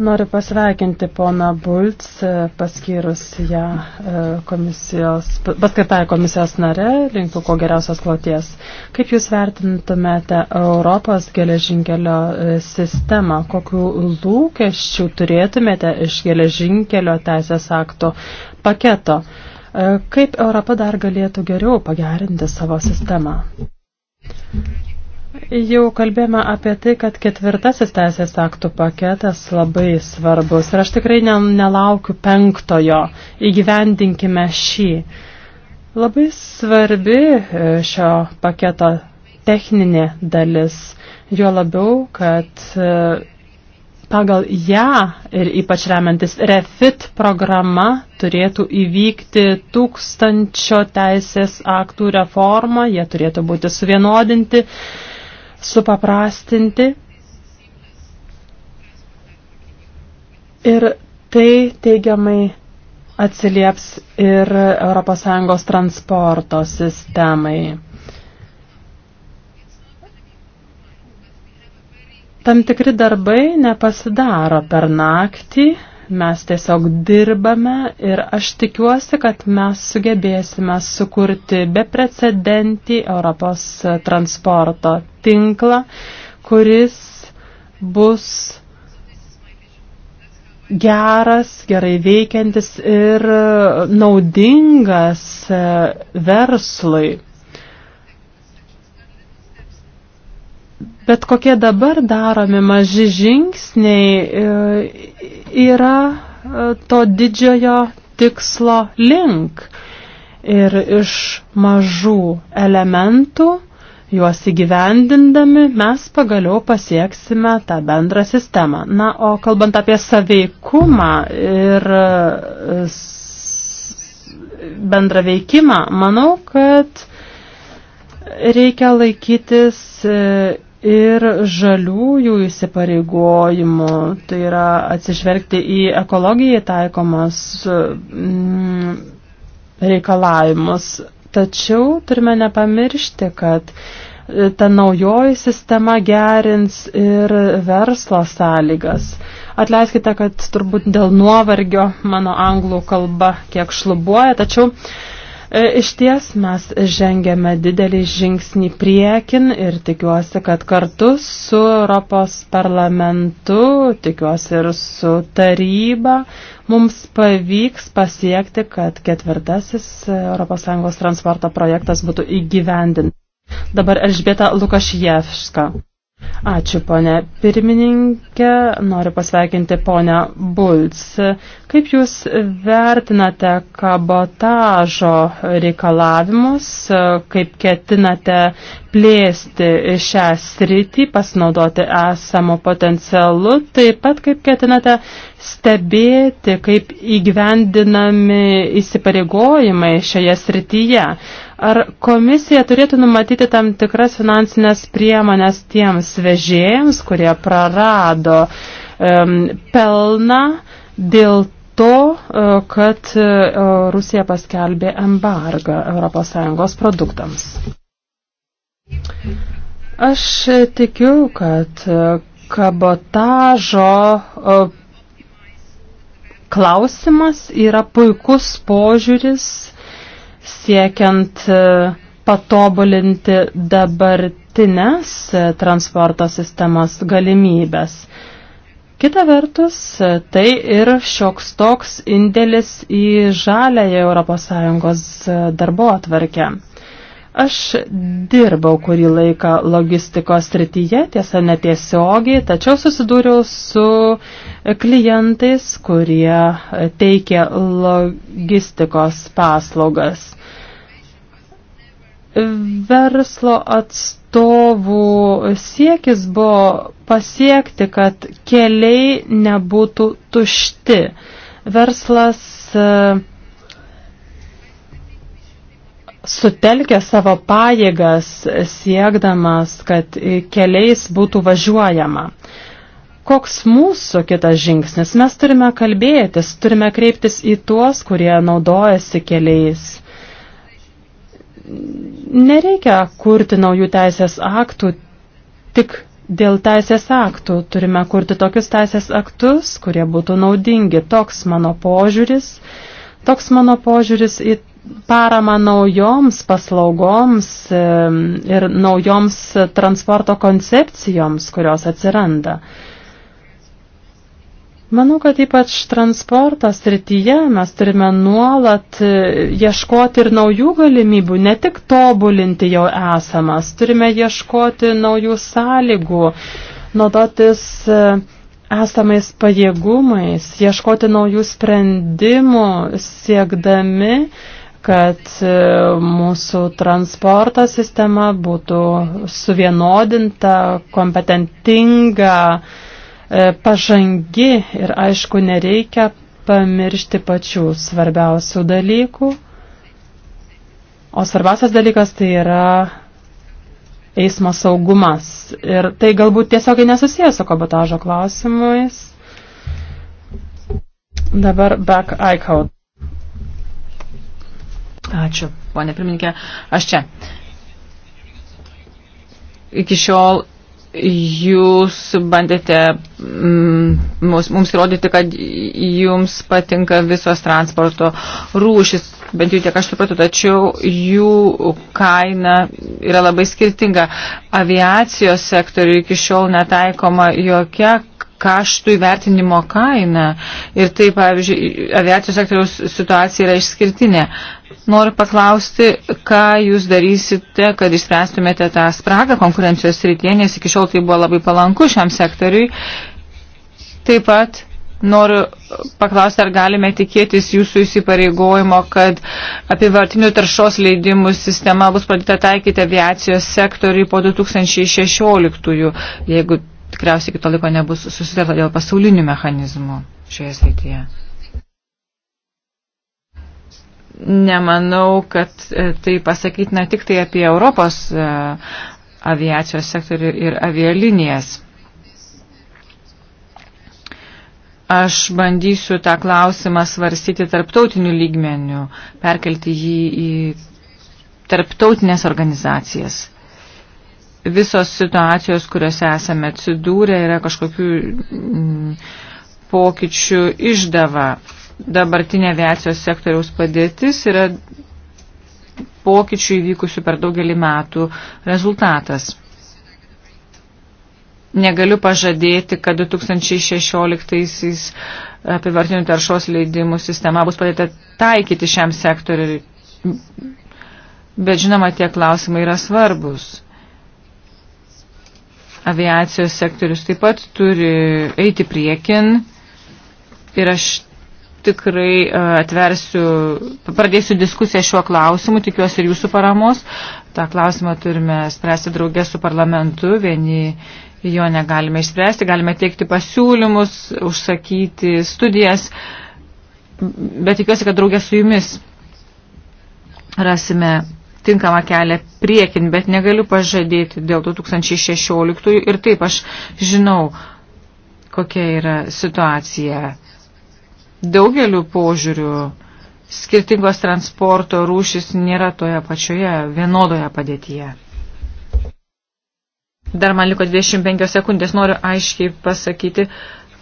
noriu pasveikinti poną Bulc, e, paskyrus ją e, komisijos, paskirtąją komisijos narę, linkiu ko geriausios kloties. Kaip Jūs vertintumėte Europos geležinkelio e, sistemą? Kokių lūkesčių turėtumėte iš geležinkelio teisės akto paketo? E, kaip Europa dar galėtų geriau pagerinti savo sistemą? Jau kalbėjome apie tai, kad ketvirtasis teisės aktų paketas labai svarbus ir aš tikrai nelaukiu penktojo, įgyvendinkime šį. Labai svarbi e, šio paketo techninė dalis, jo labiau, kad e, Pagal ją ir ypač remiantis REFIT programa turėtų įvykti tūkstančio teisės aktų reforma, jie turėtų būti suvienodinti, supaprastinti. Ir tai teigiamai atsilieps ir ES transporto sistemai. Tam tikri darbai nepasidaro per naktį, mes tiesiog dirbame ir aš tikiuosi, kad mes sugebėsime sukurti beprecedentį Europos transporto tinklą, kuris bus geras, gerai veikiantis ir naudingas verslui. Bet kokie dabar daromi maži žingsniai e, yra e, to didžiojo tikslo link. Ir iš mažų elementų, juos įgyvendindami, mes pagaliau pasieksime tą bendrą sistemą. Na, o kalbant apie saveikumą ir e, bendrą veikimą, manau, kad reikia laikytis ir žaliųjų įsipareigojimų, tai yra atsižvelgti į ekologiją taikomas mm, reikalavimus. Tačiau turime nepamiršti, kad e, ta naujoji sistema gerins ir verslo sąlygas. Atleiskite, kad turbūt dėl nuovargio mano anglų kalba kiek šlubuoja, tačiau uh, E, iš ties mes žengėme didelį žingsnį priekin ir tikiuosi, kad kartu su Europos parlamentu, tikiuosi ir su taryba, mums pavyks pasiekti, kad ketvirtasis ES transporto projektas būtų įgyvendintas. Dabar Elžbieta Lukašievska. Ačiū, ponė pirmininkė. Noriu pasveikinti ponę Bulc. Kaip Jūs vertinate kabotažo reikalavimus, kaip ketinate plėsti šią sritį, pasinaudoti esamo potencialu, taip pat kaip ketinate stebėti, kaip įgyvendinami įsipareigojimai šioje srityje? Ar komisija turėtų numatyti tam tikras finansinės priemonės tiems vežėjams, kurie prarado um, pelną dėl to, e, kad e, Rusija paskelbė embargą ES produktams? Aš tikiu, kad e, kabotažo klausimas yra puikus požiūris siekiant e, patobulinti dabartinės e, transporto sistemos galimybės. Kita vertus, e, tai ir šioks toks indėlis į žalęją ES darbo atvarkę. Aš dirbau kurį laiką logistikos srityje, tiesa netiesiogiai, tačiau susidūriau su klientais, kurie teikia logistikos paslaugas. Verslo atstovų siekis buvo pasiekti, kad keliai nebūtų tušti. Verslas uh, sutelkia savo pajėgas siekdamas, kad keliais būtų važiuojama. Koks mūsų kitas žingsnis? Mes turime kalbėtis, turime kreiptis į tuos, kurie naudojasi keliais. Nereikia kurti naujų teisės aktų tik dėl teisės aktų. Turime kurti tokius teisės aktus, kurie būtų naudingi. Toks mano požiūris, toks mano požiūris į paramą naujoms paslaugoms ir naujoms transporto koncepcijoms, kurios atsiranda. Manau, kad ypač transporto srityje mes turime nuolat e, ieškoti ir naujų galimybių, ne tik tobulinti jau esamas, turime ieškoti naujų sąlygų, naudotis e, esamais pajėgumais, ieškoti naujų sprendimų, siekdami uh, kad e, mūsų transporto sistema būtų suvienodinta, kompetentinga, e, pažangi ir aišku nereikia pamiršti pačių svarbiausių dalykų. O svarbiausias dalykas tai yra eismo saugumas. Ir tai galbūt tiesiogiai nesusijęs su kabotažo klausimais. Dabar back eye code. Ačiū, ponė pirmininkė. Aš čia. Iki šiol jūs bandėte mm, mums, mums įrodyti, kad jums patinka visos transporto rūšis, bent jau tiek aš supratau, tačiau jų kaina yra labai skirtinga. Aviacijos sektoriui iki šiol netaikoma jokia kaštų įvertinimo kainą. Ir tai, pavyzdžiui, aviacijos sektoriaus situacija yra išskirtinė. Noriu paklausti, ką jūs darysite, kad išspręstumėte tą spragą konkurencijos srityje, nes iki šiol tai buvo labai palanku šiam sektoriui. Taip pat noriu paklausti, ar galime tikėtis jūsų įsipareigojimo, kad apivartinių taršos leidimų sistema bus pradėta taikyti aviacijos sektoriui po 2016, jeigu tikriausiai kito laiko nebus susitarta dėl pasaulinių mechanizmų šioje srityje. Nemanau, kad e, tai pasakytina tik tai apie Europos e, aviacijos sektorių ir avialinijas. Aš bandysiu tą klausimą svarstyti tarptautiniu lygmeniu, perkelti jį į tarptautinės organizacijas visos situacijos, kuriuose esame atsidūrę, yra kažkokių mm, pokyčių išdava. Dabartinė aviacijos sektoriaus padėtis yra pokyčių įvykusių per daugelį metų rezultatas. Negaliu pažadėti, kad 2016-aisiais apivartinių taršos leidimų sistema bus padėta taikyti šiam sektoriui, bet žinoma, tie klausimai yra svarbus aviacijos sektorius taip pat turi eiti priekin ir aš tikrai e, atversiu, pradėsiu diskusiją šiuo klausimu, tikiuosi ir jūsų paramos. Ta klausimą turime spręsti draugės su parlamentu, vieni jo negalime išspręsti, galime teikti pasiūlymus, užsakyti studijas, bet tikiuosi, kad draugės su jumis rasime tinkamą kelią priekin, bet negaliu pažadėti dėl 2016 ir taip aš žinau, kokia yra situacija. Daugeliu požiūrių skirtingos transporto rūšis nėra toje pačioje vienodoje padėtyje. Dar man liko 25 sekundės, noriu aiškiai pasakyti,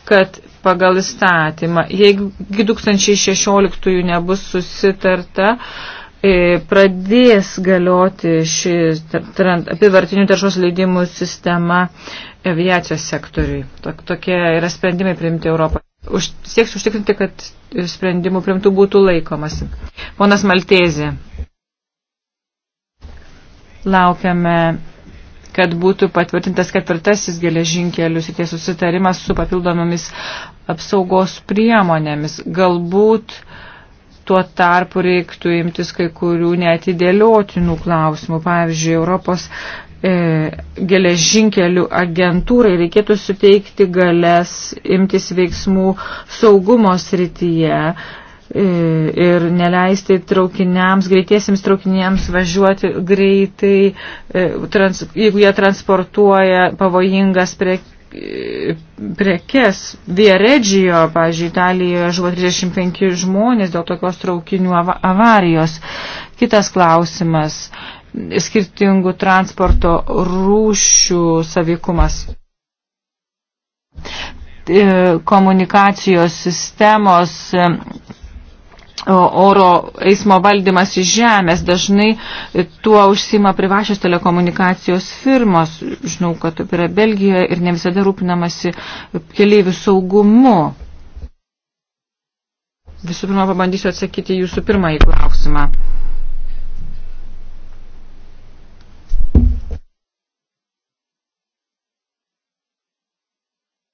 kad pagal įstatymą, jeigu 2016 nebus susitarta, uh, E, pradės galioti ši apivartinių taršos leidimų sistema aviacijos sektoriui. Tokie yra sprendimai priimti Europą. Už, sieks užtikrinti, kad sprendimų primtų būtų laikomasi. Ponas Maltėzė. Laukiame, kad būtų patvirtintas ketvirtasis geležinkelius ir tie susitarimas su papildomomis apsaugos priemonėmis. Galbūt uh, Tuo tarpu reiktų imtis kai kurių netidėliotinų klausimų. Pavyzdžiui, Europos e, geležinkelių agentūrai reikėtų suteikti galės imtis veiksmų saugumo srityje e, ir neleisti traukiniams, greitiesiams traukiniams važiuoti greitai, e, trans, jeigu jie transportuoja pavojingas prekes prekes. Vieredžio, pažiūrėjau, Italijoje žuvo 35 žmonės dėl tokios traukinių avarijos. Kitas klausimas - skirtingų transporto rūšių savikumas e, komunikacijos sistemos oro eismo valdymas iš žemės. Dažnai tuo užsima privašios telekomunikacijos firmos. Žinau, kad taip yra Belgijoje ir ne visada rūpinamasi keleivių saugumu. Visų pirma, pabandysiu atsakyti jūsų pirmąjį klausimą.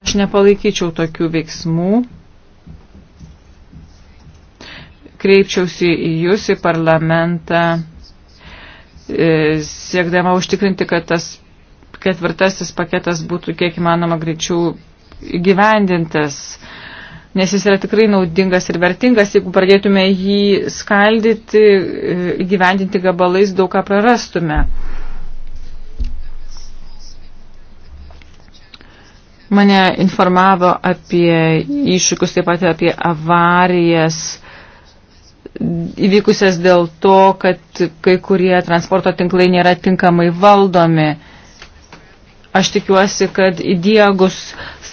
Aš nepalaikyčiau tokių veiksmų kreipčiausi į Jūs, į parlamentą, e, siekdama užtikrinti, kad tas ketvirtasis paketas būtų kiek įmanoma greičiau įgyvendintas, nes jis yra tikrai naudingas ir vertingas, jeigu pradėtume jį skaldyti, e, įgyvendinti gabalais, daug ką prarastume. Mane informavo apie iššūkius, taip pat apie avarijas, įvykusias dėl to, kad kai kurie transporto tinklai nėra tinkamai valdomi. Aš tikiuosi, kad įdiegus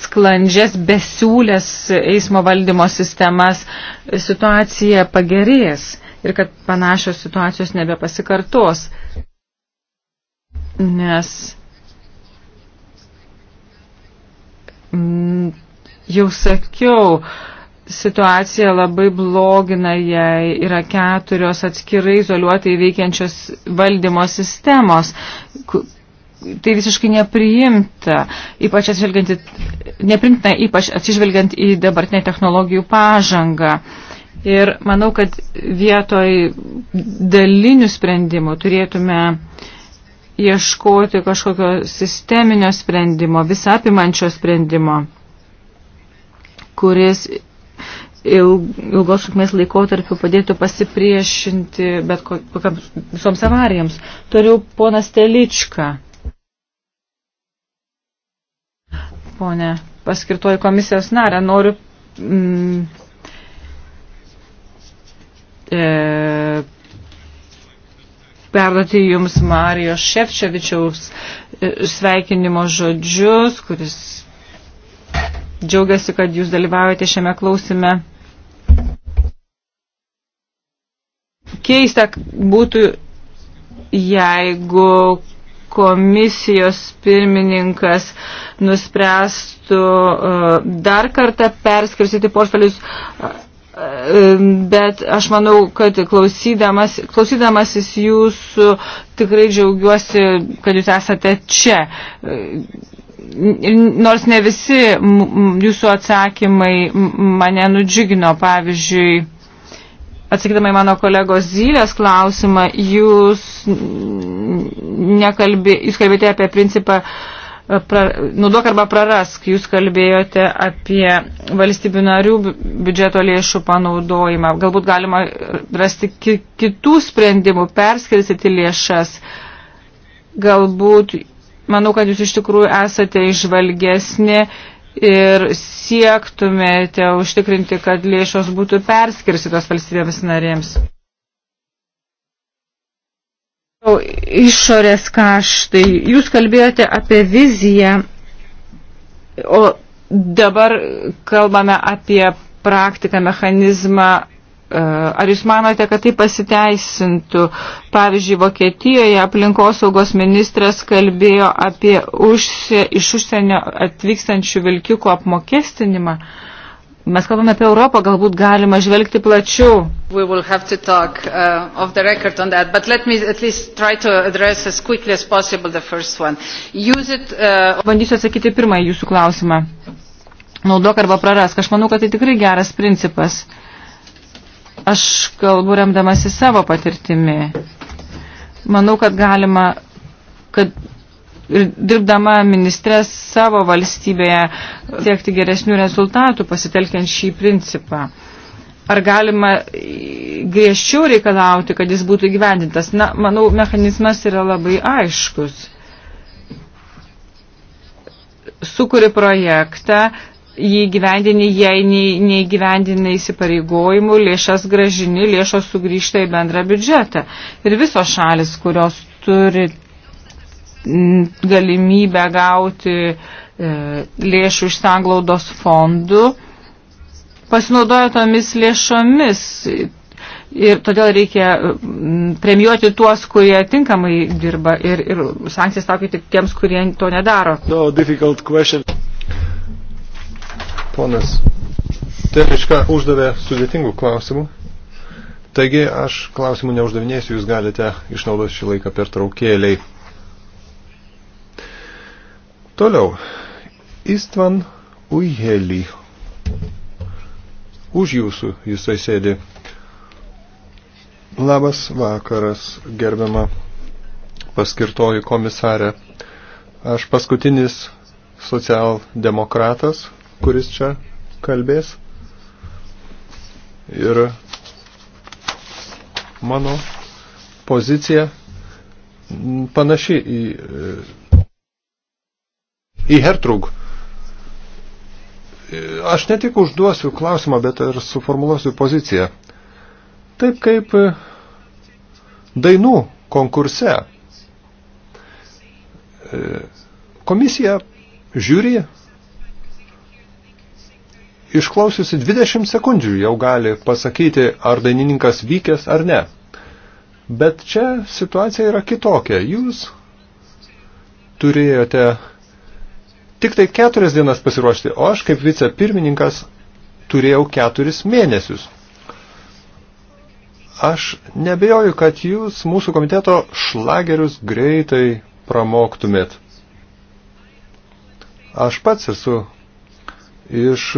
sklandžias besiūlės eismo valdymo sistemas situacija pagerės ir kad panašios situacijos nebepasikartos. Nes jau sakiau, situacija labai blogina, jei yra keturios atskirai izoliuotai veikiančios valdymo sistemos. Tai visiškai nepriimta, ypač atsižvelgiant į, nepriimtina, ypač atsižvelgiant į dabartinę technologijų pažangą. Ir manau, kad vietoj dalinių sprendimų turėtume ieškoti kažkokio sisteminio sprendimo, visapimančio sprendimo, kuris ilgos sukmės laikotarpiu padėtų pasipriešinti bet kokiams visoms avarijoms. Turiu ponas Teličką. Pone, paskirtoji komisijos narę, noriu mm, e, perduoti Jums Marijos Šefčevičiaus e, sveikinimo žodžius, kuris džiaugiasi, kad Jūs dalyvaujate šiame klausime. keista būtų, jeigu komisijos pirmininkas nuspręstų e, dar kartą perskirsyti portfelius, e, e, bet aš manau, kad klausydamas, klausydamasis jūsų tikrai džiaugiuosi, kad jūs esate čia. Nors ne visi jūsų atsakymai mane nudžiugino, pavyzdžiui, atsakydama į mano kolegos Zylės klausimą, jūs, nekalbė, jūs kalbėjote apie principą pra, nuduok arba prarask, jūs kalbėjote apie valstybių narių biudžeto lėšų panaudojimą. Galbūt galima rasti ki, kitų sprendimų, perskirstyti lėšas. Galbūt, manau, kad jūs iš tikrųjų esate išvalgesni ir siektumėte užtikrinti, kad lėšos būtų perskirsitos valstybėms narėms? Išorės kaštai. Jūs kalbėjote apie viziją, o dabar kalbame apie praktiką, mechanizmą, E, ar jūs manote, kad tai pasiteisintų? Pavyzdžiui, Vokietijoje aplinkosaugos ministras kalbėjo apie užsie, iš užsienio atvykstančių vilkikų apmokestinimą. Mes kalbame apie Europą, galbūt galima žvelgti plačiau. Talk, uh, that, uh... Bandysiu atsakyti pirmąjį jūsų klausimą. Naudok arba prarask. Aš manau, kad tai tikrai geras principas. Uh, Aš kalbu remdamasi savo patirtimi. Manau, kad galima, kad ir dirbdama ministrė savo valstybėje siekti geresnių rezultatų pasitelkiant šį principą. Ar galima griežčiau reikalauti, kad jis būtų gyvendintas? Na, manau, mechanizmas yra labai aiškus. Sukuri projektą, jį gyvendini, jei neįgyvendini įsipareigojimų, lėšas gražini, lėšos sugrįžta į bendrą biudžetą. Ir visos šalis, kurios turi mm, galimybę gauti e, lėšų iš sanglaudos fondų, pasinaudoja tomis lėšomis. Ir todėl reikia mm, premijuoti tuos, kurie tinkamai dirba ir, ir sankcijas taukyti tiems, kurie to nedaro. No Ponas Teliška uždavė sudėtingų klausimų. Taigi aš klausimų neuždavinėsiu, jūs galite išnaudoti šį laiką per traukėliai. Toliau. Istvan Ujheli. Už jūsų jisai sėdi. Labas vakaras, gerbiama paskirtoji komisarė. Aš paskutinis socialdemokratas, kuris čia kalbės. Ir mano pozicija panaši į, į Hertrug. Aš ne tik užduosiu klausimą, bet ir suformuluosiu poziciją. Taip kaip dainų konkurse. E, komisija žiūri išklausiusi 20 sekundžių jau gali pasakyti, ar dainininkas vykęs ar ne. Bet čia situacija yra kitokia. Jūs turėjote tik tai keturias dienas pasiruošti, o aš kaip vicepirmininkas turėjau keturis mėnesius. Aš nebejoju, kad jūs mūsų komiteto šlagerius greitai pramoktumėt. Aš pats esu iš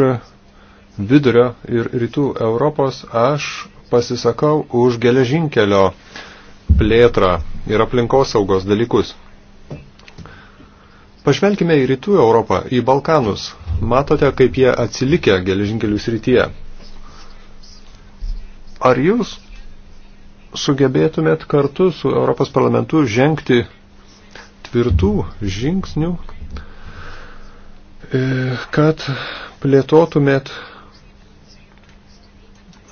vidurio ir rytų Europos, aš pasisakau už geležinkelio plėtrą ir aplinkosaugos dalykus. Pažvelkime į rytų Europą, į Balkanus. Matote, kaip jie atsilikę geležinkelių srityje. Ar jūs sugebėtumėt kartu su Europos parlamentu žengti tvirtų žingsnių, e, kad plėtotumėt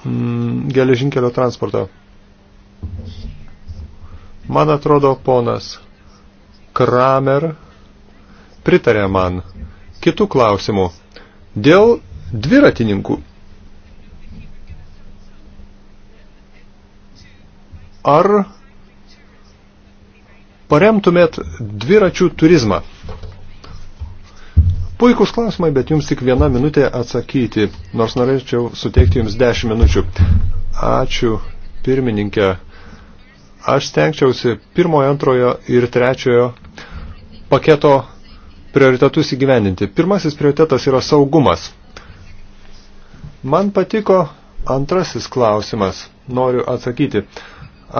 Mm, geležinkelio transportą. Man atrodo, ponas Kramer pritarė man kitų klausimų dėl dviratininkų. Ar paremtumėt dviračių turizmą? Puikus klausimai, bet jums tik viena minutė atsakyti, nors norėčiau suteikti jums dešimt minučių. Ačiū, pirmininkė. Aš stengčiausi pirmojo, antrojo ir trečiojo paketo prioritetus įgyvendinti. Pirmasis prioritetas yra saugumas. Man patiko antrasis klausimas, noriu atsakyti.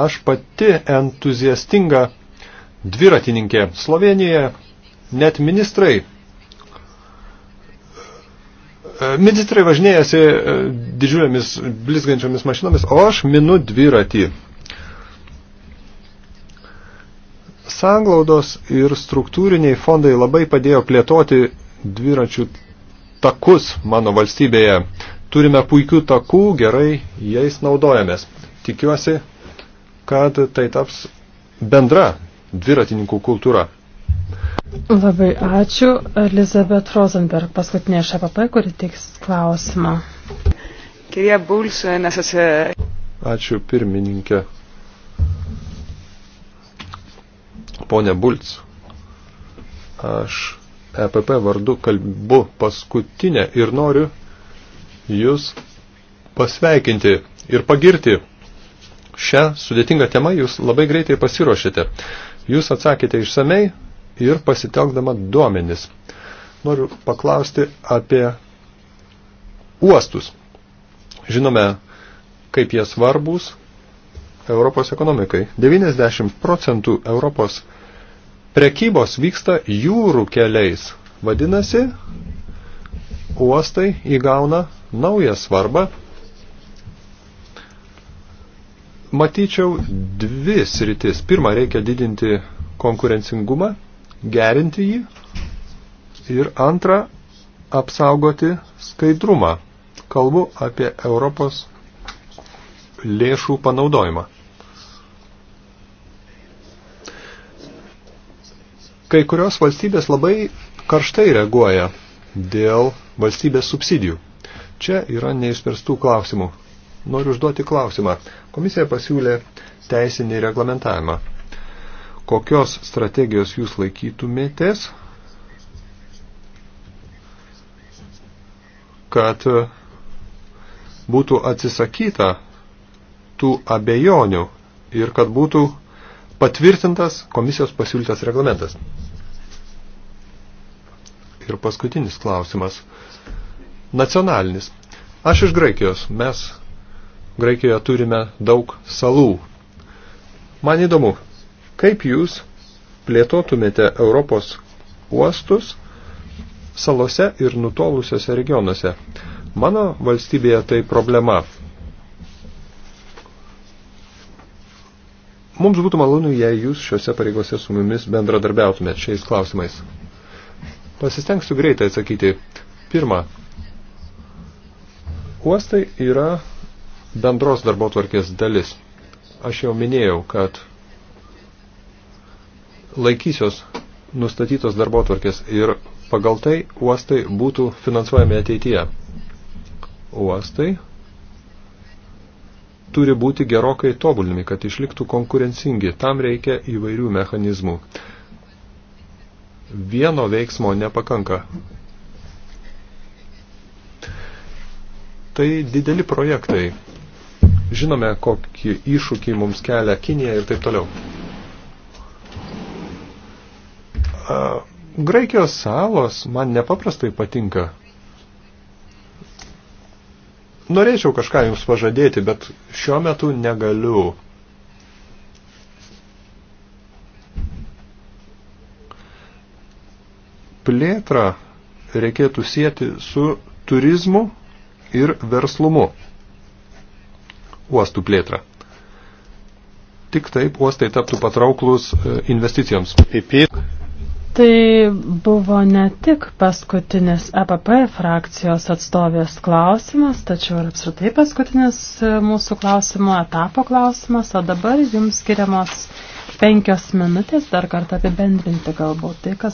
Aš pati entuziastinga dviratininkė Slovenijoje, net ministrai E, Ministrai važinėjasi e, didžiulėmis blizgančiomis mašinomis, o aš minu dviratį. Sanglaudos ir struktūriniai fondai labai padėjo plėtoti dviračių takus mano valstybėje. Turime puikių takų, gerai jais naudojamės. Tikiuosi, kad tai taps bendra dviratininkų kultūra. Labai ačiū. Elizabeth Rosenberg, paskutinė iš APP, kuri teiks klausimą. Kirija Buls, nes esi. Ačiū pirmininkė. Pone Bulc, aš EPP vardu kalbu paskutinę ir noriu Jūs pasveikinti ir pagirti. Šią sudėtingą temą Jūs labai greitai pasiruošėte. Jūs atsakėte išsamei, ir pasitelkdama duomenis. Noriu paklausti apie uostus. Žinome, kaip jie svarbus Europos ekonomikai. 90 procentų Europos prekybos vyksta jūrų keliais. Vadinasi, uostai įgauna naują svarbą. Matyčiau dvi sritis. Pirma, reikia didinti konkurencingumą gerinti jį ir antra, apsaugoti skaidrumą. Kalbu apie Europos lėšų panaudojimą. Kai kurios valstybės labai karštai reaguoja dėl valstybės subsidijų. Čia yra neišspręstų klausimų. Noriu užduoti klausimą. Komisija pasiūlė teisinį reglamentavimą kokios strategijos jūs laikytumėtės, kad e, būtų atsisakyta tų abejonių ir kad būtų patvirtintas komisijos pasiūlytas reglamentas. Ir paskutinis klausimas. Nacionalinis. Aš iš Graikijos. Mes Graikijoje turime daug salų. Man įdomu, Kaip jūs plėtotumėte Europos uostus salose ir nutolusiuose regionuose? Mano valstybėje tai problema. Mums būtų malonu, jei jūs šiuose pareigose su mumis bendradarbiautumėt šiais klausimais. Pasistengsiu greitai atsakyti. Pirma, uostai yra bendros darbo tvarkės dalis. Aš jau minėjau, kad laikysios nustatytos darbotvarkės ir pagal tai uostai būtų finansuojami ateityje. Uostai turi būti gerokai tobulinami, kad išliktų konkurencingi. Tam reikia įvairių mechanizmų. Vieno veiksmo nepakanka. Tai dideli projektai. Žinome, kokį iššūkį mums kelia Kinija ir taip toliau. Graikijos salos man nepaprastai patinka. Norėčiau kažką jums pažadėti, bet šiuo metu negaliu. Plėtrą reikėtų sieti su turizmu ir verslumu. Uostų plėtrą. Tik taip uostai taptų patrauklus e, investicijoms. Pipit. Tai buvo ne tik paskutinis EPP frakcijos atstovės klausimas, tačiau ir apsritai paskutinis mūsų klausimo etapo klausimas, o dabar jums skiriamos penkios minutės dar kartą apibendrinti galbūt tai, kas